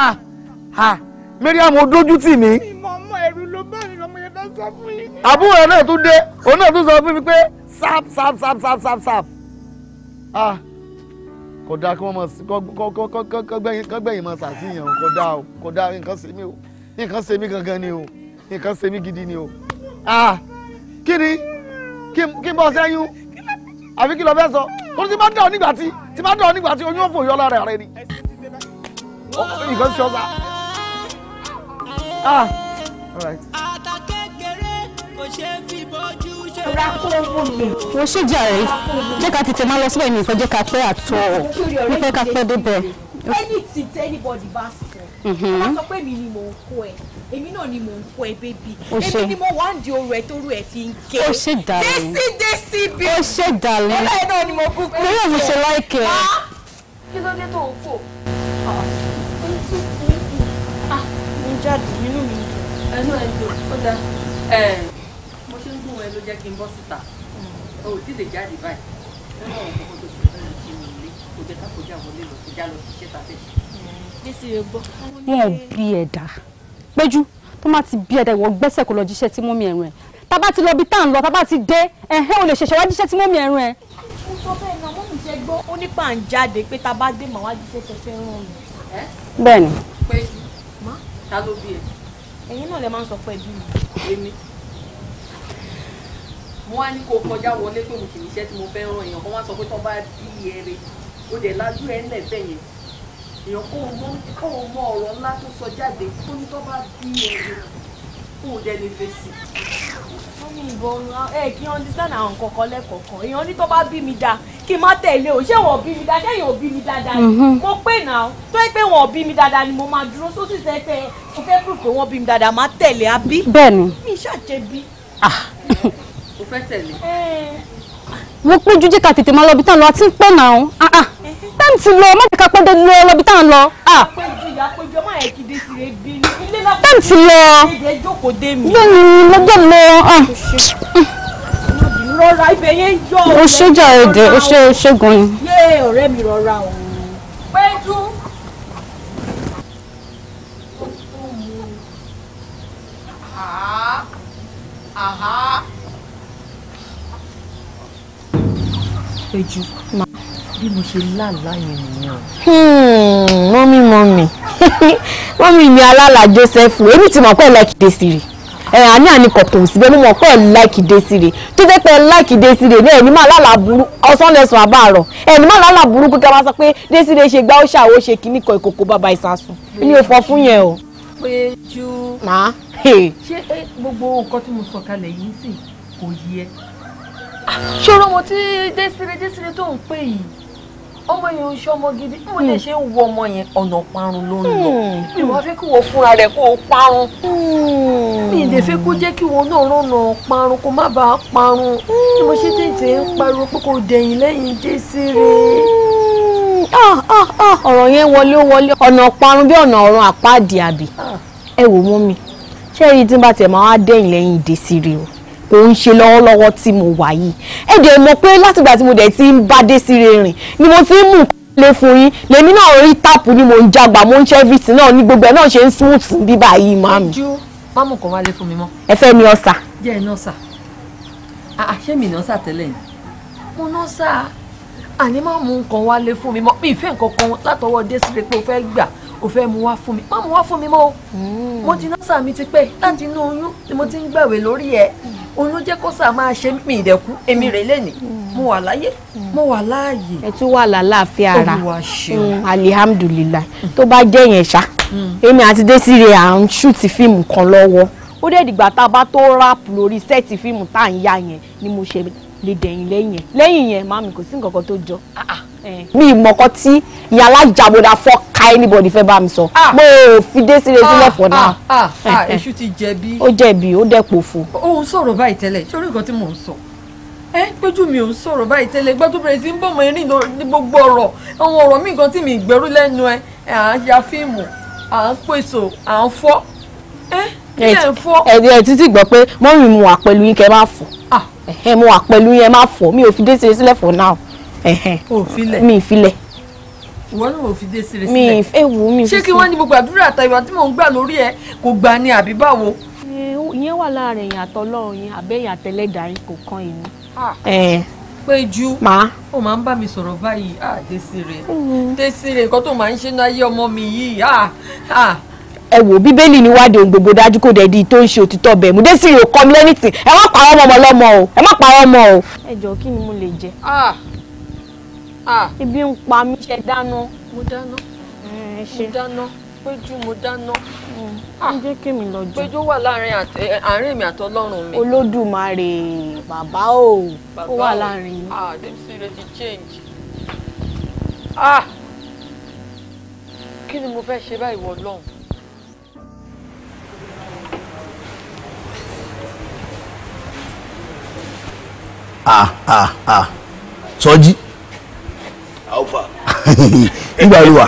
ah ah Mariam o dójú tì mí. ìmọ̀ ọmọ àbúrò náà tún dé òun náà tún sọ fún mi pé sap sap sap sap sap sap ah kò dáa kí wọ́n mọ̀ kọ́gbẹ́yìn mọ̀ sàṣìyàn kò dáa o kò dáa nǹkan ṣe mí o nǹkan ṣe mí gangan ni o nǹkan ṣe mí gidi ni o. kí ni kí n bọ́ sẹ́yìn àfi kí lọ fẹ́ sọ tó ti bá dọ̀ nígbà tí ti bá dọ̀ nígbà tí oyún òfò yọ lára rẹ ni. nǹkan ṣe ọ́sà. All right. àtàkékeré kò ṣeé fi bójú mo ṣe jàre jẹ́ ká tètè máa lọ síbẹ̀ ní nǹkan jẹ́ ká pẹ́ àtọ̀ mo fẹ́ ká pẹ́ débẹ̀. ẹni tí tí anybody bá sọ mhm. ọ sọ pé mi ni mò ń kó ẹ èmi náà ni mò ń kó ẹ bébì èmi ni mo wá ń di oru ẹ tó rú ẹ fi ń ké ó ṣe dàlẹ́ désì désì bí ó ṣe dàlẹ́ ọlọ́yẹ náà ni mo kú pé lórí òun ṣe láìkẹ́. Ah. kí ló dé tó ń fò. Ah. Ah, mo jáde nínú mi ẹnu ẹ̀ lò ó dáa ló jẹ́ kí n bọ́ síta mm. o ò tí lè jáde báyìí lọ́wọ́ àwọn tó ti fẹ́ kí mi lé kò jẹ́ ká kọjá wọlé lọ kó já lọ sí iṣẹ́ tàbí ẹ̀ṣẹ̀. Mm. wọn ò bí ẹ̀dá péjú tó má ti bí ẹ̀dá ìwọ gbẹ́sẹ̀ kó lọ jíṣẹ́ tí mú mi ẹ̀rùn ẹ̀ tá bá ti lọ bí tá à ń lọ tá bá ti dé ẹ̀hẹ́ ò lè ṣẹ̀ṣẹ̀ wá jíṣẹ́ tí mú mi ẹ̀rùn ẹ̀. mo sọ bẹ́ẹ̀ náà mọ́mí ṣe gbọ́ ó nípa à ń jáde pé tá a bá dé màá wá jíṣẹ́ tẹ̀sẹ̀ rán mi. bẹ́ẹ̀ ni. péjú ta ló bí ẹ. ẹ̀yin náà lè máa ń sọ pé bí mi mo wá ní kó kọjá wọlé pé mo sì ní iṣẹ́ tí mo fẹ́ ràn èèyàn kan wá sọ pé tó bá bí ẹrẹ o dẹ̀ lájú ẹ̀ ńlẹ̀ bẹ́ẹ̀ yẹn èèyàn kó mọ kó mọ ọ̀rọ̀ ńlá tó sọ jáde tó ní tó bá bí ẹrẹ kó o dẹ̀ lè fèsì. wọ́n ní ìbọn ẹ kí wọ́n dísánà àwọn nǹkan kan lẹ́kọ̀ọ̀kan èèyàn ní tó bá bí mi dáa kí n má tẹ̀lé o ṣé wọn ò bí mi dáadáa ṣé èèyàn ò bí mi dáadáa ni mm-hmm. mo pè náà tó yẹ pé wọn ò bí mi dáadáa ni mo máa dúró sósì sẹ́fẹ́ mo fẹ́ proof pé wọ́n bí mi dáadáa má tẹ̀lé abí. bẹ́ẹ̀ni mi ṣàjẹbí. Ah. *laughs* mo fẹ́ tẹ̀lé. mo péjú jẹ́ ká tètè máa lọ ibi tá à ń lọ àti ń pẹ́ náà ah, ah. táìmù ti lọ má jẹ́ ká lọ lọ ibi tá à ń lọ. àpéjú ìyá péjú ọmọ ẹ̀ ti lọ lónìí lọ́jọ́ lọ. Ah. rọra ibẹ̀ yẹn yọ ọ̀rẹ́ o ṣe jà èdè o ṣe ṣẹ́gun ni. yé ọ̀rẹ́ mi rọra o. péjú. Aha. péjú bí mo ṣe lálàá yẹn nìyẹn. Hmm, mọ́mí mọ́mí *laughs* mọ́mí mi alálà Joseph èmi ti mọ̀ pé lẹ́kìdé sí rí àní àní kọ̀tò síbẹ̀ mo mọ̀ pé lẹ́kìdé sí rí tó fẹ́ pẹ́ lẹ́kìdé sí rí ẹni máa lálà burú ọ̀sán lẹ́sùn àbáàrọ̀ ẹni máa lálà burú kíkà máa sọ pé désìrè ṣe gbá ó ṣàwó ṣe kíní kan ìkòkò bàbá ìsàsùn mi ò fọ fún yẹn o. péjú ṣé gbogbo nǹkan tí mo sọ kalẹ̀ yìí sì kò yẹ ṣòro mo ti désire désire tó ń pè yìí ọmọ yẹn ń ṣọmọ gidi bí mo lè ṣe ń wo ọmọ yẹn ọ̀nà parun ló ń lọ mi wá fẹ́ kí wọ́n fúnra rẹ̀ kó o parun mi lè fẹ́ kó jẹ́ kí wọ́n náà rọ̀nà parun kó má bàa parun bí mo ṣe tètè ń pariwo pé kò dẹ̀yìn lẹ́yìn désire. Ah, ah, ah. ọ̀rọ̀ yẹn wọlé wọlé ọ̀nà parun bí ọ̀nà ọ̀run àpáàdì àbí ẹ wò mọ́ mi ṣé èyí tí n bá tẹ̀ máa wá dẹ̀yìn lẹ́yìn désire o kò ń ṣe lọ́wọ́lọ́wọ́ tí mo wà yìí ẹ dẹ̀ mọ̀ pé látìgbà tí mo dẹ̀ ti ń bá dé sí rìnrìn ni mo ti ń mú lé fún yín lèmi náà rí táàpù ni mo ń jagbà mo ń ṣe everything náà ní gbogbo ẹ náà ṣe ń smooth bí báyìí màmí. ojú mámù kan wá fún mi mọ́. ẹ fẹ́ mi ọ̀sà. jẹ́ ẹ náà sà àṣẹ ah, ah, mi náà sà tẹ́lẹ̀ ni mo náà sà àní má mú nǹkan wá lé fún mi mọ́ mi ìfẹ́ nǹkan kan látọwọ́ désìrè pé o fẹ́ gbà o fẹ́ mu wá fún mi má wá fún mi mọ́ o hmm. mo ti náà mi ti pẹ́ láti inú oyún ni mo ti ń gbàwé lórí ẹ̀ òun ló jẹ́ kó sà máa ṣe mí ìdẹ̀kú èmi rẹ̀ lẹ́nìí mo wà láyé mo wà láàyè. ẹ tún wà lálàáfíà ara mm, alihamdulilayi tó bá jẹ́ yẹn ṣá mm. èmi àti Désiré à ń ṣùtì fíìmù kan lọ́wọ́ ó dẹ̀ dìgbà tá a bá tó ráàpù lórí sẹ́ẹ̀tì fíìmù tá à ń yá yẹn ni mo ṣe lè dẹ̀yìn lẹ́yìn yẹn lẹ́yìn yẹn màmí kò sí nǹkan kan tó jọ. Ah, ah. mi ì mọ̀kọ́ tí ìyá alájàbọ̀dà fọ́ ka anybody fẹ́ bá mi sọ ah. mo ò fi dé sílẹ̀ sílẹ̀ fọ̀ náà. èṣù ti jẹ̀bi. ó jẹ̀bi ó dẹ̀ pòfo. ó ń sọ̀rọ̀ báyìí tẹ́lẹ̀ sórí nǹkan tí mò ń sọ ẹ péjú mi ò ń sọ̀rọ̀ báyìí tẹ́lẹ̀ gbọ́ tó bẹ̀rẹ̀ sí ń bọ̀ mọ́ erin ní gbogbo ọ̀rọ̀ àwọn ọ̀rọ̀ míì kan tí mi gbẹ́rú lẹ́nu ẹ à ẹ ẹ gbọ́ pé mọ́rin mu wà pẹ̀lú yín kẹ́ máa fò ẹ mo wà pẹ̀lú yẹn má fọ mi ò fi dé sílẹ̀ sílẹ̀ for now mi ìfilẹ̀ ìwọ náà ò fi dé sílẹ̀ sílẹ̀ mi ewu mi ṣé kí wọ́n ní gbogbo àdúrà àtàwọn tí mò ń gbà lórí ẹ kò gbà ní àbí báwo. ìyẹn wà láàrin èèyàn àtọlọ́run yẹn àbẹ́yìn àtẹlẹ́dàá kò kan èmi péjú ó máa ń bá mi sọ̀rọ̀ báyìí Desire Desire nǹkan tó máa ń ṣe náà ayé ọmọ mi yìí ẹ wò bíbélì ni wádìí ohun gbogbo dájú kò dẹ̀ di tó ń ṣe òtítọ́ bẹ̀ mú dé sí ìrò kọ́mi lẹ́nìtì ẹ má pa ọmọ ọmọ lọ́mọ o ẹ má pa ọmọ o. ẹ jọ kí ni mo lè jẹ. ibi ń pa mí ṣe dáná. mo dáná mo dáná péjú mo dáná. ń mm. jẹ́ kí mi lọ jẹ. péjú wà láàrin àárín mi àtọlọ́run mi. olódùmarè bàbá o ó wà láàrin mi. ah dem see ready change. ah kí ni mo fẹ́ ṣe báyìí wọ lọ́hùn. ah ah ah sọjí. alfa. *laughs* nígbà ló wà.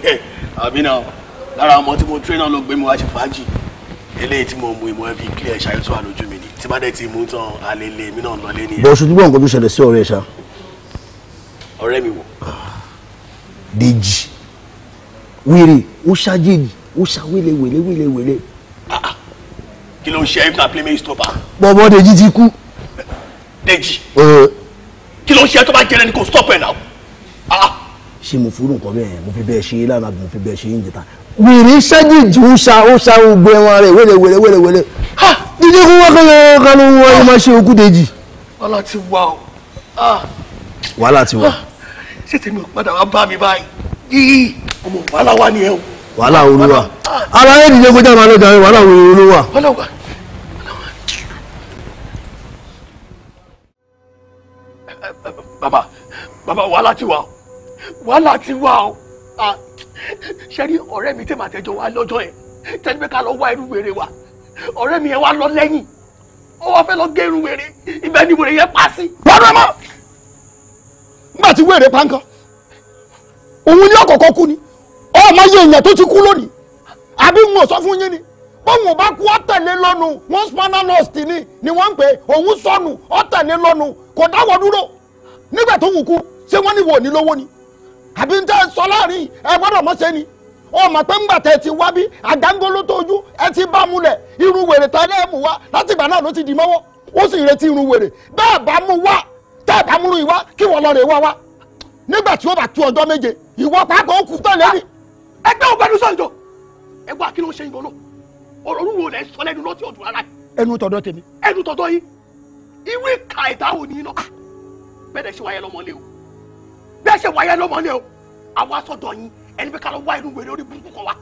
*laughs* àbí náà lára ọmọ tí mo trainer ló gbé mi wá ṣe fàájì eléyìí tí mo mú ìmọ̀ ẹ fi clear ṣáà tó wà lójú mi ni tí bá dẹ̀ ti mú tán alẹ́lẹ́ mi náà lọ lé nìyẹn. bọ́sù dúpọ̀ nǹkan tó ṣẹlẹ̀ sí ọ̀rẹ́ ṣá. ọ̀rẹ́ mi wò. Dèjì wèrè ó ṣàjèjì ó ṣàwélé wèlé wèlé wèlé. Ah, ah. kí ló ń ṣe ẹ́ nípa playmate stopper. bọ́bọ́ Dèjì ti kú. Dèjì kí ló ń ṣe ẹ tó bá jẹrẹ ni kò stop ẹ náà ah, ah. ṣe mo fúru nǹkan bẹ́ẹ̀ mo fi bẹ́ẹ̀ ṣe lánàá mo fi bẹ́ẹ̀ ṣe yín jẹta. wèrè ṣáàjìjì ń ṣa ó ṣa gbogbo ẹran rẹ wẹlẹ wẹlẹ wẹlẹ wẹlẹ. dídí kó wá kálọ̀ kálọ̀ wọn yóò máa ṣe òkú dèjì. wàhálà ti wà o. Ah. wàhálà ti wà. ṣé tèmi ò padà wá bá mi báyìí yíyí ọmọ wàhálà wà ní ẹ o. wàhálà olúwa ara ẹ̀ dìde kọjá màá lọ jàre wàhálà olúwa. wàhálà wà. Baba, baba, wàhálà ti wà o wàhálà ti wà o ṣe rí ọ̀rẹ́ mi tèmi àtẹ̀jọ́ wa lọ́jọ́ yẹn tẹ́lẹ̀ pé ká lọ wá irú wèrè wa ọ̀rẹ́ mi yẹn wá lọ lẹ́yìn ó wá fẹ́ lọ gé irú wèrè ibẹ̀ ni wèrè yẹn pa sí. bàbá mọ́ nígbà tí wèrè pa nǹkan òun ní ọ̀kọ̀ọ̀kan kú ni ọmọ yẹ èèyàn tó ti kú lónìí àbí wọn ò sọ fún yín ni bóun bá kú ọ̀tẹ̀lé lọ́nu wọn spanner nurse tì ní ni wọ́n ń pè òun sọnù ọ̀tẹ̀lé lọ́nu kò dáwọ́ dúró nígbà tó wù kú ṣé wọ́n ní wò ní lówó ni àbí ń tẹ́ sọ láàrin ẹ gbọ́dọ̀ mọ́ ṣe ni ó mọ̀ pé ńgbà tẹ̀ ti wá bí àgángolo tó ojú ẹ ti bá múlẹ̀ irun wèrè tá ẹ mú wá láti ìgbà náà ló ti dì mọ́wọ́ ó sì retí irun wèrè bẹ́ẹ̀ bá mú wá tẹ́ ẹ bá múrú ìwá kí wọ́n lọ rè wá wá nígbà tí ó bá tu ọjọ́ méje ìwọ pàápàá ó kú tán lẹ́rìí. ẹgbẹ́ ògbẹ́nu sọ̀jọ́ ẹgbẹ́ àkínú ṣe ìgbọ́nà ọ̀rọ̀ orúwo rẹ̀ sọ lẹ́nu lọ́tí ọ̀dùn ara ẹ̀. ẹnu tọ̀dọ̀ tèmi. ẹnu tọ̀dọ̀ yìí irú ìka ìdáhùn ni iná bẹ́ẹ̀ ṣe wáyé lọ́mọlé o bẹ́ẹ̀ ṣe wáyé lọ́mọlé o àwa sọ̀dọ̀ yín ẹni pé ká lọ wá inú wèrè orí burúkú kan wa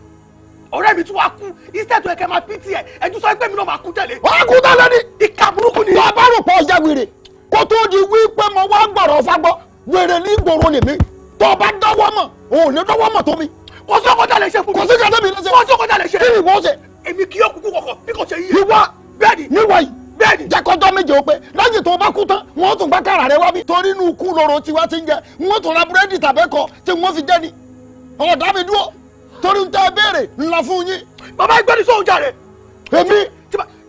ọ̀rẹ́ mi tí wàá kú iṣẹ́ tó yẹ kẹ́ máa pín tiẹ̀ ẹ̀jú sọ pé mi náà máa kú tẹ̀lé. wàá kú tẹ̀lé ni. ìka burúkú ni. wàá bá rò pọ̀ ọjà wèrè kó tó di wípé mo wá gbọ̀rọ̀ fagbọ́ wèrè ní gbòòrò lèmi tó o bá dọ́wọ́ mọ̀ o ò ní dọ́wọ́ mọ̀ tó mi. kò sí ọkọ̀ tẹ̀lé ṣe fún mi. kò sí ọkọ̀ tẹ̀lé ṣe. kò sí ọkọ̀ tẹ̀lé ṣe. kí ni ìwọ ṣe. èmi kì í ọkùnkùn kọ̀kọ̀ bí kò ṣe yí. ìwọ bẹ́ẹ̀ ni. níwọ̀ bẹ́ẹ̀ni. jẹ́kọ́jọ́ méje o pé lẹ́yìn tó o bá kú tán wọ́n tún bá kára rẹ wá bí. torí inú ikú lóró tiwa ti ń jẹ wọ́n tún ra búrẹ́dì tàbẹ́kọ tí wọ́n fi jẹ́ ni. ọ̀rọ̀ dá mi dúró torí ń tẹ́ béèrè ńlá fún yín. bàbá ìgbẹ́ni sóhun jà rẹ̀. èmi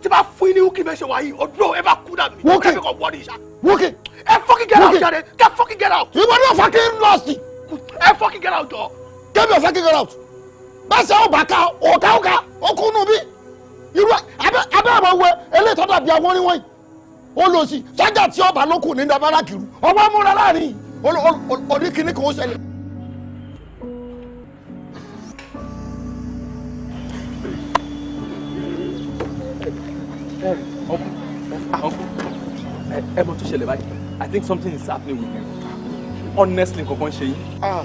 tí bá fún yín ní wúkì mẹ́sẹ̀ wáyé ọdúró ẹ bá kú dà mí. wúkì ẹ fọ́kì gẹ́rà ọ̀jà rẹ̀ ká fọ́kì gẹ́rà ọ̀jà. ìwọ náà fọ́kì lọ́ọ̀sì. ẹ fọ́kì gẹ́rà ọ̀jọ́. kébì gẹ́rà ọ̀jọ́ irú abẹ́ wẹ eléyìí tọ́da bíi àwọn oníwọ̀nyí ó lọ sí sọ́jà tí ọba ló ní dabara kìrù ọwọ́ múra láàrin oníkìní kan ṣẹlẹ̀. ẹ mọ tó ṣẹlẹ̀ báyìí I think something is happening with you honestly nǹkan kan ṣe yín. Ah,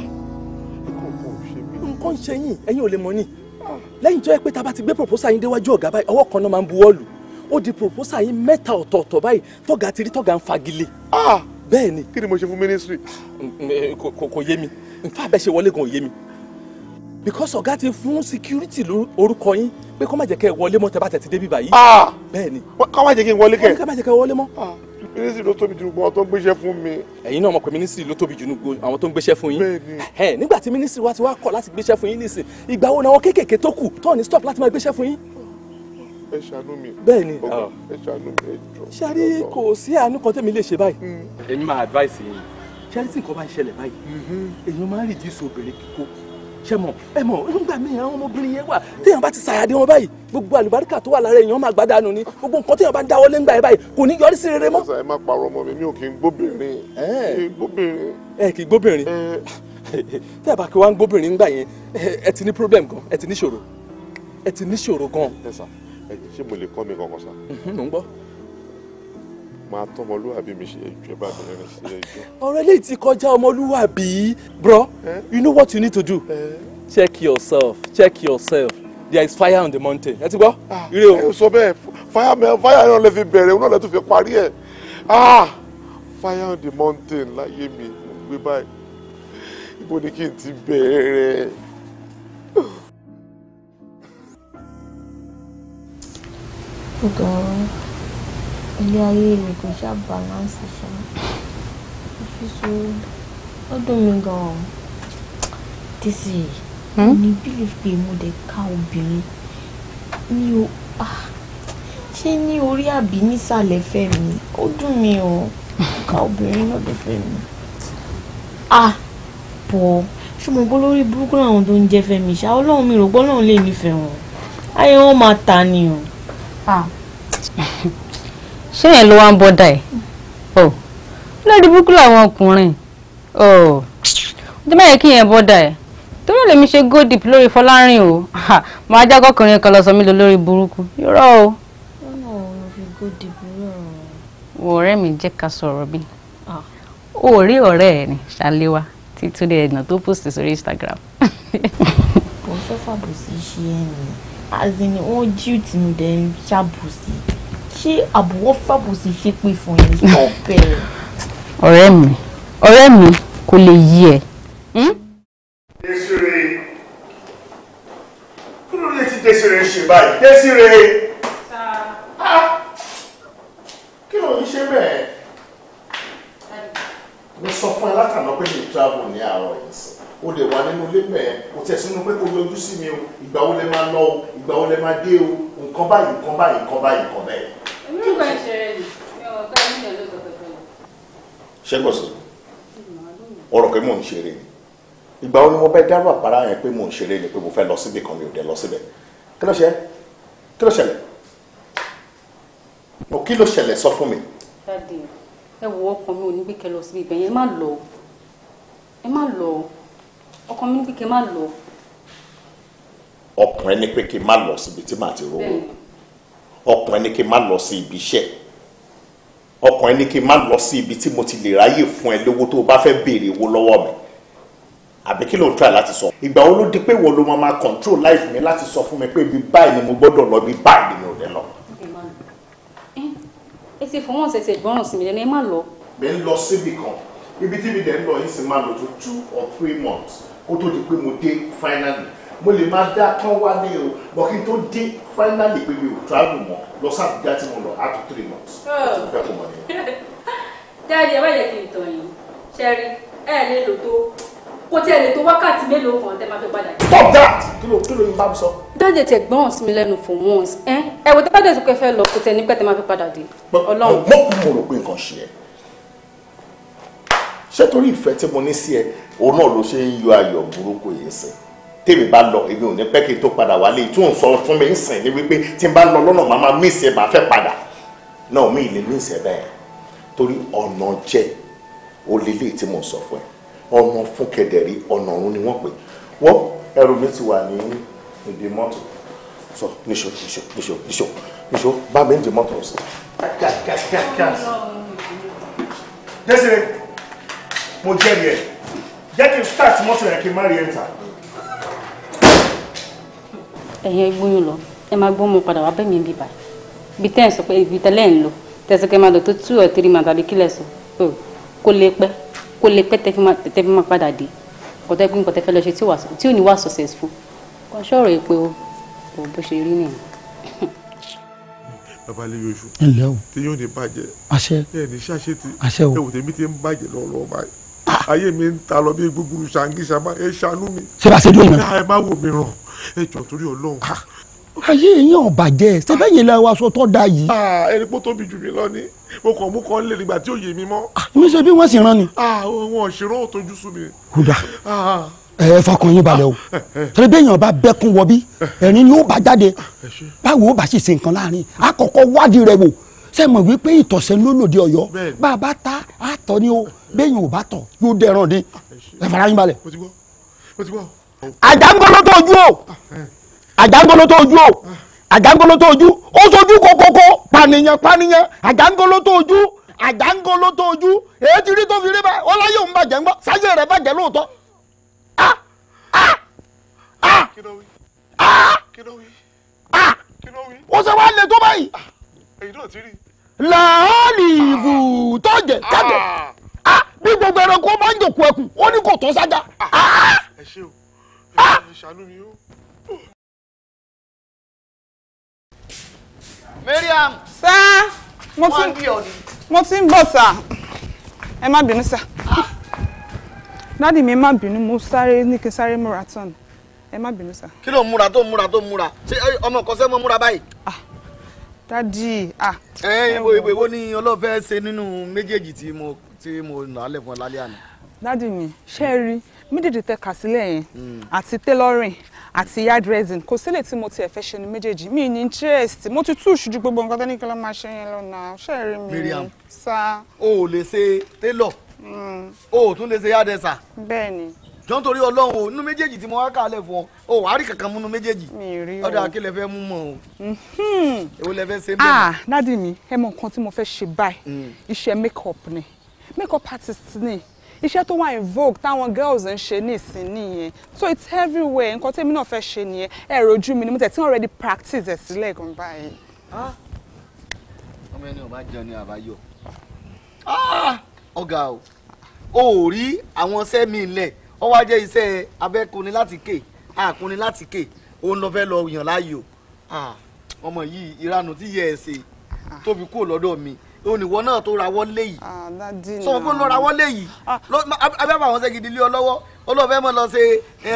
nǹkan ṣe yín ẹ̀yin ò lè mọ̀ ni lẹ́yìn tó yẹ pé tá a bá ti gbé proposal yín déwájú ọ̀gá báyìí ọwọ́ kan náà máa ń buwọ́ lù ó di proposal yín mẹ́ta ọ̀tọ̀ọ̀tọ̀ báyìí tọ́gà ti rí tọ́gà ń fagilé. Ah! bẹ́ẹ̀ ni. kí ni mo ṣe fún ministry. Mm, mm, eh, kò yé mi nfa bẹ́ẹ̀ ṣe wọlé gan ò yé mi because ọ̀gá ti fún security orúkọ yín pé kó má jẹ́ kẹ́ ẹ wọlé mọ́ tẹ́ bá tẹ̀ ti dé bí báyìí. Ah! bẹ́ẹ̀ ni. kó má jẹ́ kí n wọlé kẹ́. ẹ mínísírì ló tóbi jù gbogbo àwọn tó ń gbéṣẹ́ fún mi. ẹ̀yin náà mọ̀ pé mínísírì ló tóbi jù gbogbo àwọn tó ń gbéṣẹ́ fún yín. ẹ nígbà tí mínísírì wa ti wá kọ̀ láti gbéṣẹ́ fún yín nísìn ìgbà wo náà wọn kéékèèké tó kù tó ní stop láti máa gbéṣẹ́ fún yín. ẹ ṣàánú mi. bẹ́ẹ̀ ni ah. ẹ ṣàánú mi ẹ jọ. ṣáàrí kò sí àánú kan tẹ́mi lè ṣe báyìí. Mm. èmi máa advice yín. ṣáàrí tí nǹkan bá ń ṣẹlẹ̀ báyìí mm-hmm. èèyàn máa ń rìdíìsì obìnrin kíkó ṣe mọ ẹ mọ nígbà míì àwọn ọmọbìnrin yẹn wà téèyàn bá ti ṣàyàdé wọn báyìí gbogbo àlùbáríkà tó wà lára èèyàn máa gbádànù ni gbogbo nǹkan téèyàn bá ń dáwọ́ léńgbà yẹn báyìí kò ní yọrí sí rere mọ́. ọ̀sán ẹ má parọ́ ọmọ mi mi ò kì í gbóbìnrin. ẹ kì í gbóbìnrin tẹ́ ẹ bá kí wá ń gbóbìnrin ńgbà yẹn ẹ ti ní problem gan ẹ ti ní ṣòro ẹ ti ní ṣòro gan. ẹ ṣe mo lè kọ́ mi kankan sa. mò ń gbọ́ máa tọmọlúwàbí mi ṣe ẹjọ́ bá mi rìn sí ẹjọ́. ọ̀rọ̀ eléyìí ti kọjá ọmọlúwàbí bro you know what you need to do check yourself check yourself there is fire on the mountain ẹ ti gbọ́. Ah, ire o ẹ sọ bẹ́ẹ̀ fire mẹ fire náà lè fi bẹ̀rẹ̀ náà lè tún fi parí ẹ̀ ah fire on the mountain láyé mi mo gbé báyìí ibo ni kí n ti bẹ̀rẹ̀. Oh God ilé ayé mi kò ṣáà balance ṣá. Mo fi sùúrù. Ó dùn mí gan-an. Títí, mo hmm? ní believe pé mo dẹ̀ ká obìnrin. Mi ò ah, ṣé ní orí àbí nísàlẹ̀ fẹ́ mi? Ó dùn mí o. Ká obìnrin lọ́dọ̀ fẹ́ mi. Ah! Bọ̀ ṣé mo gbọ́ lórí burúkú làwọn tó ń jẹ́ fẹ́mi ṣá ọlọ́run mi rò gbọ́ lọ́run lè nífẹ̀ẹ́ wọn. Ayé wọn máa ta ni o. Ah! *laughs* ṣé yẹn ló wá ń bọ́dà ẹ̀ oh. ọ́ lórí burúkú làwọn ọkùnrin ọ́ oh. ọjọ́ mẹ́rin kí yẹn bọ́dà ẹ̀ torí lèmi ṣe go deep lórí Fọlárìn o máa jágọ́ ọkùnrin kan lọ sọ mí lọ lórí burúkú irọ́ o. ọ̀rẹ́ mi jẹ́ ká sọ̀rọ̀ bí ah. o rí ọ̀rẹ́ ẹ̀ ní ṣàléwá tí túnde ẹ̀gbọ́n tó post sórí Instagram. kò fẹ́ fàbùsí ṣe é ni azini wọ́n jíù tí mo dẹ̀ ń ṣàbùsí ṣé àbúwọ́ fàbùsì ṣe pé fún yín stop ẹ̀. ọ̀rẹ́ mi ọ̀rẹ́ mi kò lè yí ẹ. Hmm? Desire kí ló lè ti Desire ṣe báyìí Desire ah! kí ló ń ṣe bẹ́ẹ̀ mo sọ fún ẹ látàná pé mi travel ní àárọ̀ yìí sí o dẹ̀ wà nínú ilé mẹ́ẹ̀ kò tẹ̀ sínú pé kò yọjú sí mi o ìgbà wo lẹ máa lọ o ìgbà wo lẹ máa dé o nǹkan báyìí nǹkan báyìí nǹkan báyìí nǹkan báyìí. èmi ò bá ìṣẹ̀rẹ̀ lè mi ò ká ní ìyàlẹ́ ìtọ́kẹ́tọ́ lọ. ṣé kò sí ọ̀rọ̀ pé mò ń ṣeré ni ìgbà wo ni mo bẹ dárò àpárá yẹn pé mò ń ṣeré ni pé mo fẹ́ lọ síbi kan mi ò dẹ̀ lọ síbẹ̀ kí ló ṣẹlẹ̀ ẹ wo ọkàn mi ò ní gbé kẹ síbi ibẹ̀ yẹn ẹ má lọ ẹ má lọ ọkàn mi ní pé kí n má lọ. ọkàn ẹ ní pé kí n má lọ síbi tí màá ti rówó ọkàn ẹ ní kí n má lọ sí ibi iṣẹ́ ọkàn ẹ ní kí n má lọ sí ibi tí mo ti lè ráyè fún ẹ lówó tó o bá fẹ́ béèrè owó lọ́wọ́ mi àbí kí ló ń try láti sọ. ìgbà wo ló di pé wọ́n ló máa máa control life mi láti sọ fún mi pé ibi báyìí ni mo gbọ́dọ̀ lọ ibi báyìí ni mi ò lè lọ. ẹ ti fọwọ́n ṣẹ̀ṣẹ̀ gbọ́ràn sí mi lẹ́nu ẹ má lọ. mi ń lọ síbi kan ibi tí mi dẹ̀ ń lọ yìí sì máa lò tó two or three months ó tó di pé mo dé finally mo lè máa dá tán wálé o bọ̀ kí n tó dé finally pé mi ò travel mọ́ lọ sábùjá tí mo lọ up to three months ó oh. ti fẹ́ kó mọ̀ nìyẹn. *laughs* ẹ má yẹ kí n tàn yín ṣẹ́rí ẹ lè lò tó kò tí ẹ lè tó wákàtí mélòó kan tẹ máa fi padà. stop that kí ló kí ló ń bá mi sọ. dáadé tẹ gbọ́n sí mi lẹ́nu for once eh? ẹ wò dábàdé tó kẹ fẹ́ lọ kò tẹ ní pẹ́ tẹ máa fi padà dé. ọlọ́run mo mo òun náà ló ṣe ń yọ ayọ̀ burúkú yìí sìn tèmi bá lọ èmi ò ní pẹ́ kí n tó padà wálé tó ń sọ fún mi ń sìn ní wípé tí n bá lọ lọ́nà màmá mí ìsẹ̀ máa fẹ́ padà náà mi ìlé mí ìsẹ̀ bẹ́ẹ̀ torí ọ̀nà jẹ́ olélé tí mo sọ fún ẹ ọ̀nà fún kẹdẹ̀rí ọ̀nà ọ̀run ni wọ́n pè wọ́n ẹrù mi ti wà ní ìdí mọ́tò sọ níṣó níṣó níṣó níṣó níṣó bá mi ń di mọ́tò sí. jẹ́sẹ̀ mo jẹ́rìí ẹ̀ jẹ́ kí n start mọ́tò yẹn kí n má rí ẹ̀ta. ẹ̀yin ẹgbóyún lọ ẹ máa gbọ́ mọ padà wá bẹ́ẹ̀ mi bíbá ibi tẹ́ ẹ̀ sọ pé ibi tẹ́lẹ̀ ń lọ tẹ̀sán kẹ́ máa lọ tó two or three months àbí kílẹ̀ sọ kó lè pẹ́ kó lè pẹ́ tẹ́ fi máa padà dé kọ́tẹ́ gbé nǹkan tẹ́ fẹ́ lọ ṣe tí ò ní wá successful kọ́ sọ̀rọ̀ èpè o kò bó ṣe rí nìyẹn. *laughs* bàbá lè yọṣù. ẹ ǹlẹ́ o. tí yóò ní bàjẹ́. àṣẹ. ẹ ní ṣàṣetì. àṣẹ o. ẹ wò tèmi ti ń bàjẹ́ lọ́wọ́lọ́wọ́ báyìí ayé mi ń ta lọ bí gbogbo ṣàǹgì ṣàbá ẹ ṣàánú mi. sèbáṣe dúró iná. ẹ má wò mí ràn ẹ jọ torí Ọlọ́run. ayé yín ò bàjẹ́ sẹ́bẹ̀yìn la wa sọ tọ́ da yìí. ẹni pọ́ tóbi jù mí lọ ni mo kàn mú kàn lè nígbà tí ò yé mi mọ́. Ah, mi ṣe bí wọ́n sì rán ni. wọn ò ṣèrò òtọ́jú sùn mi. kódà ẹ fọkàn yín balẹ̀ o torí bẹ́ẹ̀yàn bá bẹ́kún wọ bí ẹ̀rín ni ó bá jáde báwo ó bá ṣe nǹkan láàrin àkọ́kọ́ wádìí rẹ̀ wò ṣe mọ̀ wípé ìtọ̀sẹ̀ ló lòdì ọ̀yọ́ bá a bá ta àtọ̀ ni o bẹ́yìn ò bá tọ̀ yóò dẹ̀ràn ni ẹ fara yín balẹ̀. àjàngbọ́n ló tó ojú o ah, eh. àjàngbọ́n ló tó ojú o ah. àjàngbọ́n ló tó ojú ó sojú kokoko pànìyàn pànìyàn àjàngbọ́n ló tó ojú àjàngbọ́n ló tó ojú èyí ti rí tó fi rí bá ọ láyé òun bàjẹ́ ńgbọ́ sáyé rẹ̀ bàjẹ́ lóòótọ́ ah ah ah ah, ah. ó ṣe wá lè tó báyìí. èyí náà ti rí. Ah. Ah, bí gbogbo ẹranko máa ń jòkó ẹkùn ó ní kò tó sájà. Ah. ẹ Mariam. sá mo ti mo ti ń bọ̀ sá ẹ má bínú sá dádì mi má bínú mo sáré ní kí n sáré múra tán ẹ má bínú sá. kí ló ń múra tó ń múra tó ń múra ṣé ọmọ mọ́ múra báyìí. dádì ah. ẹ ẹ wo ni ọlọ́fẹ́ ṣe nínú méjèèjì tí mo tí mo nà á lẹ̀ fún ọ lálẹ́ àná. dádì mi ṣé ẹ rí mídìdì tẹ kà sílẹ̀ yẹn hmm. àti tailoring àti yard resin kò sílẹ̀ tí mo tiẹ̀ fẹ́ ṣe ni méjèèjì mi ní interest mo ti tú ìṣújú gbogbo nǹkan tẹ́ni kí ló máa ṣe yẹn lọ́nà ṣé ẹ rí mi. Miriam sa. o ò lè ṣe tailor hmm. o ò tún lè ṣe yard resin. bẹ́ẹ̀ jọ́n ọlọ́run o nínú méjèèjì tí mo wá kàálẹ̀ fún ọ o wàá rí kankan mú nínú méjèèjì ọ̀dọ̀ àkílẹ̀ fẹ́ mú mọ́ o mm-hmm. èwo lẹ fẹ́ ṣe mẹ́rin. ah dádì mi ẹ mọ nǹkan tí mo fẹ́ ṣe báyìí mm. iṣẹ́ makeup ni makeup artist ni iṣẹ́ tó wà in vogue táwọn girls ń ṣe ní ìsìn nìyẹn so it's everywhere nǹkan tẹ́mi náà fẹ́ ṣe nìyẹn ẹ rojú mi ni mo tẹ̀ tí wọ́n already practice ẹ̀ sílẹ̀ gan báyìí. Ah! ọmọ ẹni ò bá jẹun ní àbáyọ ah! ọgá o ó wá jẹ́ iṣẹ́ abẹ́kunni láti kè àkunni láti kè òun lọ fẹ́ lọ yàn láàyò ọmọ yìí ìranù tí yẹ ẹ ṣe tó fi kúrò lọ́dọ̀ mi oníwọ náà tó rawọ́ léyìí sọ fún lọ rawọ́ léyìí abẹ́bà wọn ṣe gidi lé olóòfẹ́ mọ́ lọ ṣe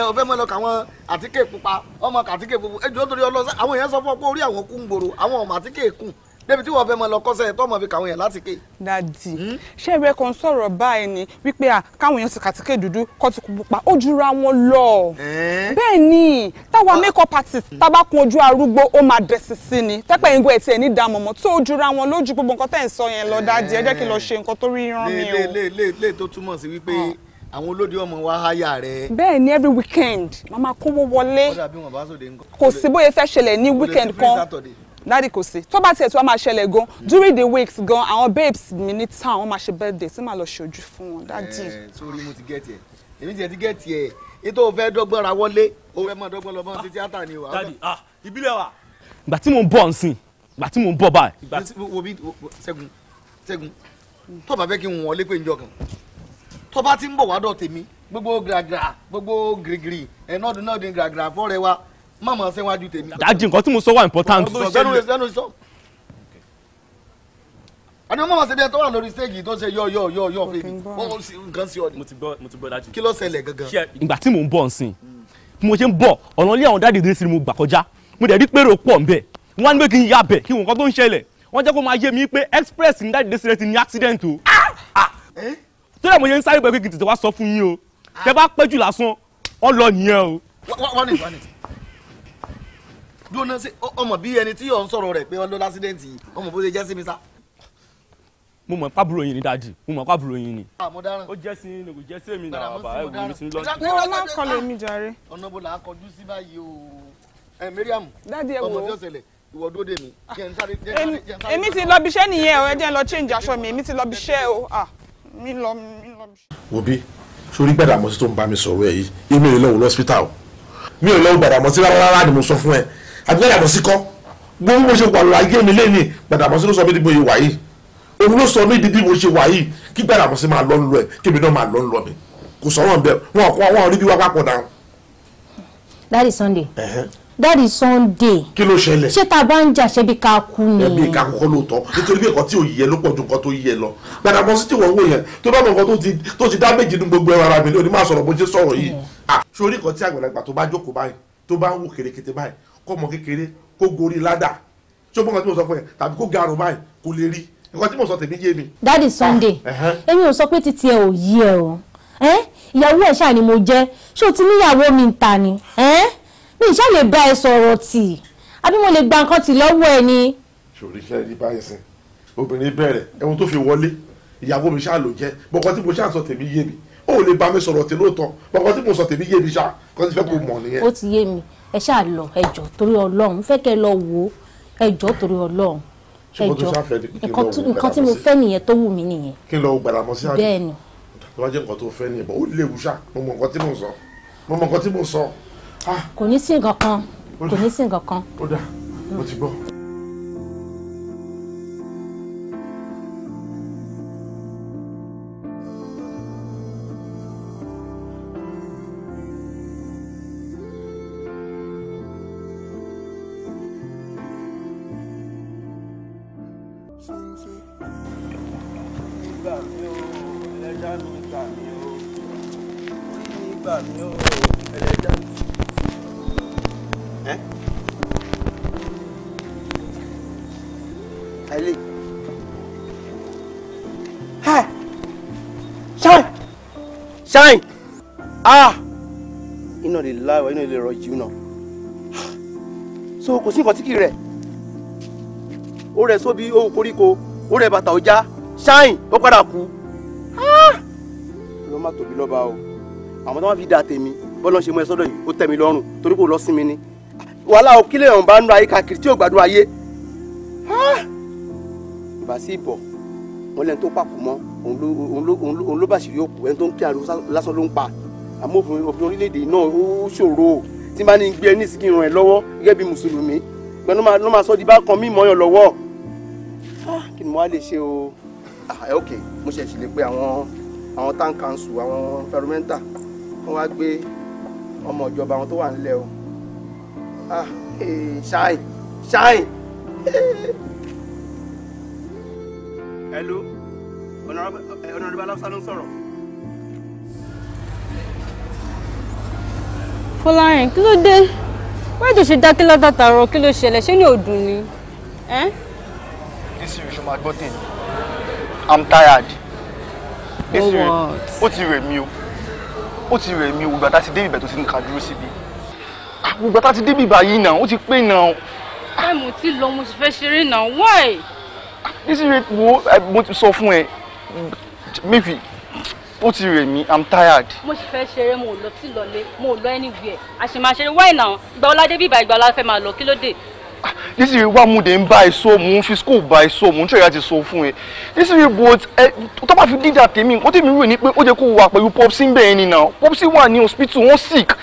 ọfẹ́ mọ́ lọ kàwọn àtíkè pupa ọmọ kàtíkè pupa ejò tó rí ọ lọ sí àwọn èèyàn sọ fún ọ pé orí àwọn kú ń gbòòrò àwọn ọmọ àtíkè kù débi tí wọ́n fẹ́ mọ lọ kọ́sẹ́ tó mọ̀ fi kàwọn yẹn láti ké. dadi hmm? ṣé ẹ̀rẹ́ kan sọ̀rọ̀ báyìí ni wípé káwọn èèyàn ti kàtíkè dúdú kọ́ ti kú pupa ó jura wọn lọ. bẹ́ẹ̀ ni táwa ah. makeup artist tábà kun ojú arúgbó ó máa dẹ̀sí sí ni tẹ́pẹ́ ìgò ẹ̀ tiẹ̀ ní ìdààmú tó ó jura wọn lójú gbogbo nǹkan tẹ̀ ń sọ yẹn lọ dadi ẹ jẹ́ kí n lọ ṣe nǹkan tó rí rán mi o. lè lè lè tó túmọ̀ sí wípé ah. àwọn olóde ọmọ wa háyà rẹ. bẹ́ẹ̀ ni every weekend màmá kówó wọlé kò sí bóyá fẹ́ ṣẹlẹ̀ ní weekend kan dáàdì kò sí tó bá tiẹ̀ tí wọ́n máa ṣẹlẹ̀ gan during the weeks gan àwọn babes mi ní town wọ́n máa ṣe birthday tí màá lọ ṣojú fún wọn dáàdì. Eh, sórí mo ti gẹ̀ẹ́tì ẹ̀ èmi ti ẹ̀ ti gẹ̀ẹ́tì ẹ̀ ètò òfẹ́ dọ́gbọ́n ra wọlé òfẹ́ mọ́ dọ́gbọ́n lọ́mọ́ sí tíátà ni wà. dáàdì ah ìbílẹ̀ wa. ìgbà tí mò ń bọ̀ nsìn ìgbà tí mò ń bọ̀ báyìí. ṣẹ́gun ṣẹ́gun tó bá fẹ́ kí n wọlé pé njọ́ kan tó bá ti ń bọ̀ wá dọ̀ tèmi gbogbo gragra gbogbo girigiri ẹ̀ náà dún náà dín gragra fọ́ọ̀rẹ́ wa má máa ṣe wájú tèmi. dájú nǹkan tí mo sọ wà important. lẹ́nu rẹ̀ lẹ́nu sọ. àní wọ́n máa ṣe bí ẹ tó wà lórí stage tó ṣe yọ yọ yọ yọ fèmí wọ́n nǹkan sí ọ ni. mo ti gbọ́ mo ti gbọ́ dájú. kí ló ṣẹlẹ̀ gangan. ìgbà tí mò ń bọ̀ nsìn bí mo ṣe ń bọ̀ ọ̀nà ilé àwọn dáàdì ìdírísí ni mo gbà kọjá mo dẹ̀ rí pérò pọ̀ ńbẹ̀ wọ́n á ní pé kí n yà bẹ̀ kí n nǹkan tó ń ṣẹlẹ̀ wọ́n jẹ́ kó máa yé mi pé express ní dáàdì ìdírísí rẹ ti ní accident o. Ah! Ah! Eh? tó dẹ̀ mo ṣe ń sáré pẹ̀lú kí n tètè wá sọ fún yín o tẹ dúró sí ọmọ bí ẹni tí ò ń sọ̀rọ̀ rẹ̀ pé ó lọ lásídẹ̀ǹtì yìí ọmọ bó ṣe jẹ́ sí mi sá. mo mọ̀ pàbúrò yín ni dáàdì mo mọ̀ pàbúrò yín ni. Ah, ó jẹ́ sí ni kò jẹ́ sí èmi náà bàbá ẹ̀ wò mí sí lọ́dún. wọ́n máa ń mi jàre. ọ̀nà bó la kọjú sí báyìí o. Eh, ẹ Mariam ọmọ tí ó ṣẹlẹ̀ ìwọ dúró dè mí. èmi ti lọ bíṣẹ́ nìyẹn o ẹ jẹ́ lọ change aṣọ mi èmi ti lọ bíṣẹ́ o ah, mi lọ mi lọ bíṣẹ́. òbí sórí gbàdàmọ́sí tó ń bá mi sọ̀rọ̀ ẹ̀ yìí èmi ò lọ́wọ́ lọ́sítà o mi ò lọ́wọ́ gbàdàmọ́sí rárá àbíkẹ́ yàtọ̀ sí kọ́ gbogbo bó ṣe wà láyé mi lẹ́ni Gbàdàmọ́sí ló sọ mí di bó ṣe wà yìí òun ló sọ mí di bí mo ṣe wà yìí kí Gbàdàmọ́sí máa lọ́nu lọ ẹ̀ kí èmi náà máa lọ́nu lọ mi kò sọ̀rọ̀ ń bẹ wọn kọ́ àwọn orí bí wá papọ̀ dáhùn. Daddy Sunday Daddy Sunday kí ló ṣẹlẹ̀ ṣé ta bá ń jà ṣe bí ká kú ni. ẹbí ìka kọ́kọ́ lóòótọ́ nítorí bí nǹkan tí ò yẹ ló pọ̀ ju nǹkan tó yẹ lọ Gbàdàmọ́sí tí wọ́n wò yẹn tó bá mọ nǹkan tó ti dá méjì ní gbogbo ara mi ni ó ní bó ṣe sọ̀rọ̀ yìí. sórí ah, nǹkan tí àgbàlagbà tó bá jókòó báyìí tó bá ń wò kérékété báyìí kọ́mọ kékeré kó gorí ládà tí ó gbọ́n kan tí mo sọ fún ẹ tàbí kó garun báyìí kó lè rí nǹkan tí mo sọ tèmi yé mi. Daddy ah, Sunday èmi ò sọ pé títí ẹ ò yí ẹ o ìyàwó ẹ ṣáà ni mo jẹ ṣé o ti níyàwó mi ta ni mi ìṣá lè bá ẹ sọ̀rọ̀ tì àbí mo lè gba nǹkan tì lọ́wọ́ ẹ ni. sori iṣẹ́ ní báyìí sin obìnrin bẹ̀rẹ̀ ẹ̀hún tó fi wọlé ìyàwó mi ṣáà ló jẹ́ bọ̀kọ́ tí mo ṣáà sọ tèmi yé mi ó lè bá mi sọ̀rọ̀ tì lóòótọ́ bọ̀kọ́ tí mo sọ tèmi yé mi ṣáà kọ́ ti fẹ́ kó mọ̀ nìyẹn. ó ti yé mi ẹ ṣáà lọ ẹ jọ̀ọ́ torí Ọlọ́run fẹ́ kẹ́ lọ wò ó ẹ jọ̀ọ́ torí Ọlọ́run ẹ jọ̀ọ́ nǹkan tí mo fẹ́ nìyẹn tó wù mí nìyẹn. kí n lọ gbàdá mọ sí àná bẹ́ẹ̀ ni. tó bá jẹ́ nǹkan tó fẹ́ nìyẹn bọ́ ó léwu ṣá mo mọ nǹkan tí mo sọ mo mọ nǹkan tí mo sọ. Ah. kò ní sí nǹkan kan kò ní sí nǹkan kan. ó dà mo ti gbọ́. shine ah iná lè láwọ iná lè rọ jù náà so kò sí nǹkan tí kì í rẹ̀ ó rẹ̀ sóbi o koríko ó rẹ̀ bàtà ọjà shine ó padà kú ah. lọ́ má tóbi lọ́ba o àwọn tó wá fi dà tèmi bọ́lá ń ṣe mọ́ ẹ sọ́dọ̀ yìí ó tẹ̀ mí lọ́rùn torí kò lọ́ ni wàhálà o kílẹ̀ ọ̀hún bá ń lo ayé kakiri tí ò gbádùn ayé ah. ìbá sí ìbọ̀ wọn lẹ́nu tó pàkó mọ́ òun ló bá sì yóò kú ẹni tó ń kí ariwo lásán ló ń pa àmọ́ òfin òfin orílẹ̀-èdè náà ó ṣòro tí n bá ní gbé ní ìsìnkí ràn ẹ́ lọ́wọ́ gẹ́gẹ́ bí mùsùlùmí pẹ̀lú ló máa sọ di bá kan mímọ́ yàn lọ́wọ́ ah, kí ni mo wá lè ṣe o. Ah, ok mo ṣe ṣe lè pe àwọn àwọn town council àwọn environmental wọn wá gbé ọmọ ìjọba àwọn tó wà nílẹ̀ o ṣáì ah, ṣáì. Eh, *laughs* hello ọ̀nàrẹ́bí aláfíà ló ń sọ̀rọ̀. fọláyìn kí ló dé wọ́n ètò ṣe dákẹ́ látàtàrọ̀ kí ló ṣẹlẹ̀ ṣé ní òdùn ni. this is my button i'm tired. Oh, this is ó ti rẹ̀ mí o ó ti rẹ̀ mí o gbàtà ti dé ibẹ̀ tó ti ń ka dúró síbi ah, gbogbo tá ti débi báyìí náà ó ti pé náà. ẹ mo ti lọ mo ti fẹ́ ṣeré náà why. Ah, nísìnyí wo mo ti sọ fún ẹ maybe ó ti rẹ̀ mí i'm tired. mo sì fẹ́ ṣeré mo ò lọ sí lọlé mo ò lọ anywhere àṣemáṣeré why now ìgbà ọládé bíbá ìgbà ọlá fẹ́ máa lọ kí ló dé. Ah, this is why mo dey buy so mo fi school buy so mo n ṣe ìyá ti sọ fún ẹ this is but ẹ tó bá fi dídà tèmi nǹkan tèmi rò ní pé ó jẹ́ kó wà pẹ̀lú popsi ń bẹ̀ ẹni náà popsi wà ní hospital wọ́n sick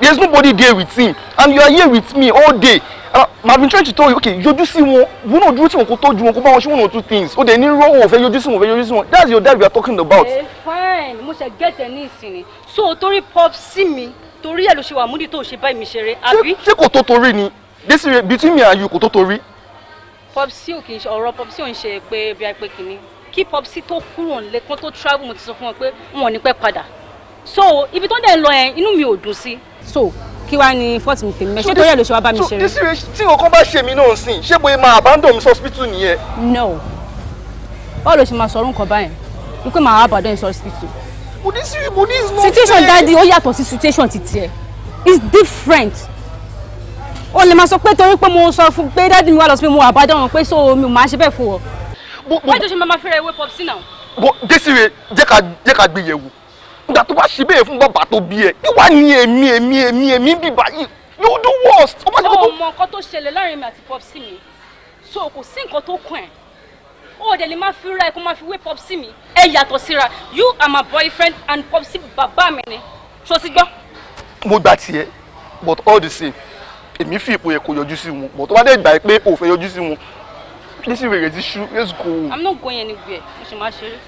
there's nobody there with him and you are here with me all day and uh, i have been trying to tell you okay yọjú sí wọn wọn náà dúró tí wọn kò tọ́jú wọn kó bá wọn ṣe one or two things ó dẹ̀ ní rọ́ wọn ò fẹ́ yọjú sí wọn ò fẹ́ yọjú that's your dad we are talking about. ẹ eh, fine mo ṣe gẹ̀tẹ̀ ní ìsinmi so torí pop sí mi torí ẹ̀ ló ṣe wà múdi tó ṣe báyìí mi ṣeré àbí. ṣé kò tó torí ni desi between me and you kò tó torí. popsi ò kì í ṣe ọ̀rọ̀ popsi ò ń ṣe pé bí i pé kìíní kí popsi tó kúrò nílé tó travel mo ti sọ fún wọn pé wọn ò ní pẹ́ padà so ibi tó dẹ̀ lọ yẹn inú mi ò dùn sí. so kí wàá ní fọ́ọ̀tì mi tèmi mẹ́ ṣé torí ẹ̀ ló ṣe wá bá mi ṣeré. so tí nǹkan bá ṣe mí náà sìn ṣé bóyá máa abandon mi hospital nìyẹn. no báwo ló ṣe máa sọ̀rọ̀ nǹkan báyẹn wípé máa abandon mi hospital. mo ní sí mo ní ìsinmi. situation dadi ó yàtọ̀ sí situation ti tiẹ̀ it's different o lè máa sọ pé torí pé mo sọ fún pé dadi mi wà lọ sí pé mo abandon wọn pé so mi ò máa ṣe bẹ́ẹ̀ fún ọ. wọ́n ti ṣe máa máa fẹ́rẹ̀ wé pop sí náà. desire jẹ́ ká gbé yẹ̀wò ìgbà tó bá ṣe bẹ́ẹ̀ fún bàbá tó bí ẹ ìwà ni èmi èmi èmi èmi bíbá yìí you do worst. ó mọ nǹkan tó ṣẹlẹ̀ láàrin mi àti popsi mi so kò sí nǹkan tó kàn ẹ́ ó dẹ̀ lè má fi ra ẹ̀ kó má fi wé popsi mi ẹ yàtọ̀ síra you are my boyfriend and popsi bàbá mi ni ṣó ti gbọ́. mo gbà tiẹ̀ but all the same èmi fi ipò yẹ kó yọjú sí wọn but tó bá dé pé o fẹ́ yọjú sí wọn nísìnyí rẹ̀ ti ṣú let's go. i'm not going anywhere mo ṣe máa ṣeré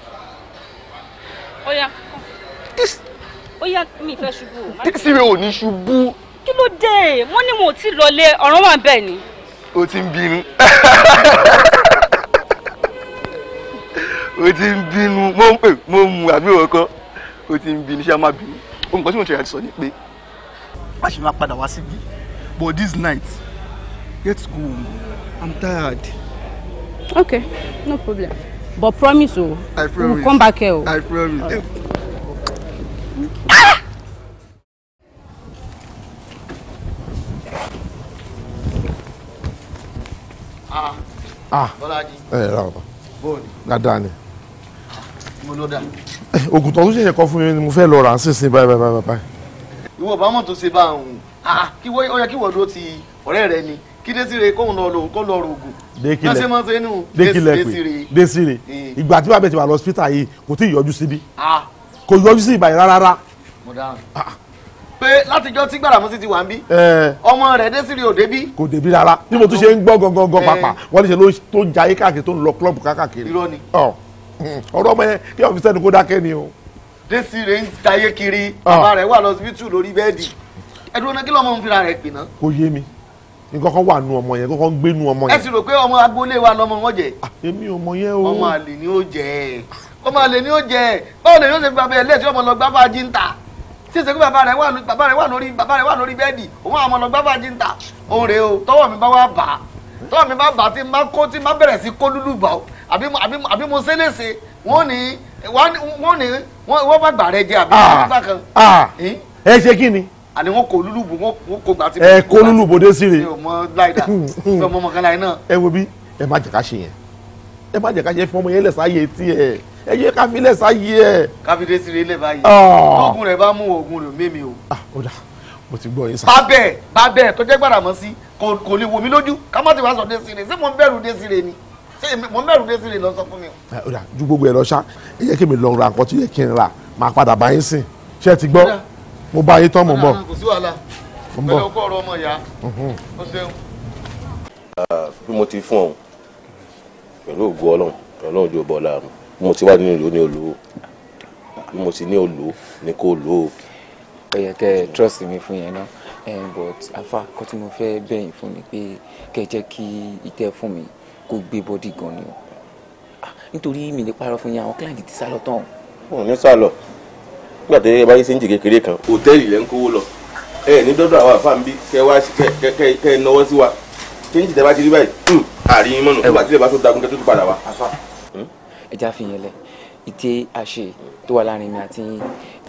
ó yá. Oh, yeah this. ó yá mi fẹ́ ṣubú. tíkìsì rẹ ò ní ṣubú. kí ló dé wọ́n ní wọn ò tí ì lọlé ọ̀ràn wà bẹ́ẹ̀ ni. o ti ń bínú *laughs* o ti ń bínú mo ń pè mo ń mu àbí òkò o ti ń bínú ṣé a máa bínú ohun kan tí mo ṣe àti sọ ni pé má ṣe máa padà wá síbí but this night get go home i'm tired. okay no problem but promise o oh, i promise we come back here o. Oh. i promise. Okay. Ah. ah bọ́lájí ẹ ẹ rárá bóòlì dáadáa ni mo ló dà. oògùn eh, tó ń ṣe ẹ̀kọ́ fún mi ni mo fẹ́ lọ rà á sísìn báyìí báyìí báyìí. ìwọ bá mọ̀ tó ṣe bá òun ah, kí wọ́n ó yẹ kí wọ́n dúró ti ọ̀rẹ́ rẹ ni kí désire kóun lọ lòun kó lọ rò ògùn. dékìlẹ̀ pé désire eh. ìgbà tí wàá bẹ̀ ti wà lọ́sítà yìí kò tí ì yọjú síbí. Ah kò yọjú sí ìbàdàn rárá. mo dáhùn ah. pé látijọ́ tí gbàràmú sí ti wà ń bí ọmọ rẹ̀ dé sírí òde bí. kò débi rárá bí mo tún ṣe ń gbọ́ gangan pàpà wọ́n ní ṣe tó ń jayé káàkiri tó ń lọ klọ́ọ̀bù káàkiri. irọ́ ni. ọ̀rọ̀ ọmọ yẹn kí ọ̀fíìsì ẹni kó dákẹ́ ni o. desi rẹ̀ ń tayé kiri bàbá rẹ̀ wà lọ́sibítù lórí bẹ́ẹ̀dì ẹ̀dùn ọ̀nà kí lọ́mọ ń fira rẹ̀ pè ná. kò yé mi nǹkan kan wà nù ọmọ yẹn nǹkan kan gbé ọmọ yẹn. ẹ sì rò pé ọmọ agboolé wa lọmọ wọn jẹ. Ah, èmi ò mọ yẹn o. ọmọ àlè ni ó jẹ ẹ ọmọ àlè ni ó jẹ báwo lè ní ó ṣe fi bàbá ẹ lẹ́sìn ọmọ lọ gbá bá jí ń ta tí ìṣègùn bàbá rẹ wà bàbá rẹ wà lórí bàbá rẹ wà lórí bẹ́ẹ̀dì òun àwọn ọmọ lọ gbá bá òun rèé o tọwọ́ mi bá wá bà á tọwọ́ mi bá bà á tí má kó tí má bẹ̀rẹ̀ sí kó lúlù bà ó àbí mo ṣe léṣe wọ́n ní wọ́n ní wọ́n bá gbà rẹ jẹ àbí ah, nígbà kan. Ah. ẹ ṣe kí ni. àní wọn kò lúlù bò wọn kò gbà tí. ẹ kó lúlù bòde sí rè. *laughs* ẹ wo bí ẹ má jẹ ká ṣe yẹn ẹ má jẹ ká ṣe fún ọmọ yẹn lẹ sáyé tí ẹ ẹ yẹ ká fi lẹ́sà yí ẹ. káfíńdé sí ilé báyìí oògùn ah. rẹ bá mú oògùn rẹ mímì o. Ah, ó dà mo ti gbọ́ yín sá. bábẹ́ bábẹ́ tó jẹ́ gbàrà mọ́ sí kò lè wò mí lójú ká má ti wá sọ Desire ṣé mo ń bẹ̀rù Desire ni ṣé mo ń bẹ̀rù Desire lọ sọ fún mi. Ah, ó dà ju gbogbo ẹ lọ ṣá ẹ yẹ kí mi lọ ra nǹkan tó yẹ kí n ra máa padà bá yín sìn ṣé ẹ ti gbọ́ mo bá yín tán mo ń bọ̀. kò sí wàhálà pẹ̀lú ọkọ ọ̀rọ̀ ọmọ ìyá mhm. ó ṣeun. bí mo ti fún ọ pẹ̀lú ògo Ọlọ́run Ọlọ́run jò bọ́ láàmú mo ti wá nínú ìlú ní olówó bí mo ti ní olówó ni kò lówó. ó yẹ kẹ́ ẹ trust mi fún yẹn náà but afa kọ́ tí mo fẹ́ bẹ̀yìn fún ni pé kẹ́ jẹ́ kí ìtẹ́ fún mi kó gbé bọ́dì gan ni o ah, nítorí mi ní parọ́ fún yẹn àwọn client ti sálọ tán. wọn ò ní sálọ nígbà tó yẹ bá yí sí ń jì kékeré kan hòtẹ́ẹ̀lì lẹ́ ń kówó lọ ẹ ní dọ́dọ̀ àwọn àfáà ń bí kẹ wá kẹ kẹ kẹ náwó sí wa kí n jìtẹ́ bá ti rí báyìí hmm, àríyìn mọ́nù ìgbà tí ilẹ̀ bá tó dagun kẹ́ tó tún padà wá ẹja fi yẹn lẹ ìtẹ àṣẹ tó wà láàrin mi àti yín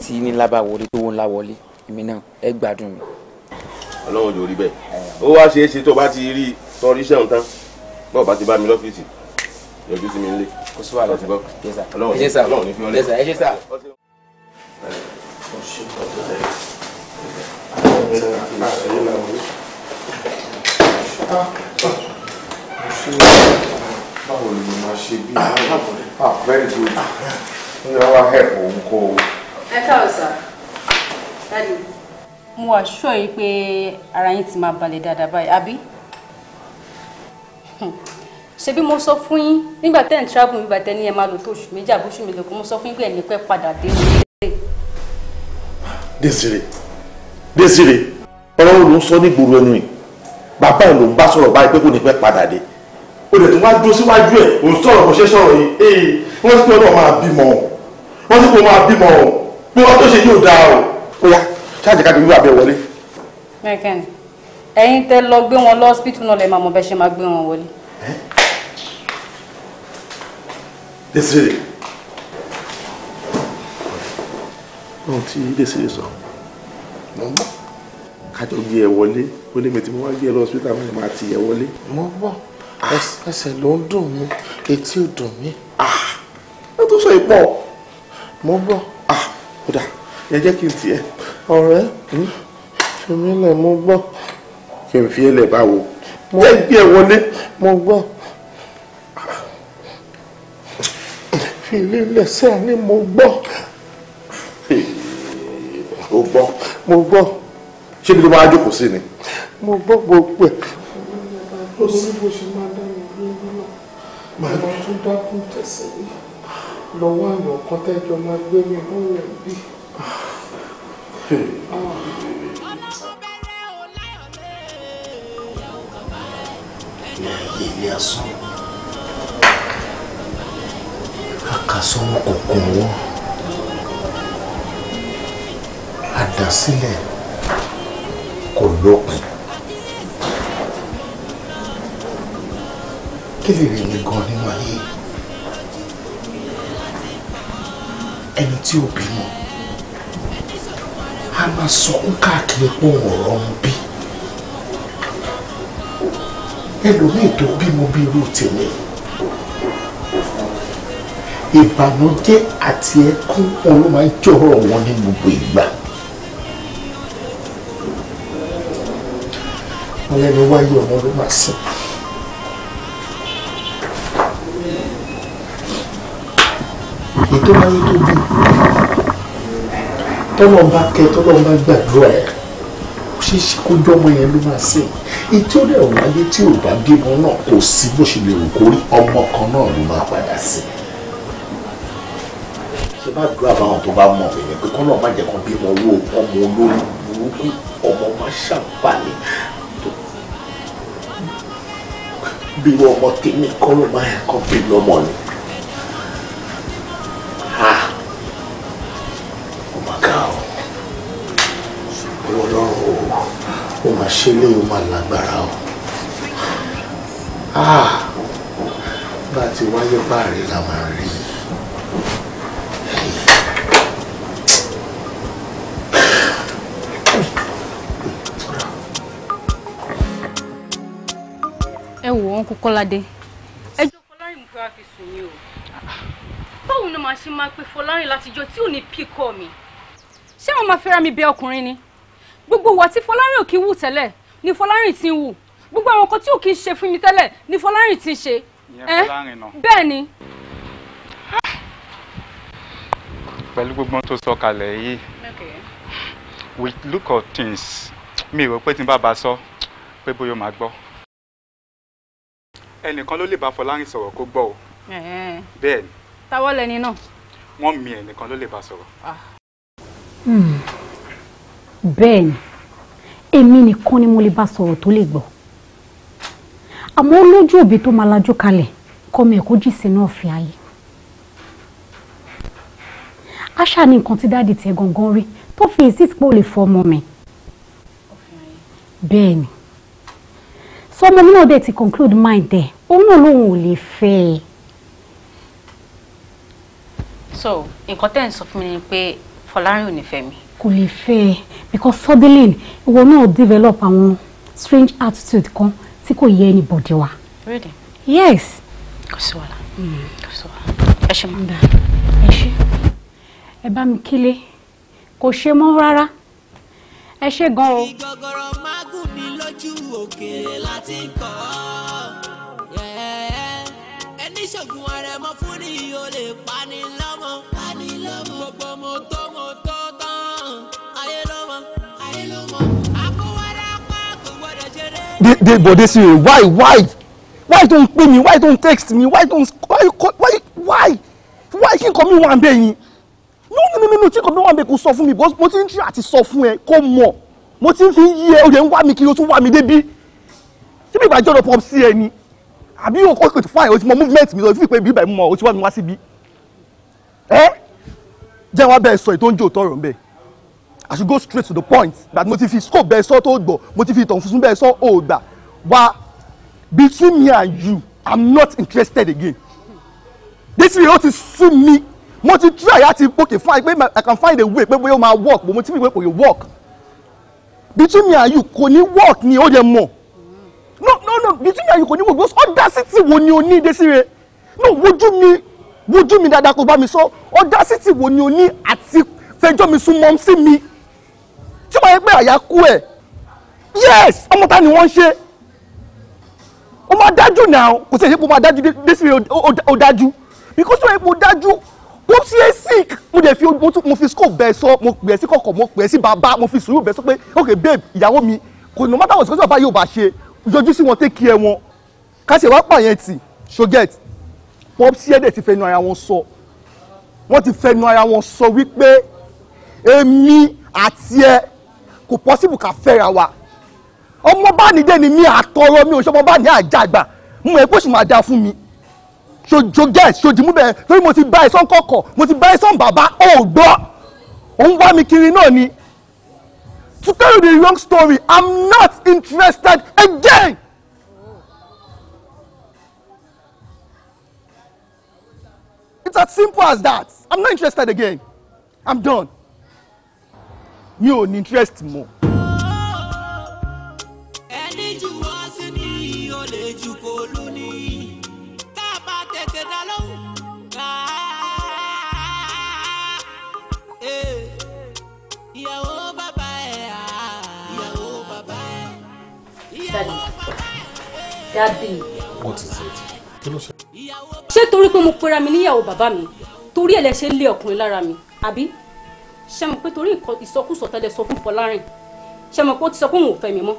tí nílá bá wọlé tó wọ́n ńlá wọlé èmi náà ẹ gbádùn mi. ọlọ́run yóò rí bẹ́ẹ̀ ó wá ṣeé ṣe tó bá ti rí tọ́ rí sẹ́wọ̀n tán bọ́ọ̀ bá ti bá mi lọ́fíìsì yọjú sí mi nílé. kò sí wàhálà ọ̀sìn bọ́ ọlọ́run ní fi ọlẹ́. ẹ ṣe sá. báwo ni mo máa ṣe bí ah, i ah very good You know I help you, Uncle. o. ẹ káàbọ̀ sá dáàdi. you wà ṣọ́ yìí pé ara yín ti máa balẹ̀ dáadáa báyìí àbí hmm. ṣebí mo sọ fún yín nígbà tẹ́ ń travel nígbà tẹ́ ní ẹ máa lò tó oṣù méjì àbóṣù mi lòkun mo sọ fún yín pé ẹ̀ ní pẹ́ Desire Desire ọ̀rọ̀ wo ló ń sọ nígboro ẹnu yìí bàbá ẹ̀ ló ń bá sọ̀rọ̀ báyìí pé kò ní pẹ́ padà o dẹ̀ tún wá dúró síwájú ẹ̀ ò ń sọ̀rọ̀ bó ṣe sọ̀rọ̀ yìí ee wọ́n ti pé ọlọ́run máa bímọ o wọ́n ti pé o máa bímọ o pé wọ́n tó ṣe yóò dáa o. ó yá ṣáàjì ká dùnú àbẹ̀ wọlé. mẹ́kẹ́ni ẹ̀yin tẹ́ lọ gbé wọn lọ hospital náà lẹ́ máa mọ bẹ́ ṣe máa gbé wọn wọlé. Desire ohun tí Desire sọ mo ń bọ̀ kájọ gbé ẹ wọlé ó lé mi tí mo wá gbé ẹ lọ hospital mi máa ti ẹ wọlé mo ń ẹsẹ̀ ló ń dùn mí etí ò dùn mí. ẹ ah, tó sọ ìpọ̀ mo gbọ́ kódà ah, ẹ jẹ́ kí n tiẹ̀ ọ̀rẹ́ hmm? fi mí lẹ̀ mo gbọ́. kí n fi ẹ lẹ̀ báwo. mo gbé ẹ wọlé mo gbọ́. fi ilé lẹ́sẹ̀ ni mo gbọ́. o gbọ́. mo gbọ́. ṣé ibi tó máa jókòó sí ni. mo gbọ́ gbogbo ẹ̀ màá lọ tún dákú tẹ̀sán yìí lọ́wọ́ àyàn kan tẹ́jọ máa gbé mi lọ́wọ́ bí. ilé ayé ilé asán akasọ́mọ kọ̀ọ̀kan wọ́n àdásílẹ̀ kò lópin. kí lè rí mi gan nínú ayé ẹni tí ò bímọ a máa sọkún káàkiri pọ̀ ọ̀rọ̀ ọmọ bí ẹlòmíì tó bímọ bí irú tèmi ìbànújẹ́ àti ẹkún òun máa ń jọrọ wọn ní gbogbo ìgbà. wọn lẹnu wáyé ọmọ ló máa sìn. ètò ayé tó bí tọ́lọ́ bá kẹ́ tọ́lọ́ bá gbàdúrà ẹ̀ ó ṣe é ṣe kó jọmọ yẹn ló máa sìn ètò rẹ̀ wáyé tí ò bá bímọ náà kò sí bó ṣe lè rò kó rí ọmọ kan náà ló máa padà sí ṣe bá dúrà báwọn tó bá mọ̀ mí pé kọ́lọ́ má jẹ́ kan bímọ owó ọmọ olórí burúkú ọmọ má ṣàǹfààní bí ọmọ tèmi kọ́lọ́ má yẹ kan bí lọ́mọ ni. O máa ṣe lé ó máa lágbára o ah, bá a ti wáyé bá rí la máa rí ẹ wò wọn kú kọ́ládé ẹjọ́ fọlárin mo fẹ́ sùn yín o báwo ni màá ṣe máa pe fọlárin látijọ́ tí ò ní píkọ́ mi ṣé àwọn máa fẹ́ra mi bẹ ọkùnrin ni gbogbo ìwà tí fọlárìn ò wù tẹ́lẹ̀ ni fọlárìn ti ń wù gbogbo àwọn nǹkan tí ò ń ṣe fún mi tẹ́lẹ̀ ni fọlárìn ti ń ṣe bẹ́ẹ̀ ni. pẹ̀lú gbogbo tó sọ kalẹ̀ yìí we look at things mi rò pé tí n bá ba sọ pé bóyá màá gbọ́ ẹnìkan ló lè bá fọlárìn sọ̀rọ̀ kó gbọ́ o bẹ́ẹ̀ ni. táwọ́ lẹni náà. wọ́n mi ẹnìkan ló lè bá sọ̀rọ̀. Ah. Hmm bẹ́ẹ̀ ni èmi nìkan ni mo lè bá sọ̀rọ̀ tó lè gbọ́ àmọ́ lójú òbí tó máa lajú kalẹ̀ kọ́mọ ẹ̀ kó jì sínú ọ̀fẹ́ ayé àṣà ni nǹkan tí dáàdì tiẹ̀ gangan rí tó fi insist pé ó lè fọ ọmọ mi bẹ́ẹ̀ ni sọmọ náà dẹ̀ ti conclude mind ẹ̀ òun náà lòun ò lè fẹ́ ẹ. so nǹkan tẹ́ ń sọ fún mi ni pé Fọlárìn ò ní fẹ́ mi kò lè fẹ́ ẹ because suddenly ìwọ náà develop àwọn strange attitude kan tí kò yẹ anybody wa. really yes. kò sí wàhálà mm. kò sí wàhálà ẹ ṣe máa ń dá ẹ ṣe ẹ bá mi kílé kò ṣe mọ́ rárá ẹ ṣe gan o. ìgbọ̀gọ̀rọ̀ mágùn mi lójú òkèèrè láti kọ́ ẹni ṣògùn ààrẹ mọ́ fún. they they but why why why tó ń me? why tó text me? why tó ń why why why why kí come in one day? no no no no tí nǹkan mi wà ń bẹ kò sọ fún mi because mo ti ń tí àti sọ fún ẹ kó mọ̀ mo ti ń fi yí ẹ o lè ń wá mi kiri o tún wá mi débí síbi ìgbàjọ́ lọ pọ̀ sí ẹ ni àbí o kò tó fine o ti mọ movement mi lọ sí ìpè bíbẹ̀ mọ o ti wá mi wá síbi ẹ jẹ́ wá bẹ́ẹ̀ sọ ètò oúnjẹ òtọ́ rò ń bẹ́ẹ̀. I should go straight to the point that mo ti fi scope bẹ́ẹ̀ sọ tó gbọ̀ mo ti fi ìtàn funfun bẹ́ẹ̀ sọ ó gbà wá between me and you I'm not interested again this year ó ti sú mi mo ti try láti okay fine pé I can find a way pé bóyá ó máa work but mo ti fi pé kò yẹ work between me and you kò ní work ni ó yẹ mọ̀ no no no between me and you kò ní work because audacity wo ni o ní desire no wojú mi wojú mi dáadáa kó bá mi sọ audacity wo ni o ní àti fẹjọ́ mi sún mọ́ sí mi tí wọ́n yẹ pé àyà kú ẹ̀ yes ọmọ ta ni wọ́n ṣe ó máa dájú náà kò sí èyípo máa dájú désìrè ó dájú because wọ́n yẹ pé ó dájú ó ti ẹ́ sick mo dẹ̀ fi mo fi scope bẹ́ẹ̀ sọ mo pè é sí kọ̀kọ̀ mo pè é sí bàbá mo fi sùúrù bẹ́ẹ̀ sọ pé ok babe ìyàwó mi kò no matter what ṣe kó sọ̀rọ̀ bá yóò bá ṣe yọjú sí wọn take care wọn káṣẹ̀ wá pààyàn tì ṣoget pop sí ẹ̀dẹ̀ ti fẹnu ara wọn sọ wọ́n ti fẹnu ara wọn sọ wípé èmi àti ẹ kò pọ́sibù ká fẹ́ra wa ọmọ bá nìdé ni mi àtọrọ mi ò ṣọmọ bá ní àjàgbà mo mọ̀ èkó sì máa da fún mi ṣojo gẹ́ẹ̀sì ṣojú mú bẹ́ẹ̀ torí mo ti bá ẹ̀sán kọ̀kọ̀ mo ti bá ẹ̀sán bàbá ò òun wá mi kiri náà ni to tell you the wrong story i'm not interested again. It's as simple as that. I'm not interested again. I'm done mi ò ní interest mọ́. ẹni jù wá sí ni ó lè jù kó lù ní tá bá tètè dá lóhùn eh, ìyàwó bàbá ẹ̀ ìyàwó bàbá ẹ̀ ìyàwó bàbá eh. ẹ̀. dadi what is it kí ló ṣe. ṣé torí pé mo pera mi níyàwó bàbá mi torí ẹ̀ lẹ ṣe ń lé ọkùnrin lára mi àbí ṣe mọ̀ pé torí ìsọkúsọ tẹ́lẹ̀ sọ fún Fọlárìn ṣe mọ̀ pé ó ti sọ pé òun ò fẹ́ mi mọ́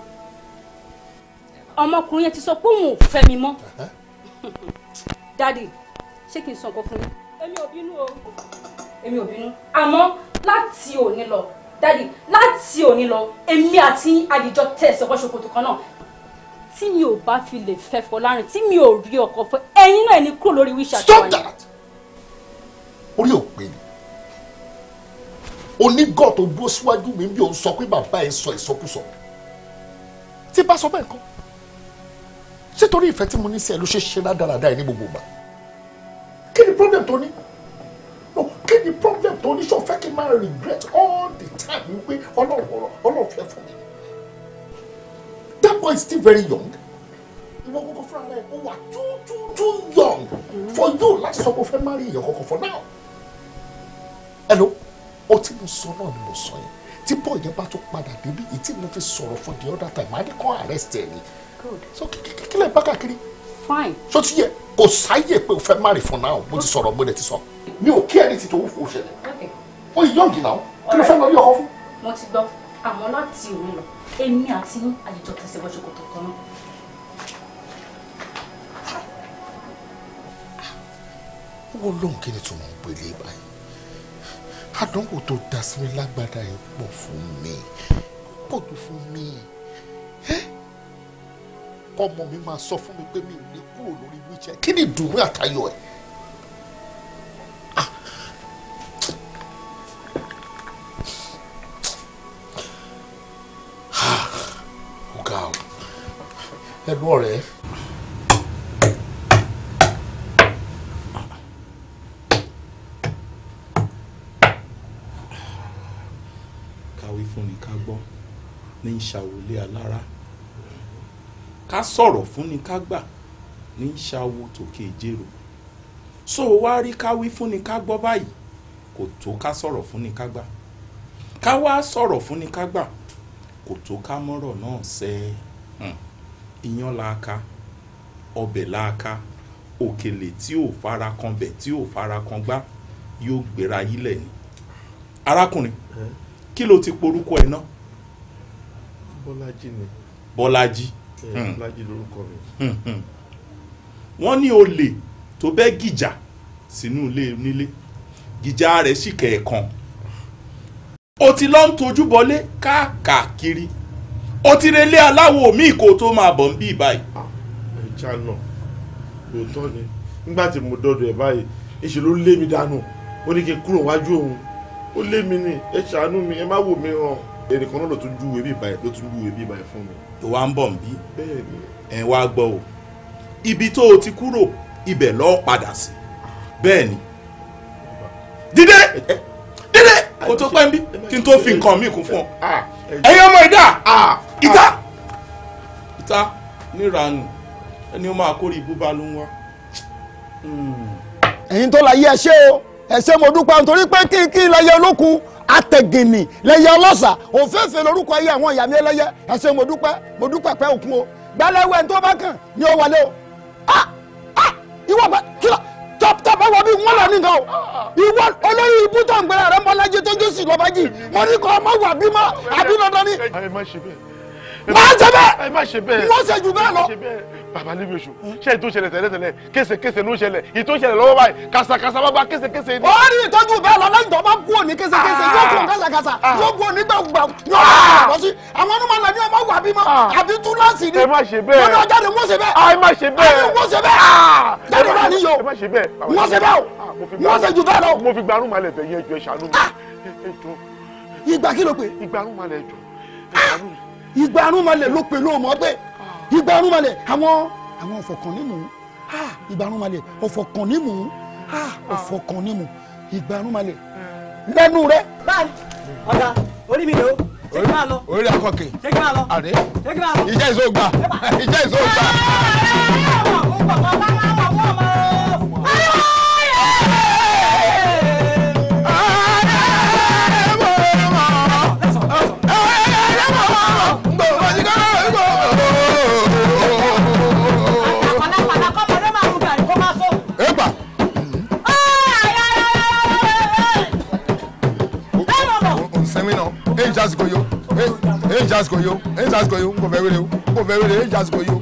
ọmọkùnrin yẹn ti sọ pé òun ò fẹ́ mi mọ́ dádì ṣé kí n sọ nǹkan fún yín. èmi ò bínú o èmi ò bínú àmọ́ láti òní lọ dádì láti òní lọ èmi àti àdìjọ tẹ̀ sọ́kọ́ ṣòkòtò kan náà tí mi ò bá fi lè fẹ́ Fọlárìn tí mi ò rí ọkọ fún ẹ̀yin náà ẹni kúrò lórí wíṣà tó wà ní. stop that orí ò pé ni onígọ̀ tó dúró síwájú mi bí òun sọ pé bàbá ẹ sọ ìsọkúsọ tí bá sọ bẹ́ẹ̀ kọ́ ṣé torí ìfẹ́ tí mo ní sí ẹ ló ṣe ṣe rádaràda ẹ ní gbogbo ìgbà kí ni problem tó ní no kí ni problem tó ní ṣó fẹ́ kí n máa regret all the time wípé ọlọ́run ọlọ́run fẹ́ fún mi that boy is still very young ìwọ kọ́kọ́ fúnra rẹ ó wà too too too young for you láti sọ pé o fẹ́ marry èèyàn kọ́kọ́ for now hello ó tí mo sọ náà ni mo sọ yẹn tí bọ́ọ̀ yẹn bá tún padà débi èyí tí mo fi sọ̀rọ̀ fún the other time máa ní kàn arrest ẹ̀ ni so kí lè bá fine so ti yẹ kò sáyè pé o fẹ́ marry for now mo ti sọ̀rọ̀ mo lè ti sọ mi ò kí ẹni ti tó o ṣẹlẹ̀ o yìí yọ̀ǹgì náà kí ló fẹ́ lọ rí ọkọ fún. mo ti gbọ́ àmọ́ láti òun lọ èmi àti àjẹjọ tẹsẹ̀ bọ́ ṣòkòtò kan náà. wọ́n lóun kí ni tó mo ń pè lé báyìí àdánwò tó dá sí mi lágbádá yìí pọ̀ fún mi pọ̀ tó fún mi ọmọ mi máa sọ fún mi pé mi ò lè kúrò lórí wíjẹ kí ni ìdùnnú àtayọ̀ ẹ̀. Ah. Ah. ẹnu ọ̀rẹ́ fúnni ká gbọ́ ní ṣàwọlé alára ká sọ̀rọ̀ fúnni ká gbà ní ṣàwọ tòkè ìjérò so wá rí ká wí fúnni ká gbọ́ báyìí kò tó ká sọ̀rọ̀ fúnni ká gbà ká wá sọ̀rọ̀ fúnni ká gbà kò tó ká mọ́rọ̀ náà sẹ́ hmm. iyán láaka ọbẹ̀ láaka òkèlè tí ò fara kan bẹ̀ tí ò fara kan gbá yóò gbéra yílẹ̀ ni arákùnrin. Mm kí ló ti porúkọ ẹ̀ náà. bọ́lájí ni. bọ́lájí. Hmm. bọ́lájí lórúkọ mi. Hmm, hmm. wọ́n ní olè tó bẹ́ gìjà sínú ilé nílé gìjà rẹ̀ sì kẹ̀ẹ̀kan o ti lọ ń tojú bọlé káàkiri o ti relé aláwo míì kó tó máa bọ̀ ń bí báyìí. ẹ náà òótọ́ ni nígbà tí mo dọ̀dọ̀ ẹ̀ báyìí ìṣèlú lé mi dànù ó ní kí n kúrò wájú òun ó lé mi ni ẹ ṣàánú mi ẹ má wò mí ràn èrè kan náà ló tún júwe bí ìbàyẹ̀ ló tún júwe bí ìbàyẹ̀ fún mi. tó ń bọ̀ ń bí ẹ̀ wá gbọ́ o ibi tó o ti kúrò ibẹ̀ lọ́ọ́ padà sí bẹ́ẹ̀ ni dídé dídé kò tó pẹ́ ń bí kí n tó fi nǹkan mi kún fún ọ ah, ẹ̀yin ọmọ ìdá ah, ah. ìta ìta níranù ẹni ó máa kórè ibú bá ló hmm. tó la yí ẹ ṣé o ẹ ṣé mo dúpẹ́ nítorí pé kíkí lẹyẹ olókun atẹ̀gìnì lẹyẹ ọlọ́sà òféèfé lórúkọ ayé àwọn ìyá mi ẹlẹ́yẹ ẹ ṣé mo dúpẹ́ mo dúpẹ́ pẹ́ òkun o gbẹlẹ́wẹ́ tó bá kàn ni ó wọlé o ah ah ìwọ bá kílọ̀ tọ́pútọ́pù ẹ̀wọ̀ bíi wọ́n lọ nìkan o ìwọ olórí ibùdó àgbẹ̀rẹ̀ rẹ̀ mọ́lájí tó jésù lọ́bàjì mo ní kọ́ ọmọ wà bímọ àbí lọ́dọ́ ni. ẹ Ma, ṣe bẹ́ẹ̀ máa ṣe bẹ́ẹ̀. ẹ má ṣe bẹ́ẹ̀. wọ́n ṣe jù bẹ́ẹ̀ lọ. bàbá níbi oṣù ṣé ètò ìṣẹ̀lẹ̀ tẹ́lẹ̀ tẹ́lẹ̀ kése kése ló ṣẹlẹ̀ ètò ìṣẹ̀lẹ̀ lọ́wọ́ báyìí kàṣàkàṣà bàbá kése kése ni. ó rí ìtọ́jú bẹ́ẹ̀ lọ lẹ́yìn tó bá kú òní kése kése yóò kú ah. kàṣàkàṣà ah. yóò kú òní gbàgbà yóò kú òní àwọn ọmọ náà ni ọmọ wà bí mọ ah. àbí tú láǹsì ni. ẹ má ni wọ́n ṣe bẹ́ẹ̀. ẹ má ṣe bẹ́ẹ̀. wọ́n ṣe bẹ́ẹ̀. jáde náà níyọ. ẹ má ṣe bẹ́ẹ̀. wọ́n ṣe bẹ́ẹ̀ o. wọ́n ṣe jù bẹ́ẹ̀ lọ. mo fi gbarun ìgbà kí ló pé. ìgbarun malẹ̀ jù. ìgbarun igba arúnmalẹ̀ ló pe ló mọ̀ pé igba ah. arúnmalẹ̀ àwọn àwọn ọ̀fọ̀kànnímù igba ah, arúnmalẹ̀ ọ̀fọ̀kànnímù ah, ọ̀fọ̀kànnímù igba arúnmalẹ̀ hmm. lẹ́nu rẹ. báyìí ọ̀gá orí mi lò ó ṣé kí n máa lọ. orí rẹ akọkè. ṣé kí n máa lọ. àrẹ. ṣé kí n máa lọ. ìjẹ́ ìṣó gbà. ìjẹ́ ìṣó gbà. ọ̀rẹ́ ọ̀rẹ́ ọ̀rẹ́ ọ̀rẹ́ ọ̀rẹ́ ọ̀rẹ́ ń jásìkò Hey, ń jásìkò yó ń jásìkò yó ń kò fẹ́ wéré o ń kò fẹ́ wéré ń jásìkò yó.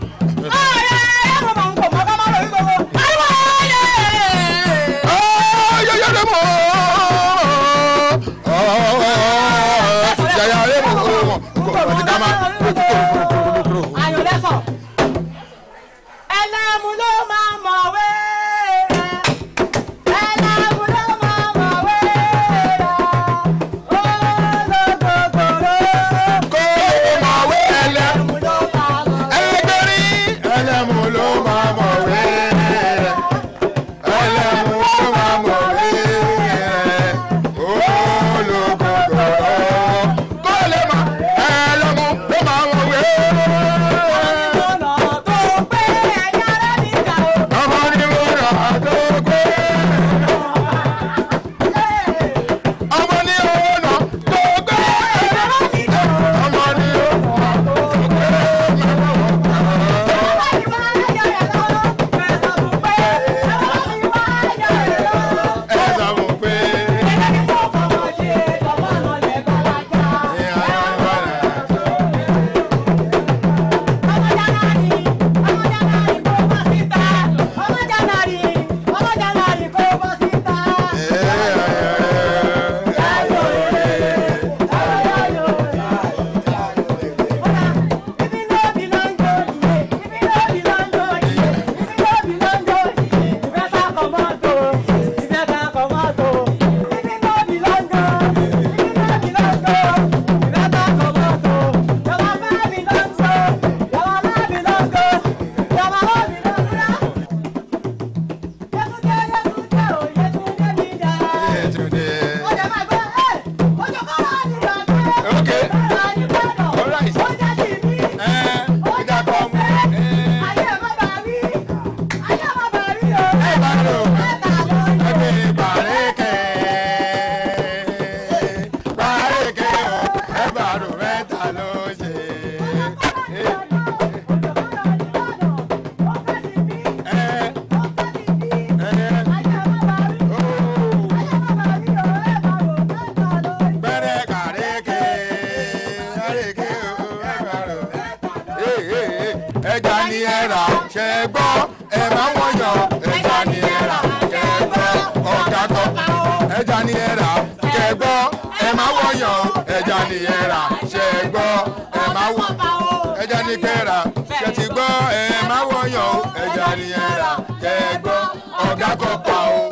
lágọ̀ pa o.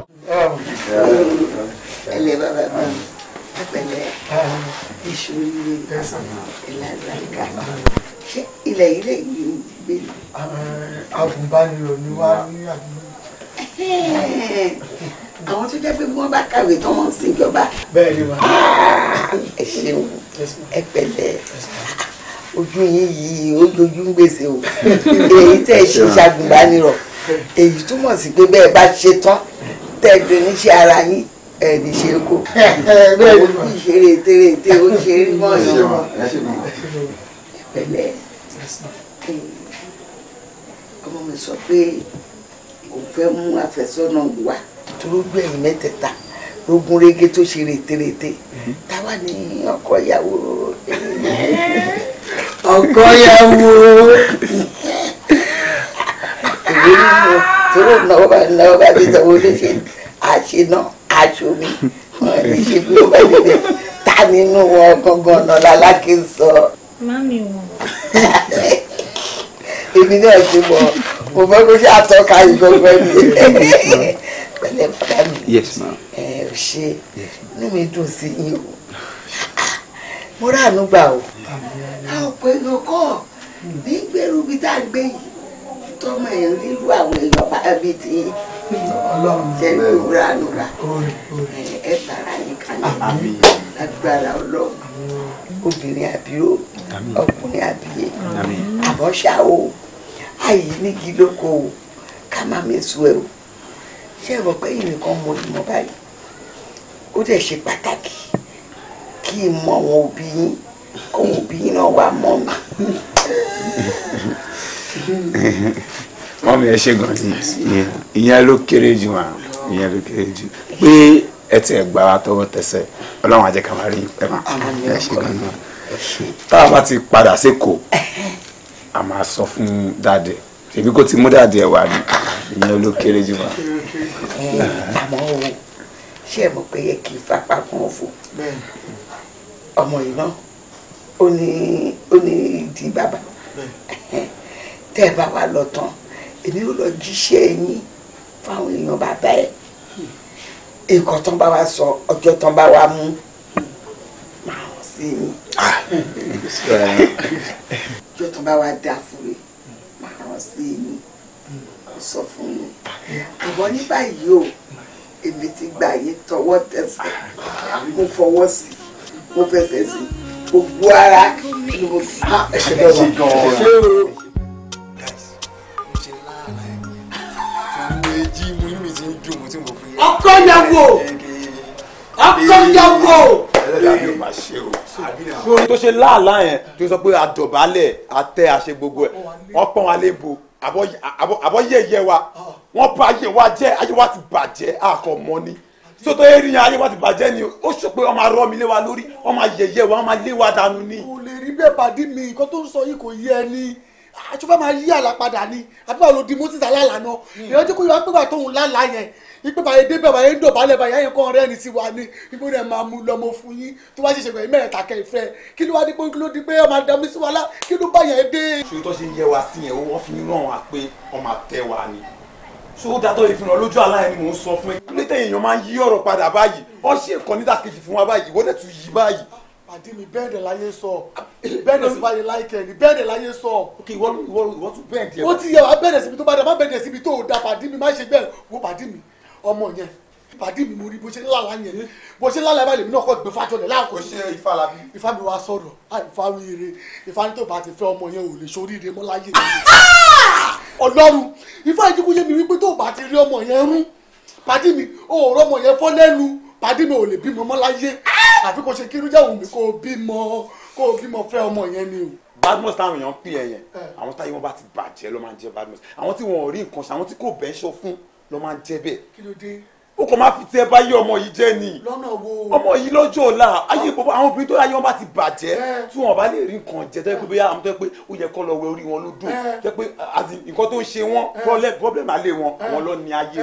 ẹlẹ́ bàbá náà pẹ̀lẹ́ iṣu ilé ìlàlùkà ṣé ilẹ̀ yìí lè yí o gbé. agùnbánirọ̀ ni wàá ní àdúgbò. àwọn tó jẹ́ pé bí wọ́n bá kàwé tó wọ́n sì jọba. bẹ́ẹ̀ ni wàá. ẹ ṣeun ẹ pẹ̀lẹ́ ojú yín yìí ojú ojú ń gbèsè o èyí tẹ́ ṣe ṣàgùnbánirọ̀ èyí túmọ̀ sí pé bẹ́ẹ̀ bá ṣe tán tẹ́ẹ̀dẹ̀ níṣẹ́ ara yín ẹ̀ẹ́dì ṣe kó òun kì í ṣeré térété ó ṣe rí mọ́ ìyọ̀mọ́ pẹ̀lẹ́ ọmọ mi sọ pé òun fẹ́ mú àfẹ́sọ́nà wá torí gbẹ̀yìn mẹ́tẹ̀ẹ̀ta rogun rege tó ṣe rètérètè mm-hmm. táwa ní ọkọ ìyàwó *laughs* ọkọ ìyàwó. *laughs* ìgbéyìí mo tóró náwó bá náwó bá ti sanwó léṣe àṣìná àṣomi ìṣe bí ó bá délé ta nínú wọn gangan náà lálákè sọ. mami wọn. èmi náà ti mọ mo fẹ́ kó ṣe àtọ́ka ìgbọ́gbọ́ mi pẹ̀lẹ́ bàbá mi. yes ma. ẹ ò ṣe inú mi dùn sí yín o mo ráàánú gbà o àwọn ọ̀pọ̀ èèyàn kọ́ ní gbèrú bíi tá à gbé yìí tọmọ ẹ̀ ń rírú àwọn èèyàn bá bí ti ṣẹlẹ̀ òwúrọ̀ àlùrà ẹ bára nìkan ní agbára ọlọ́run obìnrin àbíró ọkùnrin àbíyé e. àbọ̀ṣà o àyè nígi lóko o ká má mẹ́sù ẹ o ṣé ẹ rọ̀ pé yìí nìkan mo ìmọ̀ báyìí ó dẹ̀ ṣe pàtàkì kí n mọ àwọn òbí yín kó òbí yín náà wá mọ́ mi. *laughs* wọ́n mi ẹ ṣe gan ni ìyẹn ló kéré jù wọn ìyẹn ló kéré jù pé ẹ ti ẹ̀ gbà wá tọwọ́ tẹsẹ̀ ọlọ́run àjẹká máa rí ẹ ẹ ṣe gan ni tá a bá ti padà sékòó a máa sọ fún dáadé èmi kò ti mú dáadé ẹ wá ni ìyẹn ló kéré jù wọn. àmọ́ o ṣé ẹ mọ̀ pé yẹ kí fapá kan fò ọmọ yìí náà ó ní ìdí bàbá tẹ́ ẹ bá wa lọ tán èmi ò lọ jíṣẹ́ yín fáwọn èèyàn bàbá ẹ̀ èkó tán bá wa sọ ọjọ́ tán bá wa mú máa sí yín ah, ọjọ́ tán bá wa dá fún máa sí yín kò sọ fún mi àmọ́ ní báyìí o èmi ti gbà yín tọwọ́ tẹsẹ̀ mo fọwọ́ sí mo fẹsẹ̀ sí gbogbo ara ni mo fi. Ah, ẹ ṣe gan-an. dùn mo ti wò pé. ọkọ ìyàwó ọkọ ìyàwó. sórí tó ṣe láàlá yẹn tó sọ pé àdọ̀bálẹ̀ àtẹ àṣẹ gbogbo ẹ̀ wọ́n pọ́n wa lébo àbọ̀ yẹ̀yẹ̀ wa wọ́n bá ayé wa jẹ́ ayé wa ti bàjẹ́ àkọ́ mọ́ ni sótó eré yẹn ayé wa ti bàjẹ́ ni ó sọ pé ọmọ arọ́ mi lé wa lórí ọmọ yẹ̀yẹ̀ wa ọmọ lé wa dànù ni. kò lè rí bẹ́ẹ̀ pàdé mi nǹkan tó ń sọ yìí kò yé ẹ àti fẹ́ máa yí àlá padà ni àbí báwo ló di Moses alálà náà hmm. ìyẹn tí kò yọ pípa tóun lálà yẹn ipe bàyẹ débẹ̀ bàyẹ ń dọ̀bálẹ̀ bàyẹ yẹn kàn rẹ́ni sí wa ni ibo rẹ̀ máa mu lọ́mọ fún yín tó wá ṣẹ̀ṣẹ̀ gbẹ̀yìn mẹ́rin tàkẹ́ ìfẹ́ kí ló wá dé pé kí ló di pé ọmọ àdàmú sí wa lá kí ló bá yẹn dé. ṣé tó ṣe ń yẹ wa sí yẹn wọ́n fi ràn wá pé ọmọ àtẹ wa ni ṣé ó dátọ́ ìfihàn lójú àlá ni mò ń sọ fún ẹ. nítorí èèyàn máa ń yí ọ̀rọ̀ padà báyìí ọ pàdé mi bẹ́ẹ̀ dẹ̀ láyé sọ bẹ́ẹ̀ dẹ̀ síbi láìkẹ́ ni bẹ́ẹ̀ dẹ̀ láyé sọ. ok ìwọ ìwọ ìwọ tún bẹ́ẹ̀ díẹ̀. ó ti yẹ wá bẹ́ẹ̀ dẹ̀ síbi tó bá dẹ̀ má bẹ́ẹ̀ dẹ̀ síbi tó o da pàdé mi má ṣe bẹ́ẹ̀ wo pàdé mi ọmọ yẹn pàdé mi mo rí bó ṣe lálá yẹn bó ṣe lálá ìbálẹ̀ mi náà kọ́ gbé fájọ lẹ̀ láàkó ṣe ifá la bí. ifá mi wá sọ̀rọ̀ ifá wíire ifá ní tó bá ti fẹ́ ọmọ yẹn ò lè ṣoríire mọ́ láyé mi. ọlọ́run ifá ìdíkú yé mi wípé tó bá ti rí ọmọ yẹn àfi kò ṣe kírújà wù mí kò bímọ kò bímọ fẹ́ ọmọ yẹn ni o. badmus táwọn èèyàn pè ẹ yẹn àwọn táyé wọn bá ti bàjẹ́ ló máa ń jẹ badmus àwọn tí wọn ò rí nǹkan ṣe àwọn tí kò bẹ́ ṣọ fún ló máa ń jẹ bẹ́ẹ̀. kí ló dé. ó kàn máa fi tiẹ̀ bá yé ọmọ yìí jẹ́ ni. lọ́nà wo. ọmọ yìí lọ́jọ́ ọ̀la ayé gbogbo àwọn obìnrin tó ayé wọn bá ti bàjẹ́ tí wọn bá lè rí nǹkan jẹ tó yẹ pé bóyá àwọn tó yẹ pé ó yẹ kó lọ wẹ orí wọn ló dùn tó yẹ pé nǹkan tó ń ṣe wọn problem alẹ́ wọn wọn lọ ní ayé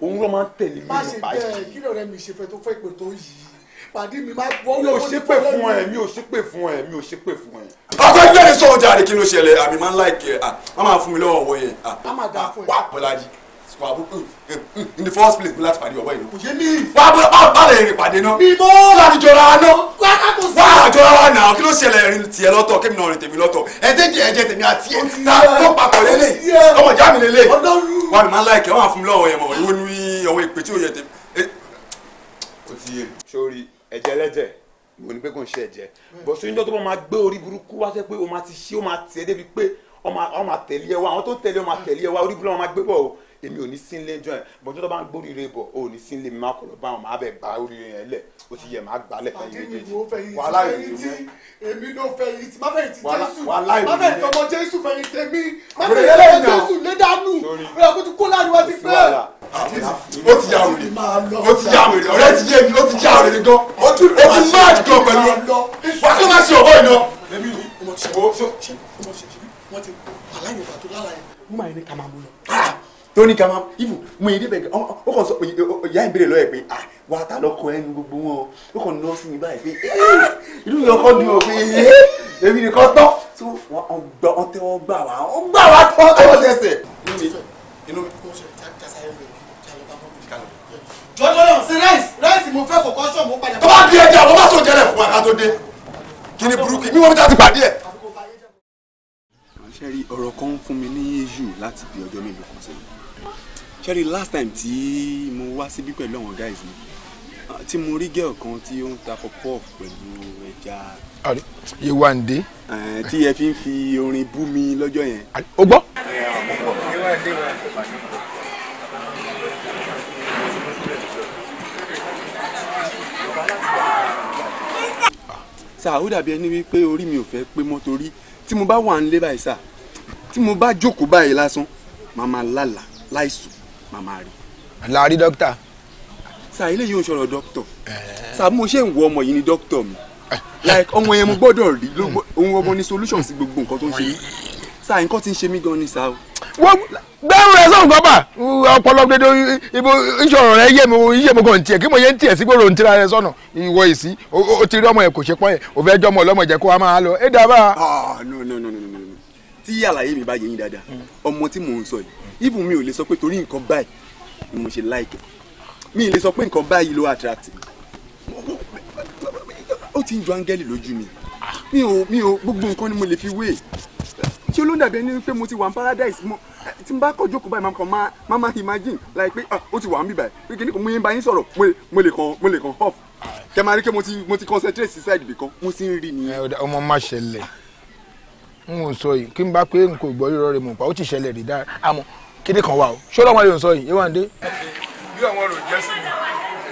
wọn òun ló máa ń tẹ̀lé mi nípa yìí. má ṣe bẹ́ẹ̀ kí lọ́rẹ́ mi ṣe fẹ́ tó fẹ́ pè tó yìí pàdé mi máa gbọ́. mi ò ṣépè fún ẹ mi ò ṣépè fún ẹ mi ò ṣépè fún ẹ. ọkọ ẹgbẹ́ ni sọ̀rọ̀ jáde kí ló ṣẹlẹ̀ àmì máa ń láìkẹ́ à wọ́n máa fún mi lọ́wọ́ ọ̀wọ́ yẹn à wà á pọ̀lájì wà á bú mm, mm, mm, in the first place mi láti pàdé ọ̀wọ́ yìí. kò yé mi. wà á bọ̀ bá lè rìn pàdé náà. mi mọ́. láti jọra wa náà. wà á jọra wa náà kí ló ṣẹlẹ̀ rìn tiẹ̀ lọ́tọ̀ kí mi náà rìn tèmi lọ́tọ̀ ẹ̀jẹ̀ jẹ́ ẹ̀jẹ̀ tèmi àti ẹ̀ ta tó papọ̀ lélẹ̀ ọmọ ìjà mi lélẹ̀ wà á mi máa ń láìkẹ́ wọ́n á fún mi lọ́wọ́ yẹn mọ̀ ìwé ní ọwọ́ ìpè tí ò yẹ tèmi. ó ti yé sórí ẹ̀jẹ̀ ẹlẹ́jẹ̀ mo ní pé kò ń ṣe ẹ̀jẹ̀ bọ̀ sí níjọ́ tó bá máa gbé orí burúkú wá sẹ́ pé o máa ti ṣe o máa tẹ̀ débi pé o máa tẹ̀lé ẹ wá àwọn tó ń tẹ̀lé o máa tẹ̀lé ẹ wá orí burúkú máa gbé bọ̀ o èmi ò ní sí ilé jọ ẹ bọ́n tó bá ń gbóríire bọ̀ ò ní sí ilé mi máa kọ̀ọ̀lọ́ báwọn máa bẹ̀ gba oríire yẹn lẹ̀ ó ti yẹ máa gbà lẹ̀ fẹ́yìn méjèèjì wàhálà ìrìn mi èmi ló fẹ̀yìn tí má fẹ̀yìn ti jésù má fẹ̀yìn tí ọmọ jésù fẹ̀yìn tèmi má fẹ̀yìn tí ọmọ jésù lé dànù ó ti kó láàrin wá ti pẹ́ ó ti yà wèrè ó ti yà wèrè ọ̀rẹ́ ti yé mi ó ti yà wèrè gan ó ti mad gan pẹ̀lú wàá kó má ṣe ọ̀bọ ìná wọ́n ti aláìní ìbàdó lára ẹ̀ wọ́n máa ní ká máa mú lọ tó ní kama ibu mo yìí débẹ̀ ó kàn sọ ìyá ìbéèrè lọ́yẹ̀ pé ah wà á ta lọ́kọ ẹnu gbogbo wọn ó kàn nọ́ sí mi báyìí pé ìlú mi ọkọ dùn ó pé eh, èmi nìkan tán tó wọn gbọ́ ọ tẹ́wọ́ gbà wá ọ gbà wá tọ́ tọ́wọ́ tẹsẹ̀. inú mi jọjọ náà sí rice rice mo fẹ́ kó kọ́ ṣọ́ọ̀mù padà. tó bá di ẹja ló bá sọ jẹrẹ fún wa ká tó dé kí ni burúkú mi wọ́n mi ta ti pàdé ẹ̀. ránṣẹ́ rí ọ̀rọ̀ kan fún mi ní yéésù láti bí ọjọ́ mélòó kan sẹ́yìn ṣẹ́rí last time tí mo wá síbí pẹ̀lú àwọn guys mi tí mo rí girl kan tí ó ń ta pop pẹ̀lú ẹja. Yewande. tí ẹ fi ń fi orin bú mi lọ́jọ́ yẹn. o gbọ́. Yewande wa. sà ó dàbí ẹni wípé orí mi ò fẹ́ pé mọ́ torí tí mo bá wà ń lé báyìí sà tí mo bá jókòó báyìí lásán màá máa lálàá láìsùn màmá rí. la rí dókítà. sà ilé yóò sọ̀rọ̀ dókítà eh. sà mo ṣe ń wo ọmọ yìí ni dókítà mi eh. like ọmọ yẹn mo gbọ́dọ̀ rí hmm. ohun ọmọ ní solution sí gbogbo nǹkan tó ń ṣe mí sà nǹkan tí ń ṣe mí gan ni sà o. wọ́n bẹ́ẹ̀rù rẹ̀ sọ̀rọ̀ gbọ́bà ọpọlọ gbẹdẹ ibo ìṣòro rẹ̀ yé mi yé mi gan tiẹ̀ kí mo yé ń tiẹ̀ sí gbòòrò ntira rẹ̀ sọ̀nà ìwọ ìsí o ti rí ọmọ yẹn kò ṣe pọ́n yẹn ò fẹ́ jọmọ ọlọ́mọ jẹ́ kó wa máa lọ ẹ dábàá. Ah, tí àlàyé mi bá yẹ yín dáadáa hmm. ọmọ tí mò ń sọ yìí even mi ò lè sọ pé torí nǹkan báyìí ni mo ṣe like mi lè sọ pé nǹkan báyìí ló attract ó ti ń ju áńgẹ́lì lójú mi mi ò mi ò gbogbo nǹkan ni mo lè fi wé ṣé ló ń dàbí ẹni pé mo ti wà ní paradise mo tí n bá kọ́ jókòó báyìí máa máa máa imagine like pé ah, ó ti wà ń bì báyìí pé kí ni mo yẹn bá yín sọ̀rọ̀ mo lè kàn mo lè kàn off kẹ máa rí pé mo ti mo ti concentrate sí side ibì kan mo ti ń rí nìyẹn. ọmọ má ṣẹlẹ̀ n ò sọ yìí kí n bá pé n kò gbọ́ irọ́ mọ̀ pa ó ti ṣẹlẹ̀ rí dáa àmọ́ kíni kan wà o ṣé ọlọ́wọ́n yóò sọ yìí ewa ń dé. bí àwọn ọ̀rọ̀ jẹ́ sí mi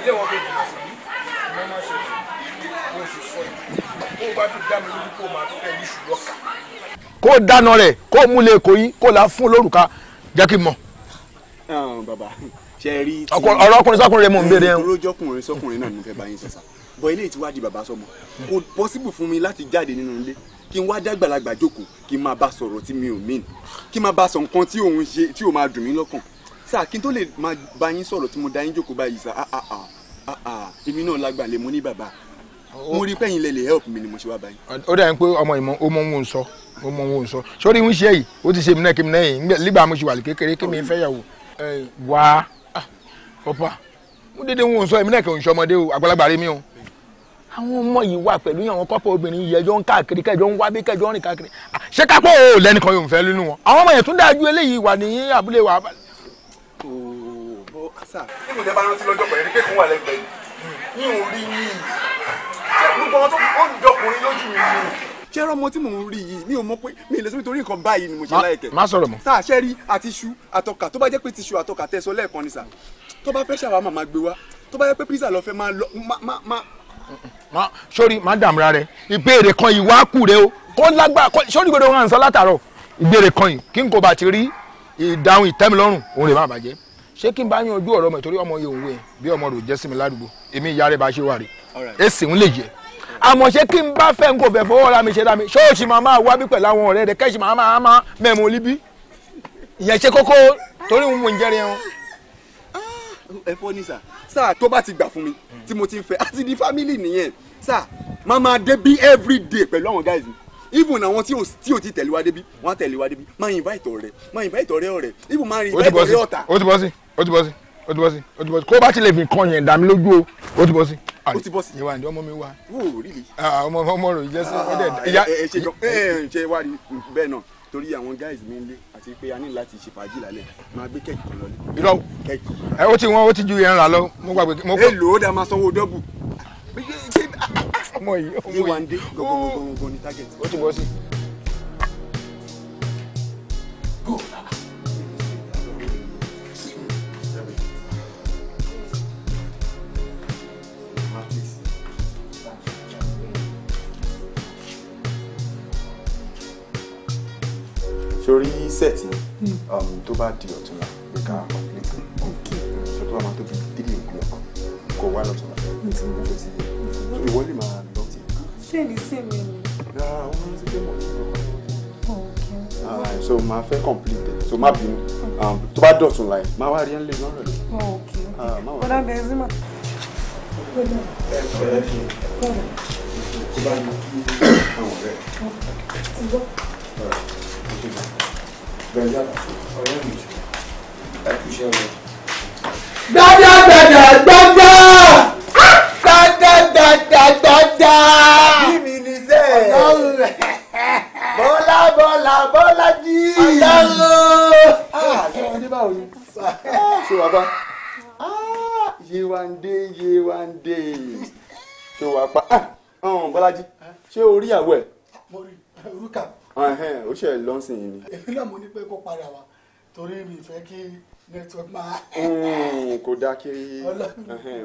ilé wọn bẹ jìnnà sí mo máa ṣe mo sì sọ yìí kó o bá fi dá mi lójú kó o máa fẹ́ ní ṣùgbọ́n kà. kó o dáná rẹ̀ kó o múlẹ̀ èkó yìí kó o la fún lórúkà jẹ́ kí n mọ̀. bàbá ṣe rí tí ọ̀rọ̀ ọkùnrin sọkùnrin rẹ mò ń béèrè ẹ̀hún. olójọkùnrin sọkùnrin náà ni mo fẹ́ bá yín sọ̀sà bọ̀ ilé ìtiwádìí bàbá sọmọ kò possible fún mi láti jáde nínú ilé kí n wá dá àgbàlagbà jókòó kí n máa bá sọ̀rọ̀ tí mi ò mean kí n máa bá sọ nǹkan tí òun ṣe tí ò máa dùn mí lọ́kàn sáà kí n tó lè máa bá yín sọ̀rọ̀ tí mo dá yín jókòó báyìí sá ah, ah ah ah ah èmi náà lágbàlẹ̀ mo ní bàbá mo rí pẹ́yìn lẹ́lẹ̀ help mi ni mo ṣe wá báyìí. ó dà ní pé ọmọ ìmọ̀ ó mọ ohun sọ ó mọ ohun sọ sórí ìwúnṣe yìí ó ti ṣe mí náà kí mi náà yìí nígbà mo ṣe wà kékeré kí mi fẹ́ yàwó. wá ọ̀pá ah, mo dédé ń wò ń sọ èmi náà kì í ṣọmọdé o àgbàlagbà rí mi o àwọn ọmọ yìí wà pẹ̀lú àwọn kọ́pọ̀ obìnrin yìí ẹjọ́ ń káàkiri kẹjọ ń wábí kẹjọ ń rìn káàkiri ṣé kápọ̀ o lẹ́nìkan yóò fẹ́ lónú wọn. àwọn ọmọ yẹn tún dáa ju eléyìí wà ní abúlé wa. ooo asa nínú ìjọba rántí lọ́jọ́ pẹ̀lú ní kékeré wà lẹ́gbẹ̀ẹ́ yìí yìí ò rí yìí ṣé gbogbo wọn tó ń jọkùnrin lójú mi ni ṣé rọmọ tí mò ń rí yìí mi ò mọ pé mi lè sọ nítorí nǹkan báyìí ni mo ṣe láìkẹ. má sọ̀rọ̀ mọ́. sáà ṣe rí àti iṣu àtọkà tó bá jẹ́ pé ti iṣu àtọkà tẹ̀sán lẹ́ẹ̀kan ni sà tó bá fẹ́ ṣàwámà máa gbé wa tó bá jẹ́ pé písà lọ fẹ́ máa ma sori madam ra rẹ ìbéèrè kan yìí wàá kù rẹ o kó lágbára kó sori gbèrò hàn sán látàárọ̀ ìbéèrè kan yìí kí n kò bá ti rí ìdáhùn ìtẹ́milọ́rùn òun lè má bàjẹ́ ṣé kí n bá yanjú ọ̀rọ̀ mọ̀ torí ọmọ yìí òun wẹ̀ bí ọmọ rò jẹ́ sí mi ládùúgbò èmi ìyá rẹ bá ṣe wà rè èsì ń lè yẹ àmọ́ ṣé kí n bá fẹ́ n kò fẹ́ fọwọ́ ra mi ṣe ra mi ṣóòṣì máa máa wá bí pẹ̀lú àwọn ọ̀rẹ́ rẹ kẹ́sì máa máa máa mẹ́mu olíbí ìyẹn ṣe kókó torí òun mò ń jẹ́rìí ẹran ẹ̀fọ́ ni sà sà tó bá ti gbà fún mi tí mo ti ń fẹ́ àti di family nìyẹn sà máa máa dé bí every day pẹ̀lú àwọn guys mi even àwọn tí o tí o ti tẹ̀lé wa débi wọ́n á tẹ̀lé wa débi máa invite ọ̀rẹ́ máa invite ọ̀rẹ́ ọ̀rẹ́ even máa invite ọ̀rẹ́ ọ̀tá. ó ti bọ́ sí ó ti bọ́ sí ó ti bọ́ sí ó ti bọ́ sí kó o bá ti lè fi nǹkan yẹn dá mi lójú o ó ti bọ́ sí. ó ti bọ́ sí. ìwà ǹjẹ́ ọmọ mi wá. wò ó rí mi. Ah, ọmọ ọmọ rò jẹ́ sí. Ah, ẹ ṣe jọ ẹ ṣe wá rí bẹ́ẹ̀ náà torí àwọn guys mi lé àti pé a ní láti ṣe fàájì lálẹ́ máa gbé kẹ́ẹ̀kì kan irọ́ ẹ ó ti wọ́n ó ti ju yẹn rà lọ mo gbàgbé. èlò ó dá máa sanwó dọ́bù. ọmọ yìí ọmọ yìí yíwá ń dé gbogbo ní target. ó ti bọ́ sí. sórí set yẹn hmm. um, tó bá di ọ̀túnla bí ká complete so tó bá máa tóbi three o'clock kò wá lọ́túnla nígbà tí ìwọ lè máa lọ tí. ṣé ní sèmi ni. rárá wọn máa ń sílẹ̀ mọ́ Ok. so máa fẹ́ complete so má bínú um, tó bá dọ̀túnla yẹn máa wá rí ẹ̀ ń lè lọ́rọ̀ ok. bọ́dà ah, benzema. ẹ ẹ ṣe kó bá ní kí gbẹ̀dá ọ̀rẹ́ mi jù láti iṣẹ́ rẹ̀. gbàdá gbàdá gbàdá gbàdá gbàdá gbàdá. bí mi ní sẹ́ ẹ̀ bọ́lá bọ́lá bọ́lá jí. ọ̀dọ́rọ̀. Ah, àti ọmọdé báwo ni. ṣé wàá bá ah, yéwándé yéwándé ṣé wàá pa ah, bọ́lájí ṣé orí àwọ̀ ẹ̀. mo rí orúkà ó ṣe lọ́sìn yìí ni. èmi náà mo ní pé kó padà wá torí mi fẹ́ kí network máa. *laughs* kò dáa kí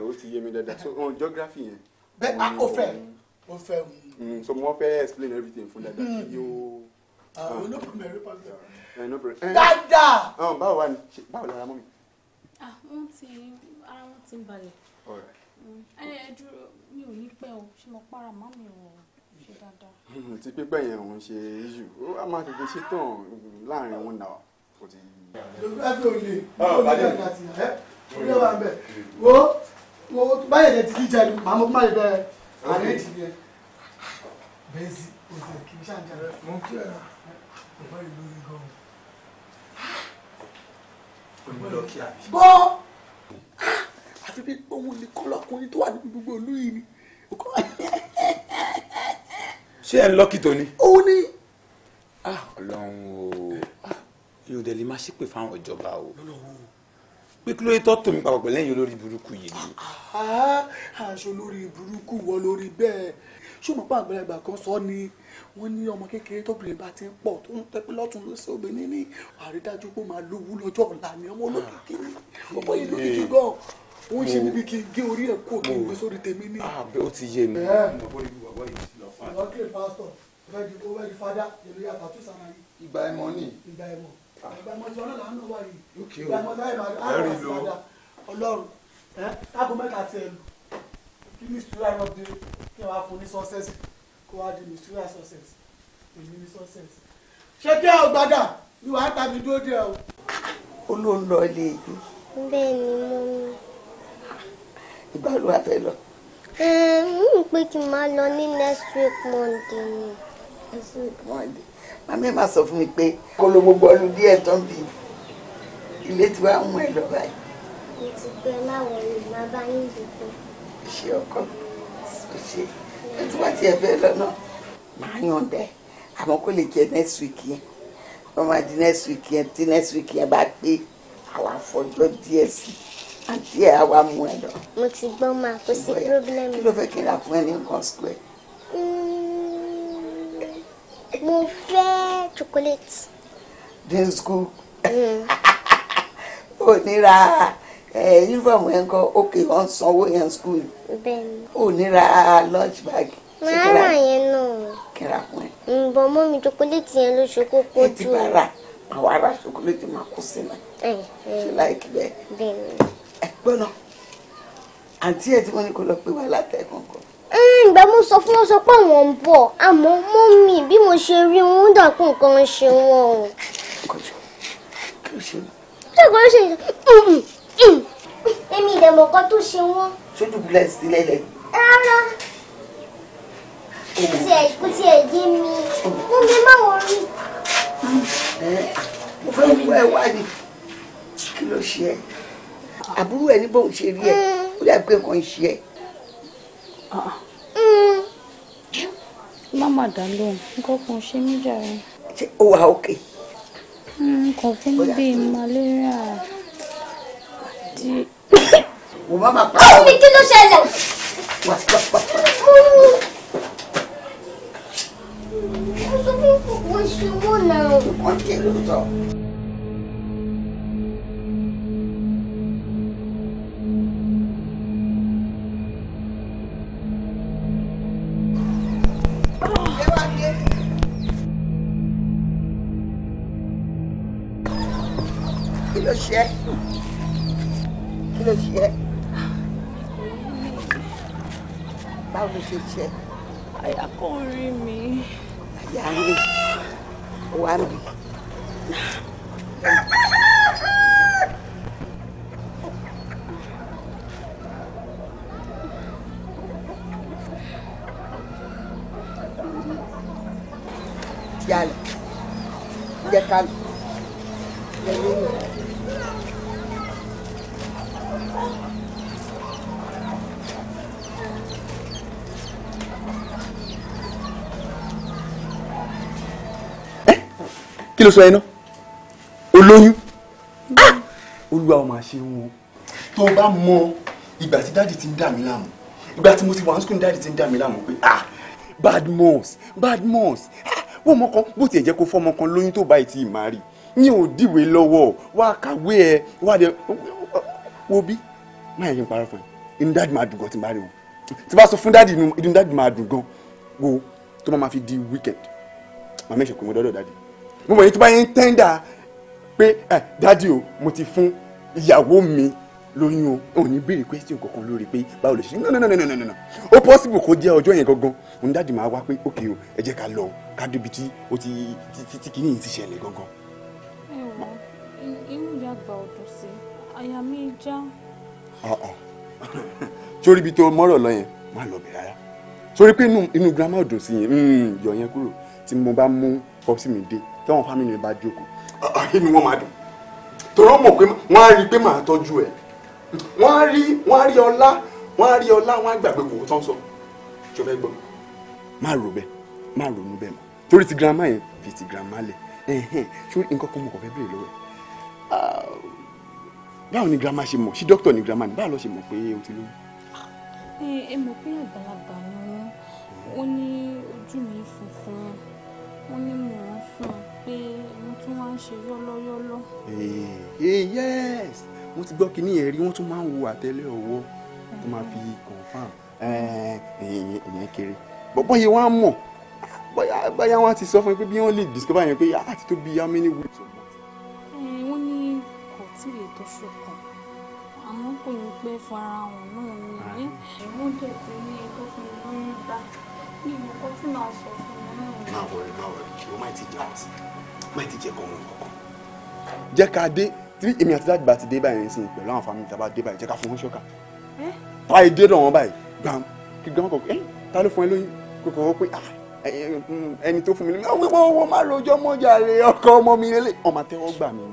ó ti yé mi dáadáa so geography yẹn. bẹ́ẹ̀ a ó fẹ́ ó fẹ́ mu. Mm, so mo fẹ́ explain everything fún dada kí hmm. yóò. àwọn onípòmọ̀ ẹ̀rí pàṣẹ. dada. báwo wà ní báwo lára mọ́ mi. ah wọ́n ti ara wọn ti ń balẹ̀. Mm, ẹ dúró mi ò ní pẹ́ o ṣe mo para mọ́ mi o ṣe dáadáa. Hmm, ti pípẹ́ yẹn òun ṣe iṣu ó á máa tètè ṣetán láàrin òun náà kò ti. ẹ fi òye ọ̀bàdàn àti ẹ ọ̀bàdàn wà bẹ̀ wo wo báyẹ̀ yẹn ti jíjà ni màá mọ kó má yẹ bẹ́ẹ̀ àárẹ̀ ìdí yẹn bẹ́ẹ̀ sí òṣèlú kì í ṣàǹjà rẹ̀ mọ́ kí ẹ̀ bọ́ ìlú rí gan-an gbọ́ àfi pé òun nìkan lọkùnrin tó wà ní gbogbo olú yìí ni ṣé ẹ ń lọ́kì tó ní. ó ní. Ah, ọlọ́run o yóò délé má ṣépè fáwọn ìjọba o pé kí ló yẹ tọ́ tòmí papọ̀ pẹ̀lú ẹ̀yìn olórí burúkú yìí ni. Ah, ah, aṣọ olórí burúkú wọ lórí bẹ́ẹ̀ ṣùgbọ́n pa àgbàlagbà kan sọ ni wọ́n ní ọmọ kékeré tóbìnrin bá ti ń pọ̀ tó ń tẹ́pẹ́ lọ́tún lọ́sẹ̀ obìnrin ní àrídájú pé ó máa lówó lọ́jọ́ ọ̀la ni ọmọ olókìkí ni ọmọ yìí lókìkí gan ó ń ṣe bíbí kí n gé orí ẹ̀ kó kí n gbé sórí tèmi ní. ó ti yé mi ìwọ kílè pásítọ̀ ó wẹ́ di fada ìlú yàtọ̀ tó sànà yìí. ìgbà ẹ̀mọ́ ni. ìgbà ẹ̀mọ́ ìgbà ẹ̀mọ́ ti ọlọ́run àánú wà yìí. ìgbà ẹ̀mọ́ láyé máa rà wá sí fada ọlọ́run káàbọ̀ mẹ́ta ti ẹ̀ lù kí mistura náà dé kí wọ́n á fún ní success kó wá di mistura success èmi ní success. ṣé kí ẹ ò gbàdà ni wàá tàbí dúró dé ọ. ó ilé ìlú. bẹ́ẹ̀ mo ń. ìgbà ló lọ n pé kí n máa lọ ní next week monday ni. next week monday màmí ẹ̀ máa sọ fún mi pé kó ló gbogbo ọdún díẹ̀ tán bí ilé tí wàá mú ẹ lọ báyìí. mo ti gbẹ láwọn olùgbà bá yín dìbò. ṣé ọkọ ṣe ṣe ẹ tí wàá tiẹ̀ fẹ́ lọ́nà máa yàn dẹ́ kó lè jẹ́ next week yẹn wọ́n máa di next week yẹn tí next week yẹn bá pé àwọn àfọ̀jọ́ díẹ̀ sí i àti ẹ̀ àwa mú ẹ lọ. mo ti gbọ́ máa kó sí problem. kí ló fẹ́ kí n rà fún ẹ ní nǹkan square. Hmm, mo fẹ́ chocolate. that's good. ò ní uniform yẹn kọ òkè wọn sanwó yẹn school. bẹ́ẹ̀ni. ò ní lunch bag. màá rà yẹn náà. kí n rà fún ẹ. ǹbọ̀n hmm, mọ́ mi chocolate yẹn ló ṣe kókó jù. ẹ ti bá rà àwa ra ṣokoléètì máa kó sínú ṣe láìkí bẹ́ẹ̀ ẹ gbọ́nà àǹtí ẹ tí wọ́n ní kó lọ pé wá látẹ̀kùn kan. ìgbà mo sọ fún wọn sọ pé àwọn ń bọ̀ àmọ́ mọ́mì bí mo ṣe rí wọn dàkún nǹkan ń ṣe wọn o. kọjú kí ló ṣe wọn. ṣé kò ṣe èmi ìdẹ̀mọ̀ kan tó ṣe wọn. sójú bílẹ̀ sílẹ̀ lẹ́yìn. rárá kò tiẹ̀ yé mi mo mi má wọ rí. mo ẹ wá ní kí ló ṣe é àbúrò ẹ ní bóun ṣe rí ẹ ó dàbí pé nǹkan ń ṣe ẹ. Ah, ah. mama dá lóhùn nǹkan kan ṣe mí jàre. ṣé ó wà òkè. nǹkan hmm, fún mi bíi malaria di. wò má má pa á. báwo ni kí ló ṣẹlẹ̀. wà á pa pa. mo sọ fún kòkó ìṣòwò náà. wọ́n jẹ́ lóòótọ́. ṣe. àyà kan rí mi. àyà ń rí wàá bì. kí ló sọ yẹn náà olóyún ah! olúwa ọmọ àṣẹ wọn tó bá mọ ìgbà tí dáàdì ti ń dà mí láàmú ìgbà tí mo ti wà ní sukùn dáàdì ti ń dà mí láàmú pé ah Badmus Badmus ah, wọ́n mọ̀ kan bó tiẹ̀ jẹ́ kó fọ́mọ kan lóyún tó báyìí tí ì máa rí ní òdìwé lọ́wọ́ wá kàwé ẹ wá dé wo bí má yẹ kí n parọ́ fún ẹ inú dáàdì máa dùn gan tí n bá rí o tí bá sọ fún dáàdì inú dáàdì máa dùn gan wo tó máa fi di weekend màmá ẹ̀ ṣe kò mọ́ dọ́dọ̀ dáàdì mo mọ̀ yín tó bá yín tẹ́ńdà pé ẹ dádì o mo ti fún ìyàwó mi lóyún o ò ní béèrè question kankan lórí pé báwo lè ṣe no no no no no no ó possible kó jẹ́ ọjọ́ yẹn gangan òun dádì máa wá pé okay o ẹ jẹ́ ká lọ ká débi tí ó ti ti ti kìíní yìí ti ṣẹlẹ̀ gangan. ẹ wọ inú ìyá àgbà ọdún sí àyà mi já. sórí ibi tó mọ́rọ̀ lọ yẹn má lọ bẹ̀ rárá sórí pé inú grandma ọdún sí yẹn hmm, yọ yẹn kúrò tí mo bá mú pọ́sí mi dé táwọn fámìlì mi bá jókòó inú wọn máa dùn tọ́rọ mọ̀ pé wọ́n á rí i pé màá tọ́jú ẹ̀ wọ́n á rí wọ́n á rí ọlá wọ́n á rí ọlá wọ́n á gbàgbé kòkó tán sọ ṣọ fẹ́ gbọ́. má rò bẹ́ẹ̀ má ronú bẹ́ẹ̀ mọ́ torí ti girama yẹn fi ti girama lẹ̀ ṣórí nǹkan kan mo kàn fẹ́ béèrè lọ́wọ́ ẹ̀ ah, báwo ni girama ṣe mọ̀ ṣé dókítà ni girama ni báwo lọ ṣe mọ̀ o ti lóyún ó ní mò ń sùn pé mo tún wá ń ṣe yọ́lọ́yọ́lọ́. yes wọ́n ti gbọ́ kínní yẹn rí wọ́n tún máa ń wo àtẹ́lẹ̀ ọwọ́ tó máa fi confam ìyẹn kiri bọ́bọ́ yẹn wá mọ̀ bóyá bóyá wọ́n ti sọ fún mi pé bí wọ́n lè discover yẹn pé a ah, ti tó bí how many weeks or months. wọ́n ní kò tí ì lè tó ṣọ̀kan àmọ́ kò ní pẹ́ fara hàn náà ni ah. ẹ̀wọ́n dẹ̀ ti ní ẹjọ́ fún mi lóyún gbà mí ìmọ̀kọ́ tí sọ fún máa wọrí máa wọrí ṣùgbọ́n máì ti jẹun sí máì ti jẹ kọ́ ọmọ kọ̀ọ̀kan. jẹ́ ká dé tí èmi àti dájú bá ti dé báyìí sí pẹ̀lú àwọn fámìlì tá a bá dé báyìí jẹ́ ká fún wọn ṣọ́kà. tá a dé dọ̀wọ́n báyìí gbàm kí gbàm kọ̀ ẹ́ ta ló fún ẹ lóyún kò kọ̀ wọ́n pé ah, ẹni tó fún mi lóyún wíwọ́ wọ́n máa rojọ́ mọ́jà rẹ̀ ọkọ ọmọ mi lélẹ̀ ọmọ àtẹwọ́ gbà mí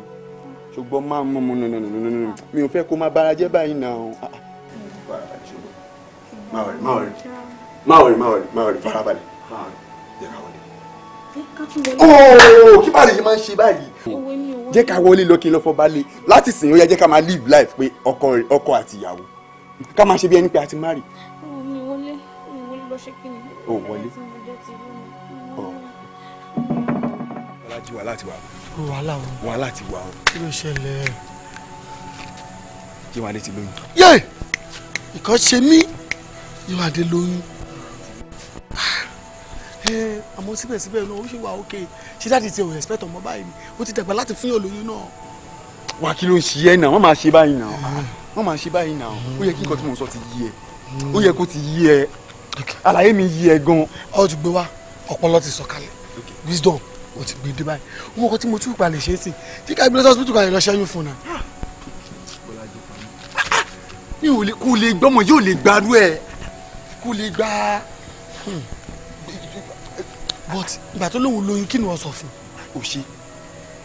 ṣùgbọ́n máa mú mu nùnùnùnùnùnù mi ò fẹ́ kó máa bára jẹ́ báyìí náà máa wọrí máa wọrí máa wọrí máa wọrí farabalẹ̀ jẹ́ ká wọ ooo kí báyìí máa ń ṣe báyìí jẹ́ ká wọlé lọ kí n lọ fọ́ balẹ̀ láti sìn ó yẹ jẹ́ ká máa live life pé ọkọ àti ìyàwó ká máa ṣe bí ẹni pé a ti marry. mi wọlé mi wọlé lọ ṣe kí ni. o wọlé alájí wàhálà ti wà. wàhálà o. wàhálà ti wà o. kí ló ṣẹlẹ̀. Yéwàndé ti lóyún. yé ìkọ́ ṣe mí lóyún. Ah! ẹ àmọ́ síbẹ̀síbẹ̀ náà ó ṣì wà ókè ṣé dáàdi ti ò respect ọmọ báyìí ni ó ti dàgbà láti fún yàn lóyún náà. wà á kí ló ń ṣiyẹ́ náà wọ́n máa ṣe báyìí náà mm. wọ́n máa ṣe báyìí náà mm. ó yẹ kí nǹkan tí mò ń sọ ti yí ẹ mm. ó yẹ kó ti yí ẹ àlàyé mi yí ẹ gan. ọ ti gbé wa ọpọlọ ti sọ̀kalẹ̀ wisdom o ti gbé dé báyìí wọn kọ tí mo tún palẹ̀ ṣe é sìn tí ká ibilẹ̀ hospital kan yẹn lọ ṣẹ́yún fún un náà. mi ò lè kó but ìgbà tó lóun lóyún kí ni wọ́n sọ fún. ò ṣe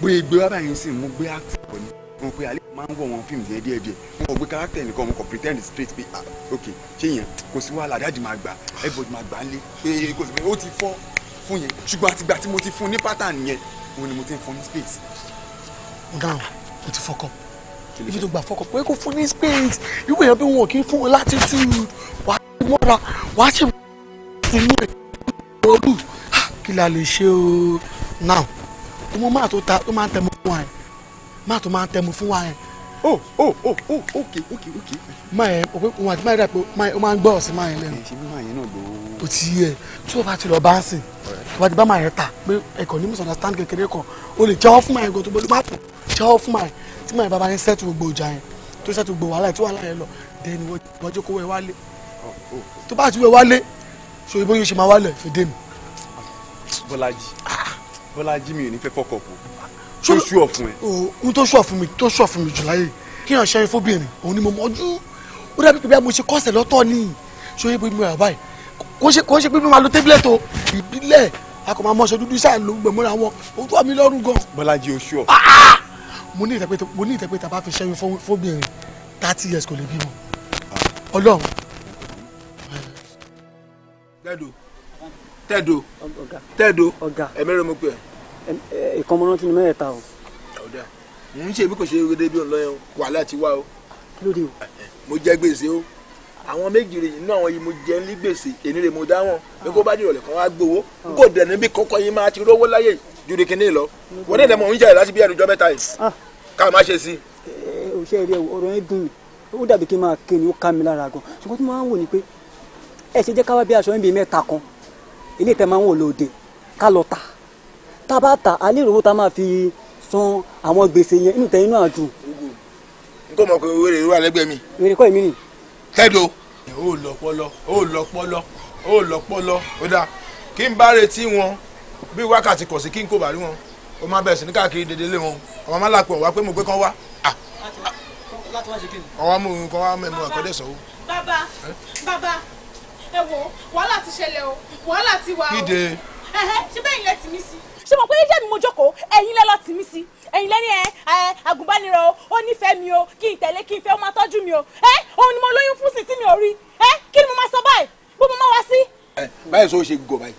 bóyá gbé wá báyìí sì mú gbé active kọ ni mo pe àlejò máa ń wọ̀ wọn fíìmù yẹn díẹ̀ díẹ̀ mo kàn gbé character nìkan mo kàn pretend straight pé ah ok ṣé yẹn kò sí wàhálà dáàdì máa gbà everybody máa gbà á lé ee kò sí pé ó ti fọ́ fún yẹn ṣùgbọ́n àtìgbà tí mo ti fún ní pattern yẹn òun ni mo ti ń fún ní space. mo dáhùn mo ti fọkọ ibi tó gbà fọkọ pé kò fún ní space irú èèyàn bí wọn kì í fún wọn latitude wàá mọ́ra wàá ṣe ti mú ẹ̀ kí la lè ṣe o now o mọ máa tó ta tó máa ń tẹmu fún wa yẹn máa tó máa ń tẹmu fún wa yẹn o o o o ok ok ok. máa yẹn o pé òun àti máa yẹn dà pé o máa ń gbọ́ ọ̀sìn máa yẹn lẹ́nu. ṣé bí máa yẹn náà ló. o ti yẹ tí o bá ti lọ bá ń sìn tí o bá ti bá máa yẹn ta pé ẹ̀kọ́ ní misunderstand kékeré kan o lè jẹ́wọ́ fún máa yẹn gan tó bọ́lú máàpù jẹ́wọ́ fún máa yẹn tí máa yẹn bá bá yẹn sẹ́ẹ̀tù gbogbo ìjà yẹn tó sẹ́ẹ̀tù gbogbo wàhálà yẹn tí wàhálà yẹn lọ dẹ́ni wọ́n jókòó wẹ̀ wálé oh, oh. tó bá ti wẹ̀ wálé ṣòyìnbó yóò ṣe máa wálẹ̀ fèdè mi. Bọ́lájí ah, Bọ́lájí mi ò ní fẹ́ fọkọ̀ kù tó ṣú ọ̀ fún ẹ. ohun tó ṣú ọ̀ fún mi tó ṣú ọ̀ fún mi jù láyé kí n ṣe fóbìnrin òun ni mo mọ́jú ó dàbí pé bí mo ṣe kọ́sẹ̀ lọ́tọ̀ ni ṣóyè bí mo rà báyìí kò ṣe kò ṣe pé mo máa lo tébílẹ̀tì o ìbílẹ̀ a kò máa mọṣọ dúdú sáà ló gbẹ̀mọ́ra wọn òun tó wà lọ́rùn gan. Bọ́lájí o ṣú ah, ah! mo ní ìtẹ́pẹ́tẹ́ mo ní ìtẹ́pẹ́tẹ́ bá fi ṣẹ́yìn fóbìnrin thirty years kò lè bímọ ọlọ́run tẹ́ẹ̀dó tẹ́ẹ̀dó ẹ̀mẹ́rin mo pè ẹ́. ìkan ni mẹ́ẹ̀ta o. ọ̀dà ń ṣe bí kò ṣe rere bí ọ̀nà wàhálà ti wá o. kí ló dé o. mo jẹ gbèsè o àwọn méjì rèé nínú àwọn yìí mo jẹ ní gbèsè èmi rèé mo dá wọn bí kò bá di ìrọ̀lẹ́ kan wá gbowó n ah. kò dẹ̀ níbi kọ́kọ́ yìí máa ti rówó láyè ju di kinní lọ wọ́n dẹ̀ mọ̀ ń láti bí ẹnujọ́ mẹ́ta yìí ah. ká má ṣe sí. òṣèré rẹ ọ̀rọ̀ yẹn dùn ó dàbí kí n máa kéwìn ó ká mi lára gan ṣùgbọ́n tí mo máa ń wò ni pé ẹ ṣe jẹ́ ká bí aṣọ ẹ̀ bí mẹ́ta kan ilé ìtẹ́ máa ń wò lóde ká lọ tà tá a bá tà a lè rówó tá a máa fi san àwọn gbèsè yẹn inú tẹ̀yìn náà dùn. n kò mọ̀ pé wèrè wà lẹ́gbẹ̀ẹ́ mi. wèrè kọ́ èmi nì. tẹ́dọ̀ ó lọ́pọlọ ó lọ́pọlọ ó lọ́pọlọ ó dáa kí n bá retí wọn bí wákàtí kọ̀ sí kí n kò bá rí wọn o máa bẹ̀rẹ̀ sí ní káàkiri dédé lé wọn ọmọ máa làpọ̀ wá pé mo gbé kán wá. ọwọ́ mú un kán wá mẹ́mu ọ̀kọ́dẹ̀ sọ́wọ́. bàbá bàbá ẹ wo wàhálà ti ṣẹlẹ̀ o wàhálà ti wà o. ìdè. ṣé bẹ́ẹ̀ ilẹ̀ tì mí sí. ṣé mo pé jẹ́ mi mo jókòó ẹ̀yin lẹ́ lọ́ọ́ tì mí sí ẹ̀yin lẹ́ni ẹ̀ agùnbánirọ̀ o ó nífẹ̀ẹ́ mi o kí n tẹ̀lé kí n fẹ́ ó máa tọ́jú mi o ẹ̀ òun ni mo lóyún fún sí tí mi ò rí ẹ̀ kí ni mo máa sọ báyìí bó mo máa wá sí. báyìí sọ ṣe gọ báyìí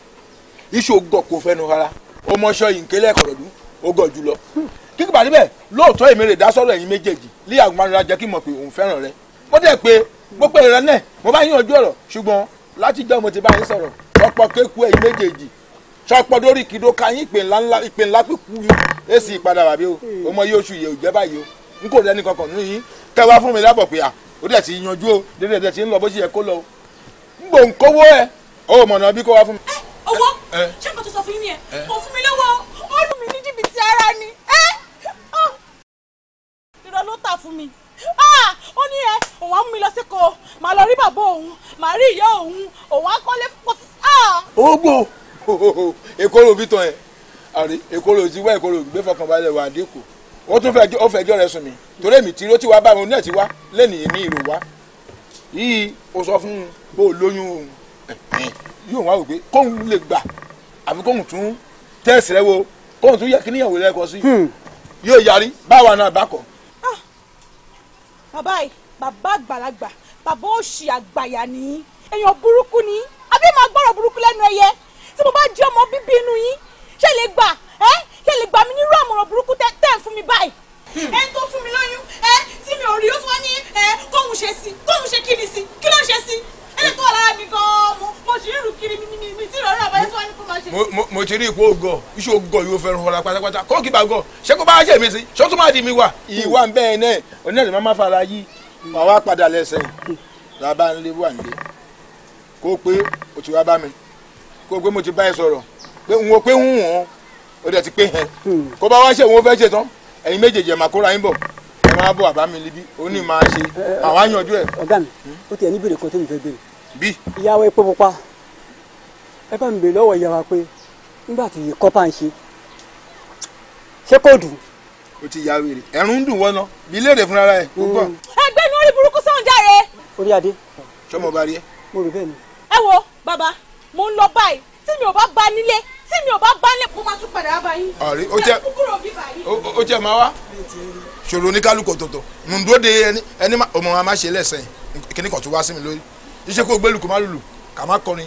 iṣẹ́ ògọ̀ kò fẹ́nu rárá ọmọọṣọ ìǹkẹ́lẹ̀ kọ̀rọ̀dú ó gọ̀ jù lọ kíkìbà níbẹ̀ lóòótọ́ èmi rè dá sọ́rọ̀ ẹ̀yin méjèèjì lé àgùnbánirọ̀ jẹ́ kí n pé òun fẹ́ràn rẹ mo dẹ̀ pé mo pè rẹ náà mo bá yín ojú ọ̀rọ̀ ṣùgbọ́n láti jẹ́ mo ti bá yín sọ̀rọ̀ ọ̀pọ̀ kéku ẹ̀yin méjèèjì sọpọ lórí kìdó ka yín ìpè ńlá ńlá ìpè ńlá pípú èsì ìpadà bàbí bí o ọmọ yìí oṣù yìí ò jẹ́ báyìí o n kò rẹ́ni kankan nínú yín fún mi lábọ̀ pé à ó dẹ̀ ti yanjú o dédé dẹ̀ ti ń lọ o n ẹ o mọ̀nà bí kó wá fún Ah, ó ní ẹ òun á mú mi lọ sí ko màá lọ rí bàbá òun màá rí ìyá òun òun á kọ́lé fún pọ́tí. Ah! ogbó *laughs* èkó ló bí tán ẹ àrí èkó ló ti wá èkó ló gbé fọkànbalẹ̀ wà dínkù ó tún fẹ́ jọ́ rẹ sùn mí torí èmi tí ó ti wá bá òun náà ti wá lẹ́nìí ní ìrò wá yìí ó sọ fún un bó o lóyún òun yóò wá wípé kóun lè gbà àfi kóun tún tẹ́sí rẹ wo kóun tún yẹ kí níyàwó rẹ kọ sí hmm. yóò yarí báwa náà bá kọ̀ bàbá yìí bàbá àgbàlagbà bàbá òṣì àgbàyà ni èèyàn burúkú ni àbí máa gbọ́rọ̀ burúkú lẹ́nu ẹyẹ tí mo bá jẹ́ ọmọ bíbí inú yín ṣé lè gbà ẹ́ ṣé lè gbà mí nírú àmọ̀ràn burúkú tẹ́ ń fún mi báyìí. Hmm. ẹ tó fún mi lóyún ẹ tí mi ò rí ó tún ní kóhun ṣe sí kóhun ṣe kí ni sí kí ló ń ṣe sí mo mo ti rí ipò ògọ iṣẹ́ ògọ yóò fẹ́ràn ọ̀la pátápátá kó kí bàgọ́ ṣé kó bá jẹ́ mi sí ṣé tún máa di mi wà. ìwà ń bẹ́ẹ̀ náà onílẹ̀ máa máa fara yí wà padà lẹ́sẹ̀ làbá ń lé wà nílé kó pé o ti wá bá mi kó pé mo ti bá ẹ sọ̀rọ̀ pé n wo pé ń wọ̀n o dẹ̀ ti pé hẹn kó bá wá ṣe òun fẹ́ ṣe tán ẹ̀yin méjèèjì ẹ̀ máa kóra yín bọ̀ ẹ̀ máa bọ̀ àbá bí. ìyàwó epo pupa ẹ bá mi bèrè lọ́wọ́ ìyàwó pé nígbà tí kọ́pà ń ṣe ṣé kò dùn. o ti ya wèrè ẹ̀rùn ń dùn wọ́nà bí léèrè fúnra rẹ̀ ó hmm. gbọ́. ẹgbẹ́ inú orí burúkú sọ̀hún jáde. orí adé. sọmọ bá rí ẹ. mo rò bẹ́ẹ̀ ni. ẹ wo bàbá mo ń lọ báyìí tí mi ò bá bá nílé tí mi ò bá bá nílé mo máa tún padà bá yín. ọ̀rí ó jẹ́ ó jẹ́ máa wá ṣòro oníkálukú ọ̀tọ̀ọ̀tọ̀ mùndóde ẹni ọmọ wa má ṣe lẹ́sẹ̀ kíní kan wá sí mi lórí iṣẹ́ kó gbẹ́lù kó má lùlù kà má kọrin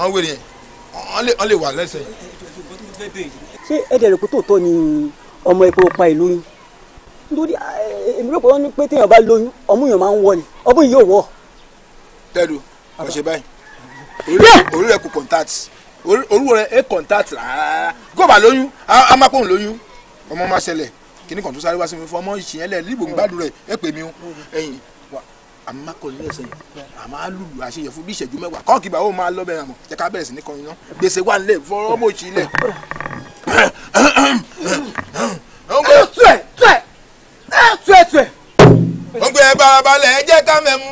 àwọn wèrè yẹn wọ́n lè wà lẹ́sẹ̀. ṣé ẹ̀dẹ̀ rẹ̀ kó tòótọ́ ni ọmọ epo pa ìlú yín nítorí èmi rò pé wọ́n ní pé téèyàn bá lóyún ọmú yẹn máa ń wọ ni ọmú yìí yóò wọ. tẹ́lu kò ṣe báyìí orí rẹ kò contact orúkọ rẹ ẹ contact rárá gọba lóyún amákòhùn lóyún ọmọ máa ṣẹlẹ̀ kíní kan tó sáré wá sí mi fún ọmọ ìṣìyẹn lẹ líbò ń gbádùn rẹ ẹ pè mí o ẹ̀yìn àmọ́ má kọrin lẹ́sẹ̀ yìí àmọ́ fún bí ìṣẹ́jú mẹ́wàá kọ́ọ̀kì bá ó máa lọ bẹ́ẹ̀ àmọ́ jẹ́ ká bẹ̀rẹ̀ sí ní kọrin náà gbèsè wà nílẹ̀ fọ́rọ́ mọ̀ sí ilẹ̀. tuẹ̀ tuẹ̀ tuẹ̀ tuẹ̀. ó gbé barabalẹ̀ ẹ jẹ́ ká mẹ́mú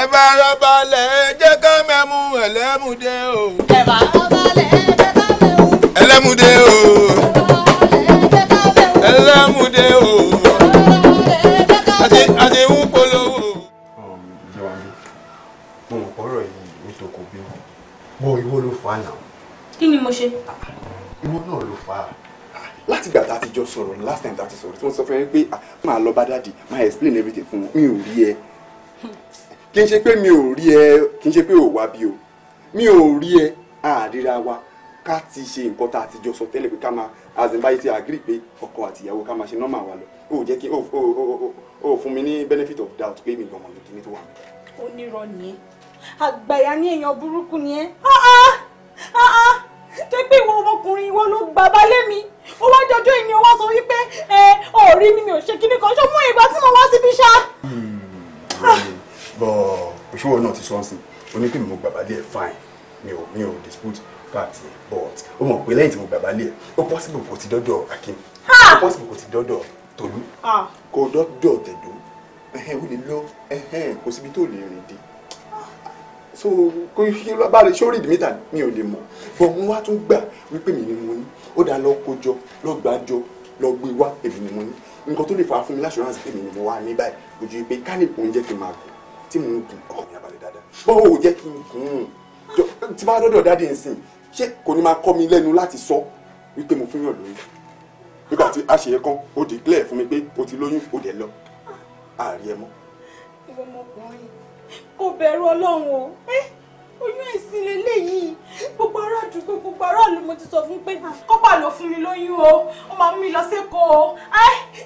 ẹ barabalẹ̀ ẹ jẹ́ ká mẹ́mú ẹlẹ́mùdé o. ẹ barabalẹ̀ ẹ jẹ́ ká mẹ́mú ẹlẹ́mùdé o. ẹlẹ́mùdé o. bọ ìwọ ló fà á nà. kí ni mo ṣe. ìwọ náà ló fà á. láti ìgbà tá a ti jọ sọ̀rọ̀ last time tá a ti sọ̀rọ̀ tí wọ́n sọ fún mi pé ah, máa lọ bá explain everything fún mi ò rí ẹ kí n ṣe pé mi ò rí ẹ kí n ṣe pé ò wá bí o mi ò rí ẹ àríra wa ká ti ṣe nǹkan tá a ti jọ sọ tẹ́lẹ̀ pé ká máa azimbáyé ti agree pé ọkọ àtìyàwó ká máa ṣe nọ́mà wa lọ ó jẹ́ kí ó fún mi ní benefit of doubt pé mi gan-an ló kí ní tó wà. onírọ̀ nìyẹn àgbàyà ní èèyàn burúkú ni ẹ́ tó ah, ah, ah, pé ìwọ ọmọkùnrin ìwọ ló gba balẹ̀ mi ó wá jọjọ́ èmi sọ wípé ẹ ò mi mi ò ṣe kíní kan ṣó mú ìgbà tí mo wá síbi ṣá. Hmm, bọ òṣùwọ̀n náà ti sọ ọ́n sí o pé mo gbà balẹ̀ fine mi ò mi ò dispute fact but o mọ̀ pé lẹ́yìn tí mo gbà balẹ̀ ó possible kò ti dọ́dọ̀ akin ó possible kò ti dọ́dọ̀ tolú kò dọ́dọ̀ tẹ̀dó ó lè lọ kò síbi tó lè rìn dé so kó bá rẹ ṣó read mítà mi ò lè mọ̀ bọ̀ mo wá tún gbà wípé mi ni mo ní ó dáa lọ kó jọ lọ gbà jọ lọ gbé wá èmi ni mo ní nǹkan tó lè fa fún mi láṣọránsì pé mi ni mo wá ní báyìí ojú pé kánìpù ń jẹ́ kí n máa gùn tí mo ń gùn ọkọ mi abalẹ̀ dáadáa bọ́ ò jẹ́ kí n gùn tí bá dọ́dọ̀ dáadé nsìn ṣé kò ní máa kọ́ mi lẹ́nu láti sọ wípé mo fúnyàn lóyún nígbà tí a ṣe é kan ó declare fún mi pé o ti lóyún o dẹ̀ lọ àárí ẹ mọ́. ọmọkùnrin kò bẹ̀rù ọlọ́run o oyún ẹ̀sìn lélẹ́yìí gbogbo ará àdúgbò gbogbo aráàlú mo ti sọ fún pé ah, kọ́pà ló fún mi lóyún o ó máa mú mi lọ sẹ́kọ̀ọ́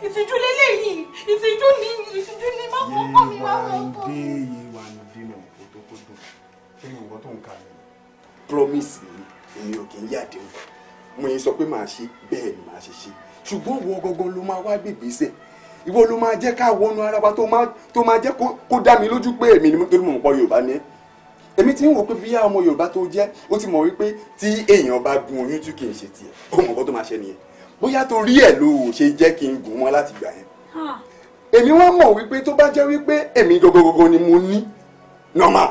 ìtìjú lélẹ́yìí ìtìjú ni ìtìjú ni má fọ́ ọkọ mi má fọ́ ọkọ mi. yéé wà ní yéé wà ní bímọ kótó kótó lẹ́yìn ìwọ tó ń ka mi. promise mi èmi ò kì í yàdé o mo yẹn sọ pé màá ṣe bẹ́ẹ̀ ni màá ṣe ṣe ṣùgbọ́n wo gangan ló máa wá gbègbè sẹ́ẹ̀ ìwọ ló máa jẹ́ ká wọnú ara wa tó máa jẹ́ kó dá mi lójú pé èmi ni torí mo mọ̀ yorùbá ni èmi ti ń wò pé bí ọmọ yorùbá tó jẹ́ ó ti mọ̀ wípé tí èèyàn bá gun oyún tí kì í ṣe tiẹ̀ ó mọ̀ nǹkan tó máa ṣe nìyẹn bóyá torí ẹ̀ ló ṣe jẹ́ kí n gùn wọn láti gbà yẹn èmi wá mọ̀ wípé tó bá jẹ́ wípé èmi gọgọgọgọ ni mo ní nọ́mà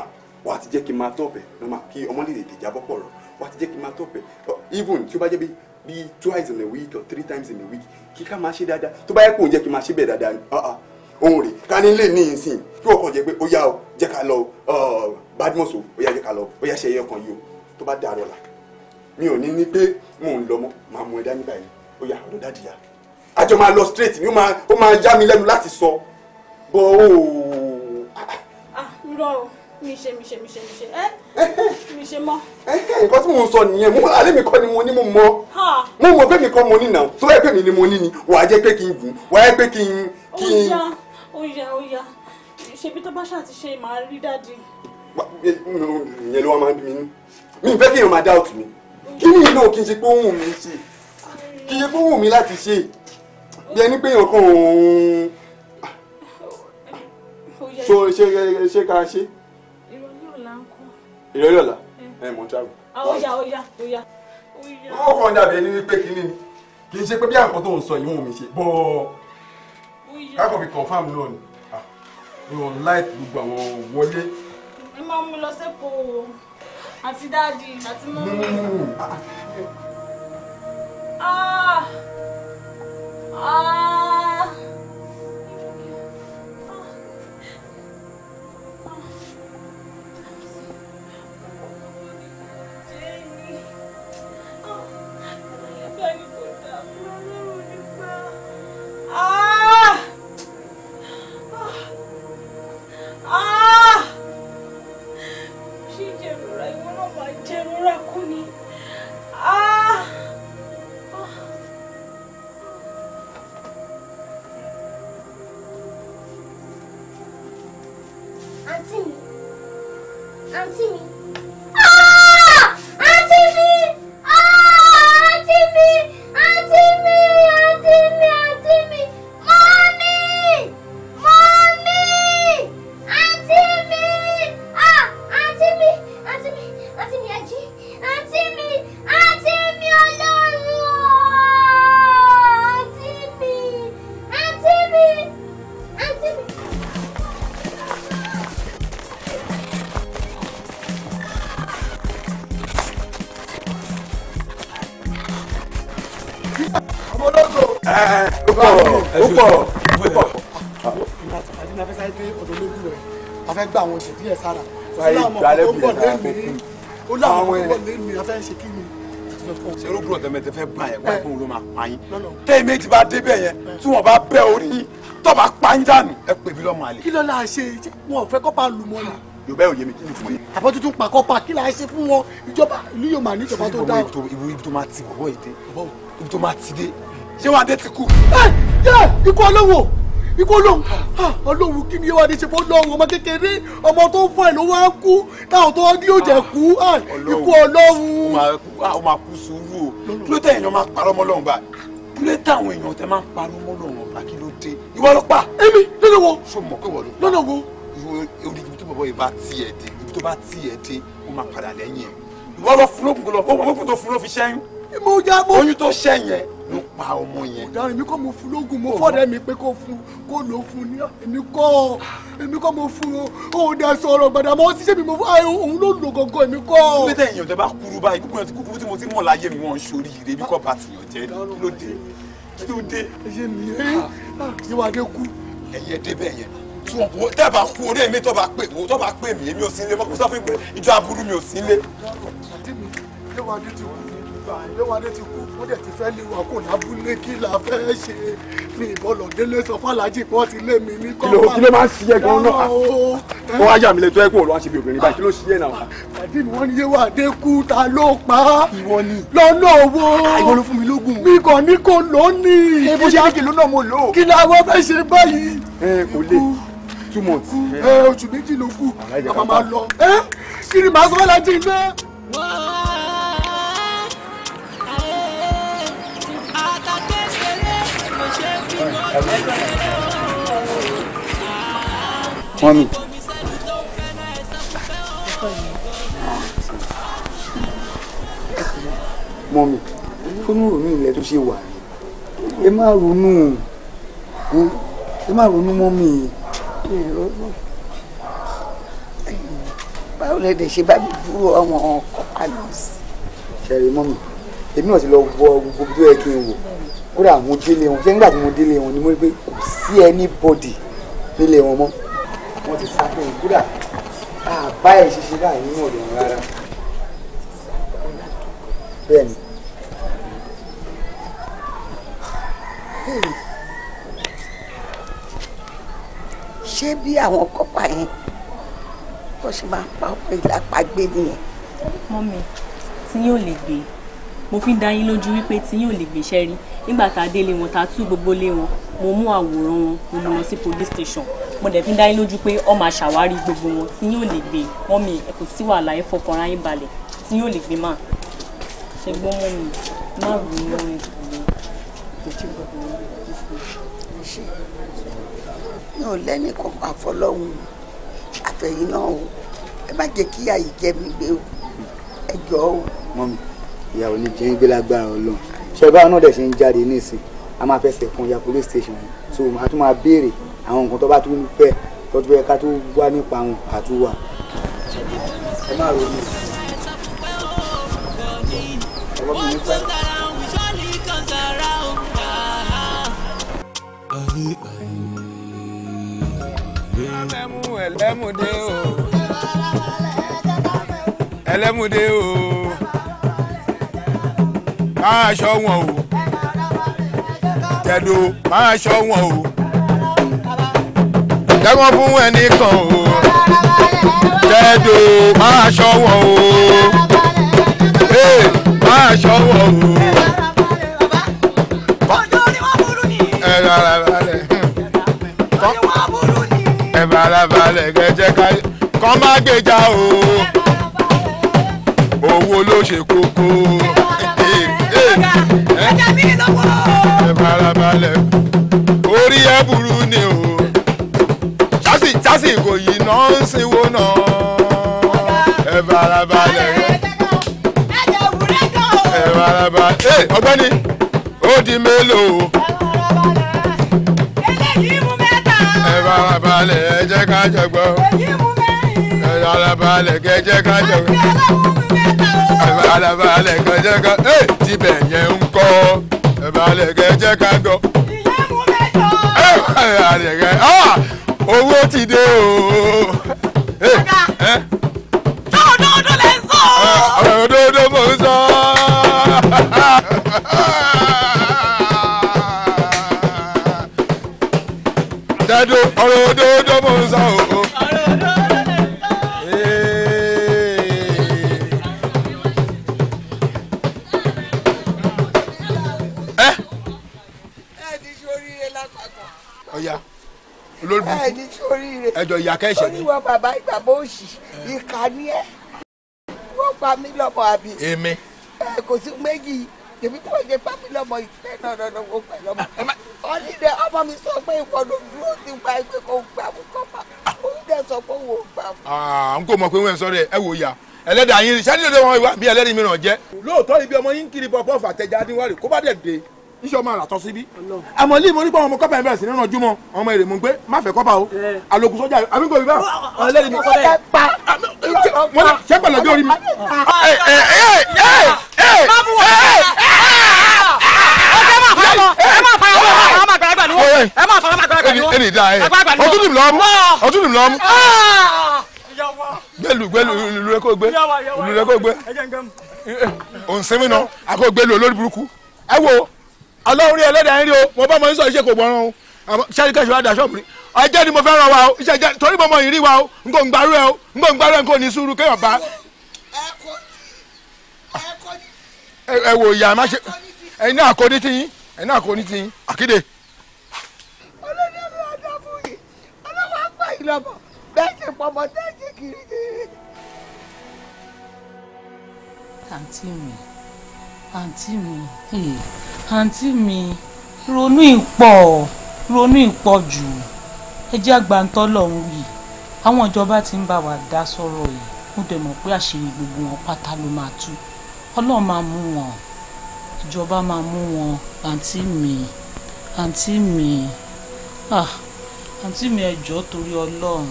wà á ti jẹ́ kí n máa tọ̀bẹ̀ nọ́mà kí ọmọ lè lè jábọ́ pọ̀ rọ̀ wà á ti jẹ́ kí n máa tọ̀bẹ̀ even tí ó bá jẹ́ bí bíi twice in a week or three times in a week kí ká máa ṣe dáadáa tó bá yẹ kó ń jẹ́ kí n máa ṣe bẹ́ẹ̀ dáadáa ni òun ah, ah, rè ká ní lè ní ìsìn kí ọkàn jẹ pé ó yá o jẹ́ ká lọ Badmus o ó yá jẹ́ ká lọ ó yá ṣe ẹyẹ ọkàn yìí o tó bá dàrọ̀ la mi ò ní ní pé mò ń lọ mọ́ mú ẹ dání báyìí ó yá ọ̀dọ̀ dáàdì yá àjọ máa lọ straight ni ó máa yá mi lẹ́nu láti sọ bọ́ ó. Ah, irọ́ o mi ṣe mi ṣe mi ṣe mi ṣe ẹ mi ṣe nǹkan tí mo ń sọ nìyẹn mo alẹ́ mi kọ́ ni mo ní mo mọ mo mọ pé mi kọ́ mo ní nà tó yẹ pé mi ni mo ní ni wàá jẹ́ pé kí n gùn wàá jẹ́ pé kí n. ó yá ó yá ó yá ṣebí tó bá ṣáà ti ṣe màá rí dáàdi. ìyẹn ló wá máa ń mi nú mi fẹ́ kí èèyàn máa dá òtún mi kí ni ìlú òkè ṣe pé ó wù mí ṣe kí ṣe pé ó wù mí láti ṣe bí ẹni pé èèyàn kan òun ṣe ká ṣe ìrẹ́lẹ̀ ọ̀la mm. ẹ̀ mọ̀ travel. ọ̀ya ọ̀ya ọ̀ya. ó kàn dàbí ẹni wípé kínní ni kì í ṣe pé bí àǹkó tó ń sọ yìí wọn ò mi ṣe bọ́ kákọ̀ fi confam náà ni ìwọ̀n ah, láìpẹ́ gbogbo àwọn wọlé. ẹ máa mú lọ sẹ́kọ̀ọ́ àti dáàdi àti mọ́mí. ah ah. ah, ah. mi ó láwọn ọmọ mi afẹ́ ṣe kí ni sẹ́rù bùrọ̀ tẹ̀mẹ̀ tẹ̀ fẹ́ gbà yẹn wáyé fún olóma pa yín tẹ́yìn méjì bá débẹ̀ yẹn tí wọ́n bá bẹ́ orí yín tọ́ bá pa yín dànù ẹ pè mí lọ́mọ àlè. kí ló la ṣe wọn ò fẹ́ kọ́ pa lù mọ́ ni. yorùbá ò yé mi kí ni tuma yẹn. àbọ̀ tuntun pa kọ́ pa kí la ṣe fún wọn ìjọba ìlú yóò máa ní ìjọba tó dá. ibi tó máa ti bọ̀bọ̀ yìí dé ibi tó máa ti dé ṣé wàá dé ti kú. ẹ ẹ ikú olówó ikú ọlọ́run ọlọ́run kí ni ẹ wá ní ṣe fọ́ ọlọ́run ọmọ kékeré ọmọ tó ń fọ́ ẹ̀ ló wá kú táwọn tó ní òjẹ̀ ah, kú ikú ọlọ́run. ó máa kú sùúrù o kí ló tẹ èèyàn máa parọ́ mọ́ ọlọ́run bá kí ló tẹ àwọn èèyàn tẹ máa parọ́ mọ́ ọlọ́run bá kí ló dé ìwọ ló pa. èmi lọ́nà wo. so mọ̀ pé wọ́n ló pa lọ́nà wo. orí ibi tó bọ̀ yìí bá tiẹ̀ dé ibi tó bá tiẹ̀ dé ó máa padà lẹ́yìn ẹ̀ ìwọ lọ fún ló pa ọmọ yẹn. ọ̀daràn èmi kọ́ mo fún lóògùn mo fọ́ọ̀dà mi pé kó fún kó lò fún ní èmi kọ́ èmi kọ́ mo fún o ò dẹ sọ̀rọ̀ gbàdá mọ́ ṣíṣe mi mo fún ayé òun ló lò gọ́gọ́ èmi kọ́. bí tẹ̀yìn ọ̀dẹ́ bá kúrú báyìí gbogbo ẹni tí kúkúrú mo ti mọ̀ láyé mi wọ́n ń sórí ire bí kò bá tìyàn jẹ́ kí ló dé kí ló dé. ẹyẹ mi ẹ ah. Ah, ìwà dé kú. ẹyẹ dé yẹn tún bò tẹ́ bá kú orí èmi tó bá pè mí tó bá pè mí gbà ti kú fún dẹ̀ ti fẹ́ lé wa kò lábúlé kí la fẹ́ ṣe ní ìbọ̀lọ̀ délé sọ fàlàjì pọ̀ ti lé mi ní kọ́ńtà. kí ló máa ń ṣiyẹ gan-an náà ó wá yà mí lẹ́tọ́ ẹ̀ kó ṣe bí obìnrin báyìí kí ló ṣiyẹ náà. pàdé mi wọ́n ní yéwàdé kú ta ló pa á. ìwọ ni. lọ́nà owó. àìwọ ah, ló fún mi lógún. mi kàn ní kò lónìí. Eh, kí ni àwọn fẹ́ ṣe báyìí. ẹ eh, kò lè two months. ẹ eh. oṣù méjì ló kù. àmọ́ lọ. ẹ kí ni màá sọ fẹ́ la mọ́mí. mọ́mí fóònù ronú ilẹ̀ tó ṣe wà rí ẹ má ronú ẹ má ronú mọ́mí. báwo lè dè ṣe bá mi dúró ọmọ ọkọ̀ àná sí. ṣe é rí mọ́mí èmi náà ti lọ wọ gbogbo tó wò kódà mo délé wọn ṣé nígbà tí mo délé wọn ni mo rí pé kò sí anybody nílé wọn mọ́ wọ́n ti sá fún mi kódà àbá ẹ̀ ṣiṣẹ́ báyìí nínú ọ̀dọ̀ wọn rárá bẹ́ẹ̀ ni. ṣé bí àwọn kọ́pà yẹn bó ṣe máa pa ọ̀pọ̀ ìlápá gbé nìyẹn. mọ́mi tí yóò lè gbé mo fi ń dá yín lójú wípé tí yóò lè gbéṣẹ́ rí nígbà tá a délé wọn tá a tú gbogbo lé wọn mo mú àwòrán wọn mo mú lọ sí police station mo dẹ̀ fi ń dá yín lójú pé ó máa ṣàwárí gbogbo wọn tí yóò lè gbé wọn mi kò sí wàhálà ẹ fọkàn ara yín balẹ̀ tí yóò lè gbé mà ṣe gbọ́n mọ́ mi má rò ó lọ́rùn ìdílé mi ò lẹ́ni kankan àfọlọ́hún àfẹ̀yìn náà o ẹ má jẹ́ kí àyè jẹ́ mi gbé o ẹ jọ o. mọ́mi ìyàwó ni jẹ́ ń gbé lágbára ọlọ́run ṣẹba náà dẹ̀ ṣe ń jáde nísìn a máa fẹsẹ̀ kan ya police station so màá tún máa béèrè àwọn nǹkan tó bá tún fẹ́ tó tún fẹ́ ká tó wá nípa wọn àtúwà ẹ má ronú mi ní o ẹlẹ́mu o máa ṣọ́ wọn o tẹ̀dó máa ṣọ́ wọn o dẹ́gbọ́n fún ẹnìkan o tẹ̀dó máa ṣọ́ wọn o máa ṣọ́ wọn o. ẹ balabalẹ̀ kẹjẹ ká kọ́ má gbèjà o owó ló ṣe kókó yín lọ́wọ́. ẹ farabalẹ̀ orí ẹ burú ni o jásì jásì kò yí náà ń sinwó náà ẹ farabalẹ̀. ẹ farabalẹ̀ ọ̀gbẹ́ni ó di mélòó. ẹ farabalẹ̀ ẹ jẹ́ ká jọgbọ́. ẹ farabalẹ̀ kẹ jẹ́ ká jọgbọ́. ẹ farabalẹ̀ kẹ jẹ́ ká. tibẹ̀ yẹn ń kọ́ balẹ̀ kẹ́ jẹ́ ká gbọ́. owó ti dé o. ọ̀gá tó òdòdó lè sọ. òdòdó mò ń sọ. dẹ́dọ̀ ọ̀rọ̀ òdòdó mò ń sọ o. olóòdù ẹjọ ìyá kẹsẹ oníwọ bàbá ìgbàgbọ́ òsì ìka ni ẹ wọ́n pa mí lọ́mọ àbí. èmi. ẹ kò sí méjì èmi kò jẹ pa mí lọ́mọ ìfẹ́ náà lọ́dọ̀ kó pẹ̀ lọ́mọ. ọmọ mi sọ pé ìfọ̀dọ̀ dúró ti gba ẹgbẹ́ kò gbà mú kọ́fà òun dẹ̀ sọ pé òun ò gbà mú. n kò mọ̀ pé wọ́n sọ rẹ̀ ẹ wò ya ẹlẹ́dàá yín ṣáà nílò wọn ìwà bí ẹlẹ́rìí mìíràn jẹ́. lóòótọ́ ibi ọmọ yín kiri bọ́ bọ́ọ̀fù àtẹ̀jáde wárì kó bá dẹ̀ dé iṣẹ́ ọmọ àràtọ̀ síbí àmọ́ ilé ìmọ̀ nípa ọmọ kọ́pà ẹ̀bẹ̀rẹ̀ sí nínú ọjọ́mọ ọmọ èrè mú gbé má fẹ́ kọ́pà o àlòkù sọ́jà àbíkò bíbá. ọlẹ́ni mo kọ́ bẹ́ẹ̀ pa mo ní ṣé pẹ̀lú ọjọ́ orí mi. ọdún nìmú lọ́mú ọdún nìmú lọ́mú gbẹlu gbẹlu ìlú rẹ kò gbé ìlú rẹ kò gbé òun sẹ́mi náà àkó gbẹlu olórí burúkú ẹ wo ọlọ́run rí ẹlẹ́dàá ń rí o mo bá ọmọ yín iṣẹ́ kò gbọ́ràn o sẹ́ni kẹ́sì wá da ṣọ́ọ̀bù mo wa o n kò ń o n kò n kò ní sùúrù kéèyàn bá. ẹ wò ìyá má ṣe fún yìí ọlọ́wọ́ ìlọ́bọ̀ kiri àǹtí mi hmm, àǹtí mi ronú ìpọ̀ ronú ìpọ̀ jù ẹ jẹ́ àgbàǹtọ́ lọ́hún yìí àwọn ìjọba ti ń bá wa dá sọ̀rọ̀ yìí mo dẹ̀ mọ̀ pé àṣírí gbogbo wọn pátá ló máa tú ọlọ́run máa mú wọn ìjọba máa mú wọn àǹtí mi àǹtí mi ah àǹtí mi ẹ jọ̀ọ́ torí ọlọ́run.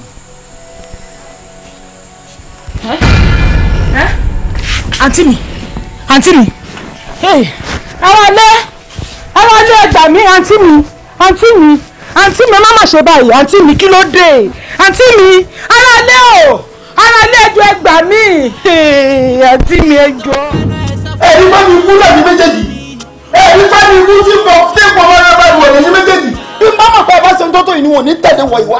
àǹtí mi àǹtí mi ara lé ara lé ẹgbà mi àǹtí mi àǹtí mi àǹtí mi má má ṣe báyìí àǹtí mi kí ló dé àǹtí mi ara lé o ara lé ẹjọ ẹgbà mi àǹtí mi ẹjọ. ẹ̀rí bá mi kú lẹ́yìn méjèèjì ẹ̀rí bá mi kú tí mo fi pọ̀ mọ́ra bá lẹ́yìn méjèèjì. bí mama pa ẹ̀fọ́ sẹ́ńtọ́ tó ìníwọ̀n ní tẹ̀lé wọ̀ ìwà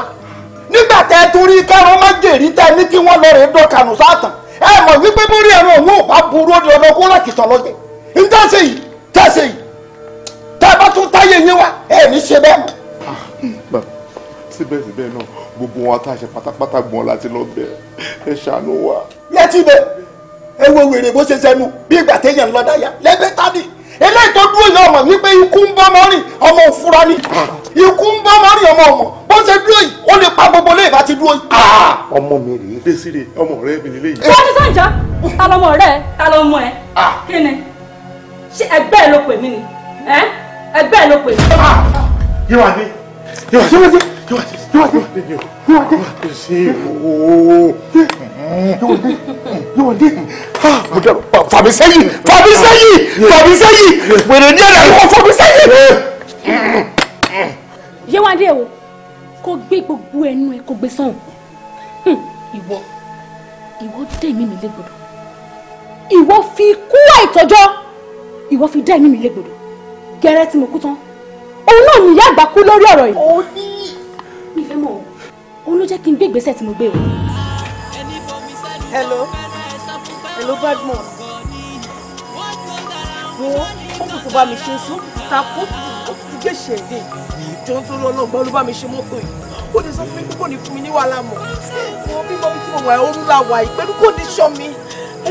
nígbà tẹ́ ẹ tún rí kẹ́rọ májèrí tẹ́ ní kí wọ́n lọ rèé dọ̀kanù sátàn ẹ mọ̀ wípé bórí ẹ̀rọ òun ò bá burú ó di ọdọ kó lákìtàn lọ́jẹ̀ẹ́ n tá ṣe yìí tá ṣe yìí tá a bá tún táyé yín wá ẹ ní ṣe bẹ́ẹ̀. Ah, síbẹ̀síbẹ̀ náà gbogbo wọn tá a ṣe pátápátá gbọ́n láti lọ bẹ̀ ẹ ṣàánú wa. létí bẹ ẹ wo wèrè bó ṣe sẹnu bí ìgbà téèyàn lọ dáyà lẹgbẹ tani eléyìí tó dúró yìí ọmọ wípé ikú ń bá ọmọ rìn ọmọ òfura ni ah. ikú ń bá ọmọ rìn ọmọ ọmọ bó ṣe dúró yìí ó lè pa gbogbo lè bá ti dúró yìí. Ah. ọmọ mi rèé lè sí rè ọmọ rẹ mi nílé yìí. wọ́n ti sànjá ta lọmọ rẹ ta lọmọ ẹ kí ni ṣé ẹgbẹ́ ẹ ló pè mí ni ẹgbẹ́ ẹ ló pè mí. Ah! yóò wá dé yóò wá dé yóò wá dé yóò wá dé yóò wá dé ṣe ooo yóò dé yóò dé ah! mo dẹrù fàmí sẹ́yìn fàmí sẹ́yìn fàmí sẹ́yìn wèrè ní ẹ̀rọ ìwọ fàmí sẹ́yìn. yéwádé o kò gbé gbogbo ẹnu ẹ kò gbé sàn ìwọ ìwọ dé mi mi légbodò ìwọ fi kú àìtọ́jọ́ ìwọ fi dá ẹ̀mí mi légbodò gẹ́rẹ́ tí mo kú tán òun náà ni ìyá àgbà kú lórí ọ̀rọ̀ yìí. ó ní mi fẹ́ mọ̀ òun ló jẹ́ kí n gbé ìgbésẹ̀ tí mo gbé o. hello hello badmus wo ó kò kó bá mi ṣe sún takú ó ti gbèsè èdè ìjọ tó lọ lọ́gbọ́n ló bá mi ṣe mọ́tò yìí ó lè sọ fún mi pé kò ní fún mi ní wàhálà mọ́ mo bí mo fi wà ó ń la wà kò ní sọ mi.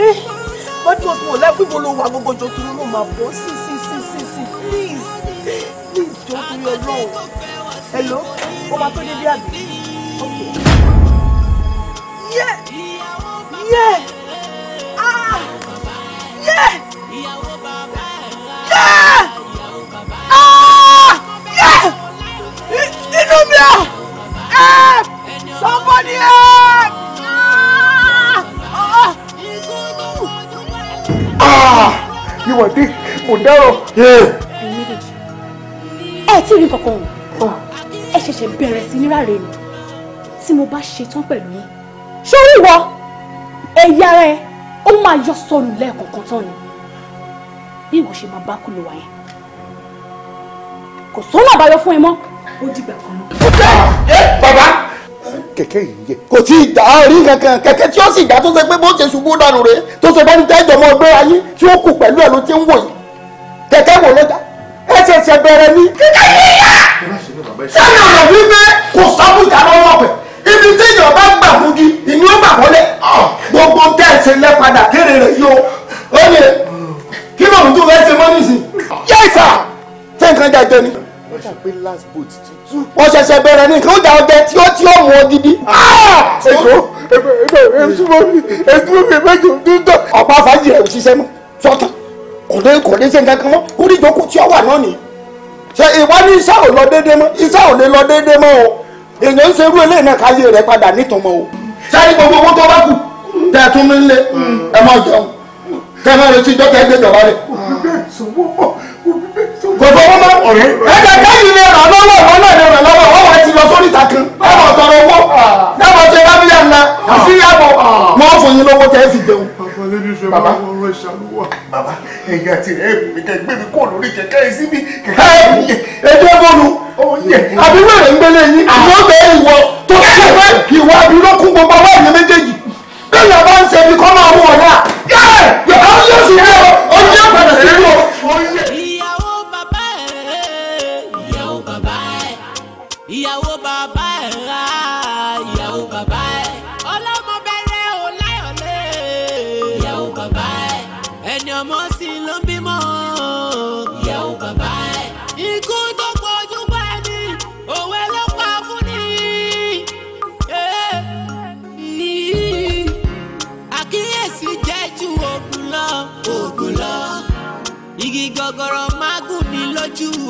Eh, gbájú ọdún ọ̀la gbígbó ló wà gbogbo jọ torí mo máa bọ́ sí sí sí sí sí please please jọ torí ọlọ́run hello ó máa tó dé bí àbí ok yeah yeah ah yeah yeah ah yeah inú mi ah eh! somebody help. ìwọ̀dí kò dẹ́rọ̀. ẹ̀yin méjèèjì ẹ tí ì rí kankan o ẹ ṣẹ̀ṣẹ̀ bẹ̀rẹ̀ sí ní ráre ni tí mo bá ṣe tán pẹ̀lú yín ṣé orí wọ ẹ̀yà rẹ ó máa yọ sọnù lẹ́ẹ̀kọ̀ọ̀kan tán ni bí ìwọ ṣe máa bá kú ló wà yẹn kò sọ́nà àbáyọ fún ẹ mọ́ ó dìgbà kan náà. Eh, bàbá kẹ̀kẹ́ yìí jẹ. kò tí ì dá rí kankan kẹ̀kẹ́ tí ó sì dá tó ṣe pé bó ṣe ṣubú dànù rẹ̀ tó ṣe bá ní tẹ́jọ́ mọ́ ọgbẹ́ ayé tí ó kù pẹ̀lú ẹ̀ ló ti ń wò yìí kẹ̀kẹ́ wò ló dá ẹ ṣẹ̀ṣẹ̀ bẹ̀rẹ̀ ni. kíkẹ́ yìí yá sẹ́ni ọ̀nà wípé kò sábùjá lọ́wọ́ pẹ̀ ibi téèyàn bá gbà fúgi ìní ó gbà wọlé ah! gbogbo tẹ̀sí lẹ padà kéré rẹ̀ yó ó yẹ wọ́n ṣẹ̀ṣẹ̀ bẹ̀rẹ̀ ní nǹkan ó dà ọdẹ tí ó tí ó mú ọ gidi. ọ̀pá fàájì rẹ̀ ò ṣiṣẹ́ mọ́ sọ́tàn kò dé kò dé sí nǹkan kan mọ́ orí ìjókòó tí ó wà náà nìyí. ṣe ìwà ní iṣẹ́ ò lọ déédé mọ́ iṣẹ́ ò lè lọ déédé mọ́ o èèyàn ń ṣerú eléyìí náà káyé rẹ̀ padà nítumọ̀ o. sáré gbogbo owó tó bá kù tẹ̀ tún mi lé ẹ máa jẹun tẹ̀ máa retí jọ́kẹ́ gbé jọba rẹ̀ kò fọwọ́ mọ́ ọ̀rẹ́ ẹ̀jẹ̀ káyìí lè ràn lọ́wọ́ wọn náà lè ràn lọ́wọ́ wọn wà ti lọ sórí ìta kan ẹ̀wọ̀n tọrọ owó ẹ̀wọ̀n ti rábíyà ńlá àti yàgò wọn fún yín lówó tẹ́ ẹ fi jẹun. bàbá bàbá ẹ̀yin àti ẹ̀ mi kẹ́ gbé mi kó lórí kẹ̀kẹ́ ẹ̀ síbi kẹ̀kẹ́ ẹ̀ mi yẹ ẹjọ́ bọ́ọ̀lù àbí wẹ̀rẹ̀ ń gbélé yín ìwọ bẹ́ẹ̀ ìwọ tó ṣẹ̀fẹ̀ ìwọ àbí lókun gbogbo ọwọ́ ìyẹn méjèèjì bẹ́ẹ̀ yàrá ń ṣe ibi kọ́ máa mú ọ̀la yẹ́ẹ̀ yàrá ń yẹ̀ sí ẹ̀ ọ́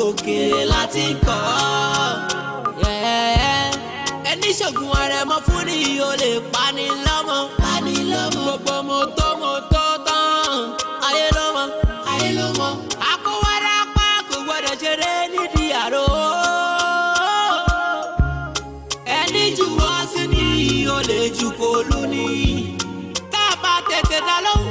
òkèèrè láti kọ́ ẹni ṣògùn ààrẹ mọ fún ni o lè pani lọ́mọ pani lọ́mọ gbogbo mo tó mo tó tán ayé ló mọ ayé ló mọ akówárá pa kò gbọdọ̀ ṣeré nídìí àrò ẹni jù wọ́n sí ni o lè jù kó lù ní tá a bá tètè dá lọ́wọ́.